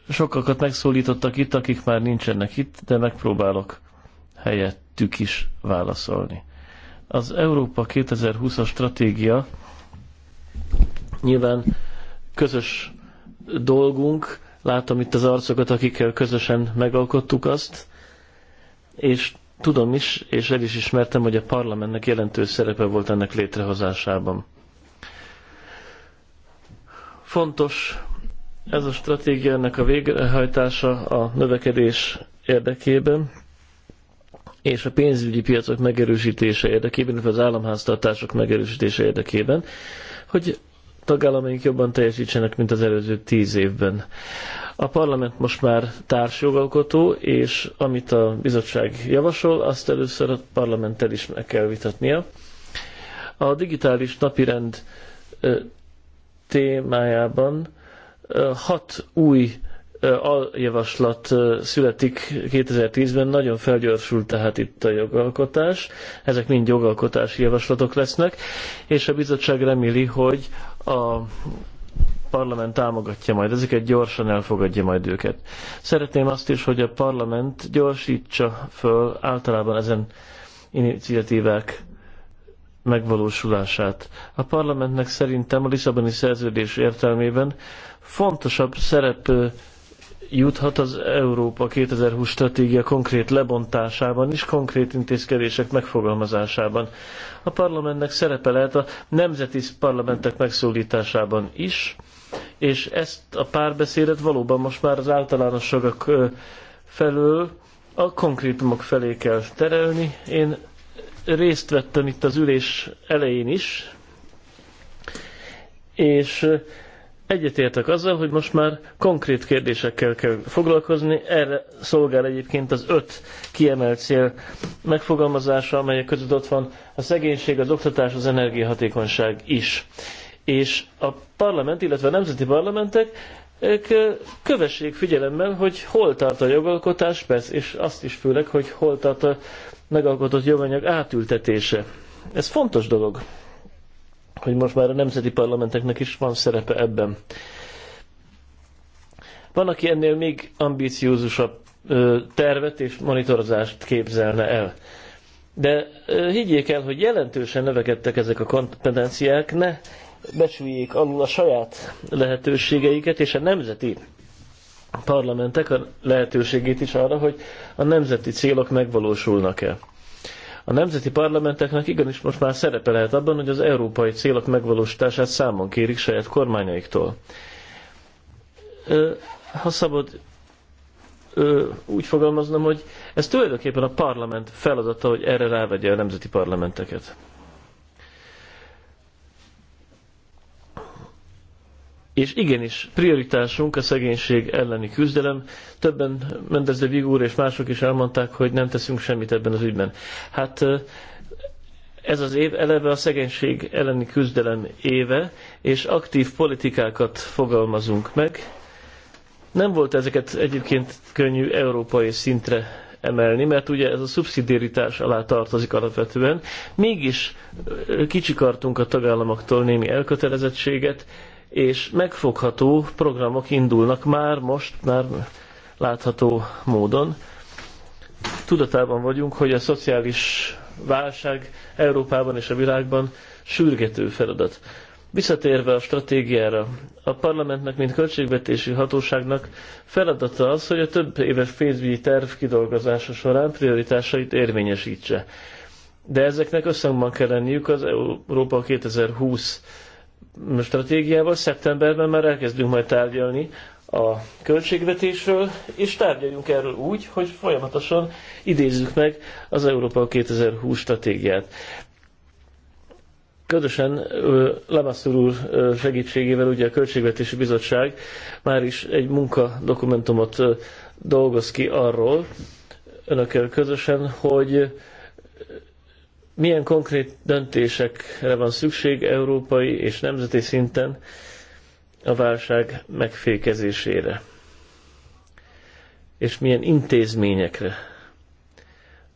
Sokakat megszólítottak itt, akik már nincsenek itt, de megpróbálok helyettük is válaszolni. Az Európa 2020-as stratégia nyilván közös dolgunk, látom itt az arcokat, akikkel közösen megalkottuk azt, és tudom is, és el is ismertem, hogy a parlamentnek jelentős szerepe volt ennek létrehozásában. Fontos ez a stratégia, ennek a végrehajtása a növekedés érdekében, és a pénzügyi piacok megerősítése érdekében, illetve az államháztartások megerősítése érdekében, hogy tagállamaink jobban teljesítsenek, mint az előző tíz évben. A parlament most már társjogalkotó, és amit a bizottság javasol, azt először a parlamenttel is meg kell vitatnia. A digitális napirend témájában hat új aljavaslat születik 2010-ben, nagyon felgyorsult tehát itt a jogalkotás, ezek mind jogalkotási javaslatok lesznek, és a bizottság reméli, hogy a parlament támogatja majd ezeket, gyorsan elfogadja majd őket. Szeretném azt is, hogy a parlament gyorsítsa föl általában ezen iniciatívák megvalósulását. A parlamentnek szerintem a Lisszaboni szerződés értelmében fontosabb szerep juthat az Európa 2020 stratégia konkrét lebontásában és konkrét intézkedések megfogalmazásában. A parlamentnek szerepe lehet a nemzeti parlamentek megszólításában is, és ezt a párbeszédet valóban most már az általánosságok felől a konkrétumok felé kell terelni. Én részt vettem itt az ülés elején is, és egyetértek azzal, hogy most már konkrét kérdésekkel kell foglalkozni. Erre szolgál egyébként az öt kiemelt cél megfogalmazása, amelyek között ott van a szegénység, az oktatás, az energiahatékonyság is. És a parlament, illetve a nemzeti parlamentek kövessék figyelemmel, hogy hol tart a jogalkotás, persze, és azt is főleg, hogy hol tart a megalkotott joganyag átültetése. Ez fontos dolog hogy most már a nemzeti parlamenteknek is van szerepe ebben. Van, aki ennél még ambíciózusabb tervet és monitorozást képzelne el. De higgyék el, hogy jelentősen növekedtek ezek a kompetenciák, ne besüljék alul a saját lehetőségeiket, és a nemzeti parlamentek a lehetőségét is arra, hogy a nemzeti célok megvalósulnak-e. A nemzeti parlamenteknek igenis most már szerepe lehet abban, hogy az európai célok megvalósítását számon kérik saját kormányaiktól. Ha szabad úgy fogalmaznom, hogy ez tulajdonképpen a parlament feladata, hogy erre rávegye a nemzeti parlamenteket. És igenis, prioritásunk a szegénység elleni küzdelem. Többen Mendez de Vigúr és mások is elmondták, hogy nem teszünk semmit ebben az ügyben. Hát ez az év eleve a szegénység elleni küzdelem éve, és aktív politikákat fogalmazunk meg. Nem volt ezeket egyébként könnyű európai szintre emelni, mert ugye ez a szubszidiaritás alá tartozik alapvetően. Mégis kicsikartunk a tagállamoktól némi elkötelezettséget, és megfogható programok indulnak már most, már látható módon. Tudatában vagyunk, hogy a szociális válság Európában és a világban sürgető feladat. Visszatérve a stratégiára, a parlamentnek, mint költségvetési hatóságnak feladata az, hogy a több éves pénzügyi terv kidolgozása során prioritásait érvényesítse. De ezeknek összhangban kell lenniük az Európa 2020 stratégiával. Szeptemberben már elkezdünk majd tárgyalni a költségvetésről, és tárgyaljunk erről úgy, hogy folyamatosan idézzük meg az Európa 2020 stratégiát. Közösen Lamasztur úr segítségével ugye a Költségvetési Bizottság már is egy munkadokumentumot dolgoz ki arról, önökkel közösen, hogy milyen konkrét döntésekre van szükség európai és nemzeti szinten a válság megfékezésére, és milyen intézményekre.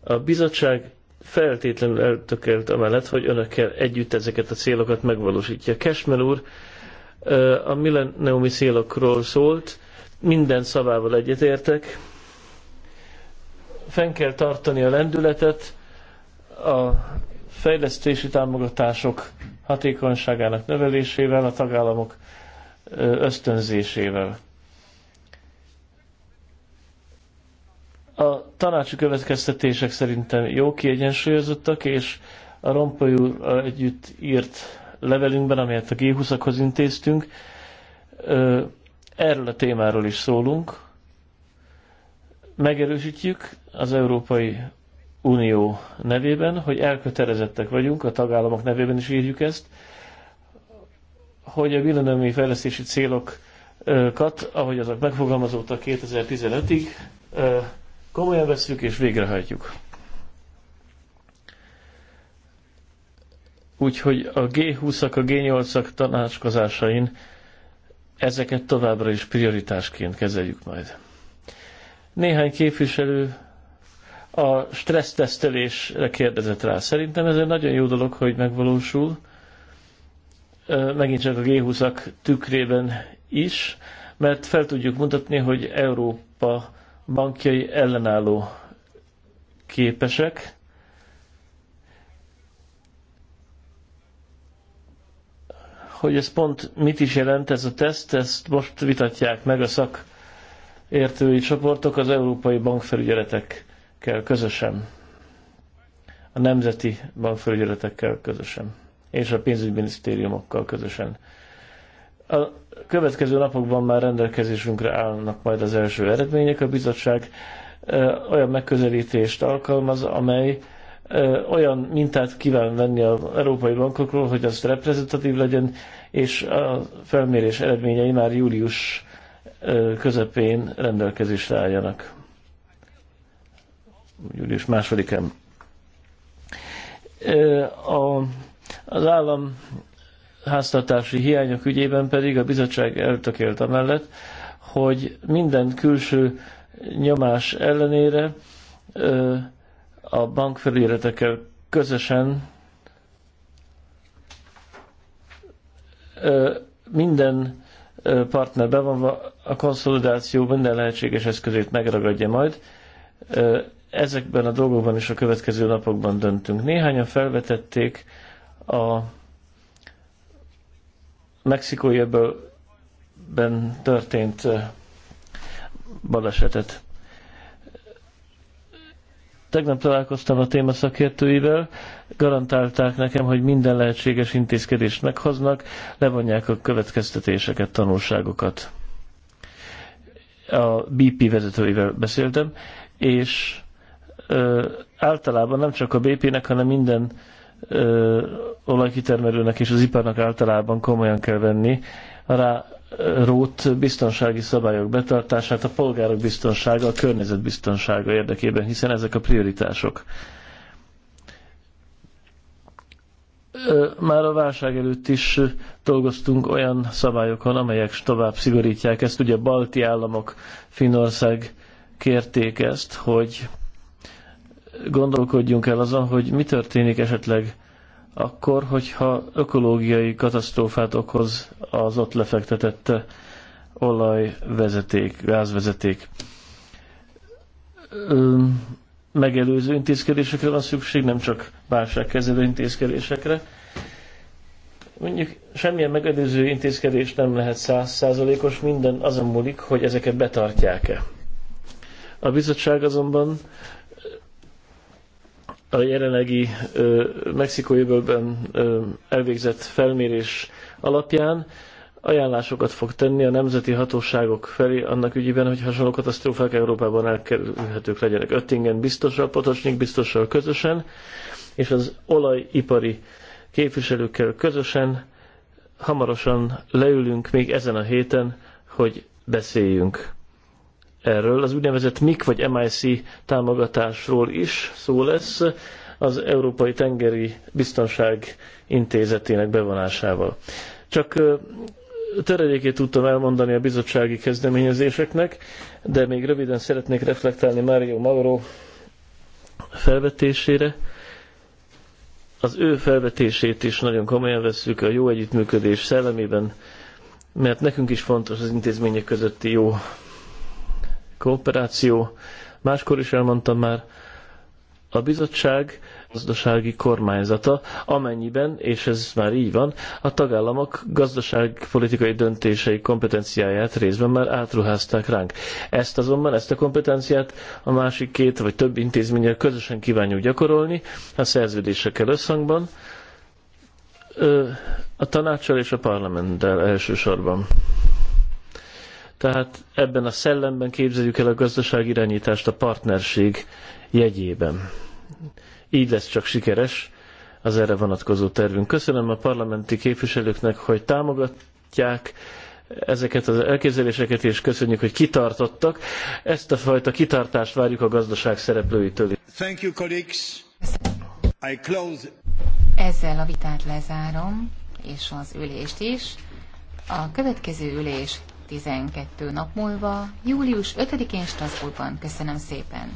A bizottság feltétlenül eltökelt, amellett, hogy önökkel együtt ezeket a célokat megvalósítja. Kesmel úr a milleniumi célokról szólt, minden szavával egyetértek, fenn kell tartani a lendületet, a fejlesztési támogatások hatékonyságának növelésével, a tagállamok ösztönzésével. A tanácsi következtetések szerintem jó kiegyensúlyozottak, és a Rompoly úr együtt írt levelünkben, amelyet a G20-akhoz intéztünk, erről a témáról is szólunk. Megerősítjük az Európai Unió nevében, hogy elkötelezettek vagyunk, a tagállamok nevében is írjuk ezt, hogy a villanyomi fejlesztési célokat, ahogy azok megfogalmazódtak 2015-ig, komolyan veszük és végrehajtjuk. Úgyhogy a G20-ak, a G8-ak tanácskozásain ezeket továbbra is prioritásként kezeljük majd. Néhány képviselő a stressztesztelésre kérdezett rá. Szerintem ez egy nagyon jó dolog, hogy megvalósul. Megint csak a G20-ak tükrében is, mert fel tudjuk mutatni, hogy Európa bankjai ellenálló képesek, hogy ez pont mit is jelent ez a teszt, ezt most vitatják meg a szakértői csoportok az európai bankfelügyeletek kell közösen, a nemzeti bankfelügyeletekkel közösen, és a pénzügyminisztériumokkal közösen. A következő napokban már rendelkezésünkre állnak majd az első eredmények. A bizottság olyan megközelítést alkalmaz, amely olyan mintát kíván venni az európai bankokról, hogy az reprezentatív legyen, és a felmérés eredményei már július közepén rendelkezésre álljanak július másodikán. A, az állam háztartási hiányok ügyében pedig a bizottság eltökélt amellett, hogy minden külső nyomás ellenére a bankfelületekkel közösen minden partner bevonva a konszolidáció minden lehetséges eszközét megragadja majd ezekben a dolgokban is a következő napokban döntünk. Néhányan felvetették a mexikói ebben történt eh, balesetet. Tegnap találkoztam a téma szakértőivel, garantálták nekem, hogy minden lehetséges intézkedést meghoznak, levonják a következtetéseket, tanulságokat. A BP vezetőivel beszéltem, és ö, általában nem csak a BP-nek, hanem minden ö, olajkitermelőnek és az iparnak általában komolyan kell venni a rá rót biztonsági szabályok betartását, a polgárok biztonsága, a környezet biztonsága érdekében, hiszen ezek a prioritások. Már a válság előtt is dolgoztunk olyan szabályokon, amelyek tovább szigorítják ezt. Ugye a balti államok, Finország kérték ezt, hogy gondolkodjunk el azon, hogy mi történik esetleg akkor, hogyha ökológiai katasztrófát okoz az ott lefektetett olajvezeték, gázvezeték. Megelőző intézkedésekre van szükség, nem csak válságkezelő intézkedésekre. Mondjuk semmilyen megelőző intézkedés nem lehet százszázalékos, minden azon múlik, hogy ezeket betartják-e. A bizottság azonban a jelenlegi Mexikói öbölben elvégzett felmérés alapján ajánlásokat fog tenni a nemzeti hatóságok felé annak ügyében, hogy hasonló katasztrófák Európában elkerülhetők legyenek. Öttingen biztosan, Potosnyik biztosan közösen, és az olajipari képviselőkkel közösen hamarosan leülünk még ezen a héten, hogy beszéljünk erről. Az úgynevezett MIC vagy MIC támogatásról is szó lesz az Európai Tengeri Biztonság Intézetének bevonásával. Csak töredékét tudtam elmondani a bizottsági kezdeményezéseknek, de még röviden szeretnék reflektálni Mário Mauro felvetésére. Az ő felvetését is nagyon komolyan vesszük a jó együttműködés szellemében, mert nekünk is fontos az intézmények közötti jó kooperáció. Máskor is elmondtam már, a bizottság gazdasági kormányzata, amennyiben, és ez már így van, a tagállamok gazdaságpolitikai döntései kompetenciáját részben már átruházták ránk. Ezt azonban, ezt a kompetenciát a másik két vagy több intézménnyel közösen kívánjuk gyakorolni, a szerződésekkel összhangban, a tanácssal és a parlamenttel elsősorban. Tehát ebben a szellemben képzeljük el a gazdaság irányítást a partnerség jegyében. Így lesz csak sikeres az erre vonatkozó tervünk. Köszönöm a parlamenti képviselőknek, hogy támogatják ezeket az elképzeléseket, és köszönjük, hogy kitartottak. Ezt a fajta kitartást várjuk a gazdaság szereplőitől. Thank you, colleagues. I close. Ezzel a vitát lezárom, és az ülést is. A következő ülés 12 nap múlva, július 5-én Strasbourgban. Köszönöm szépen!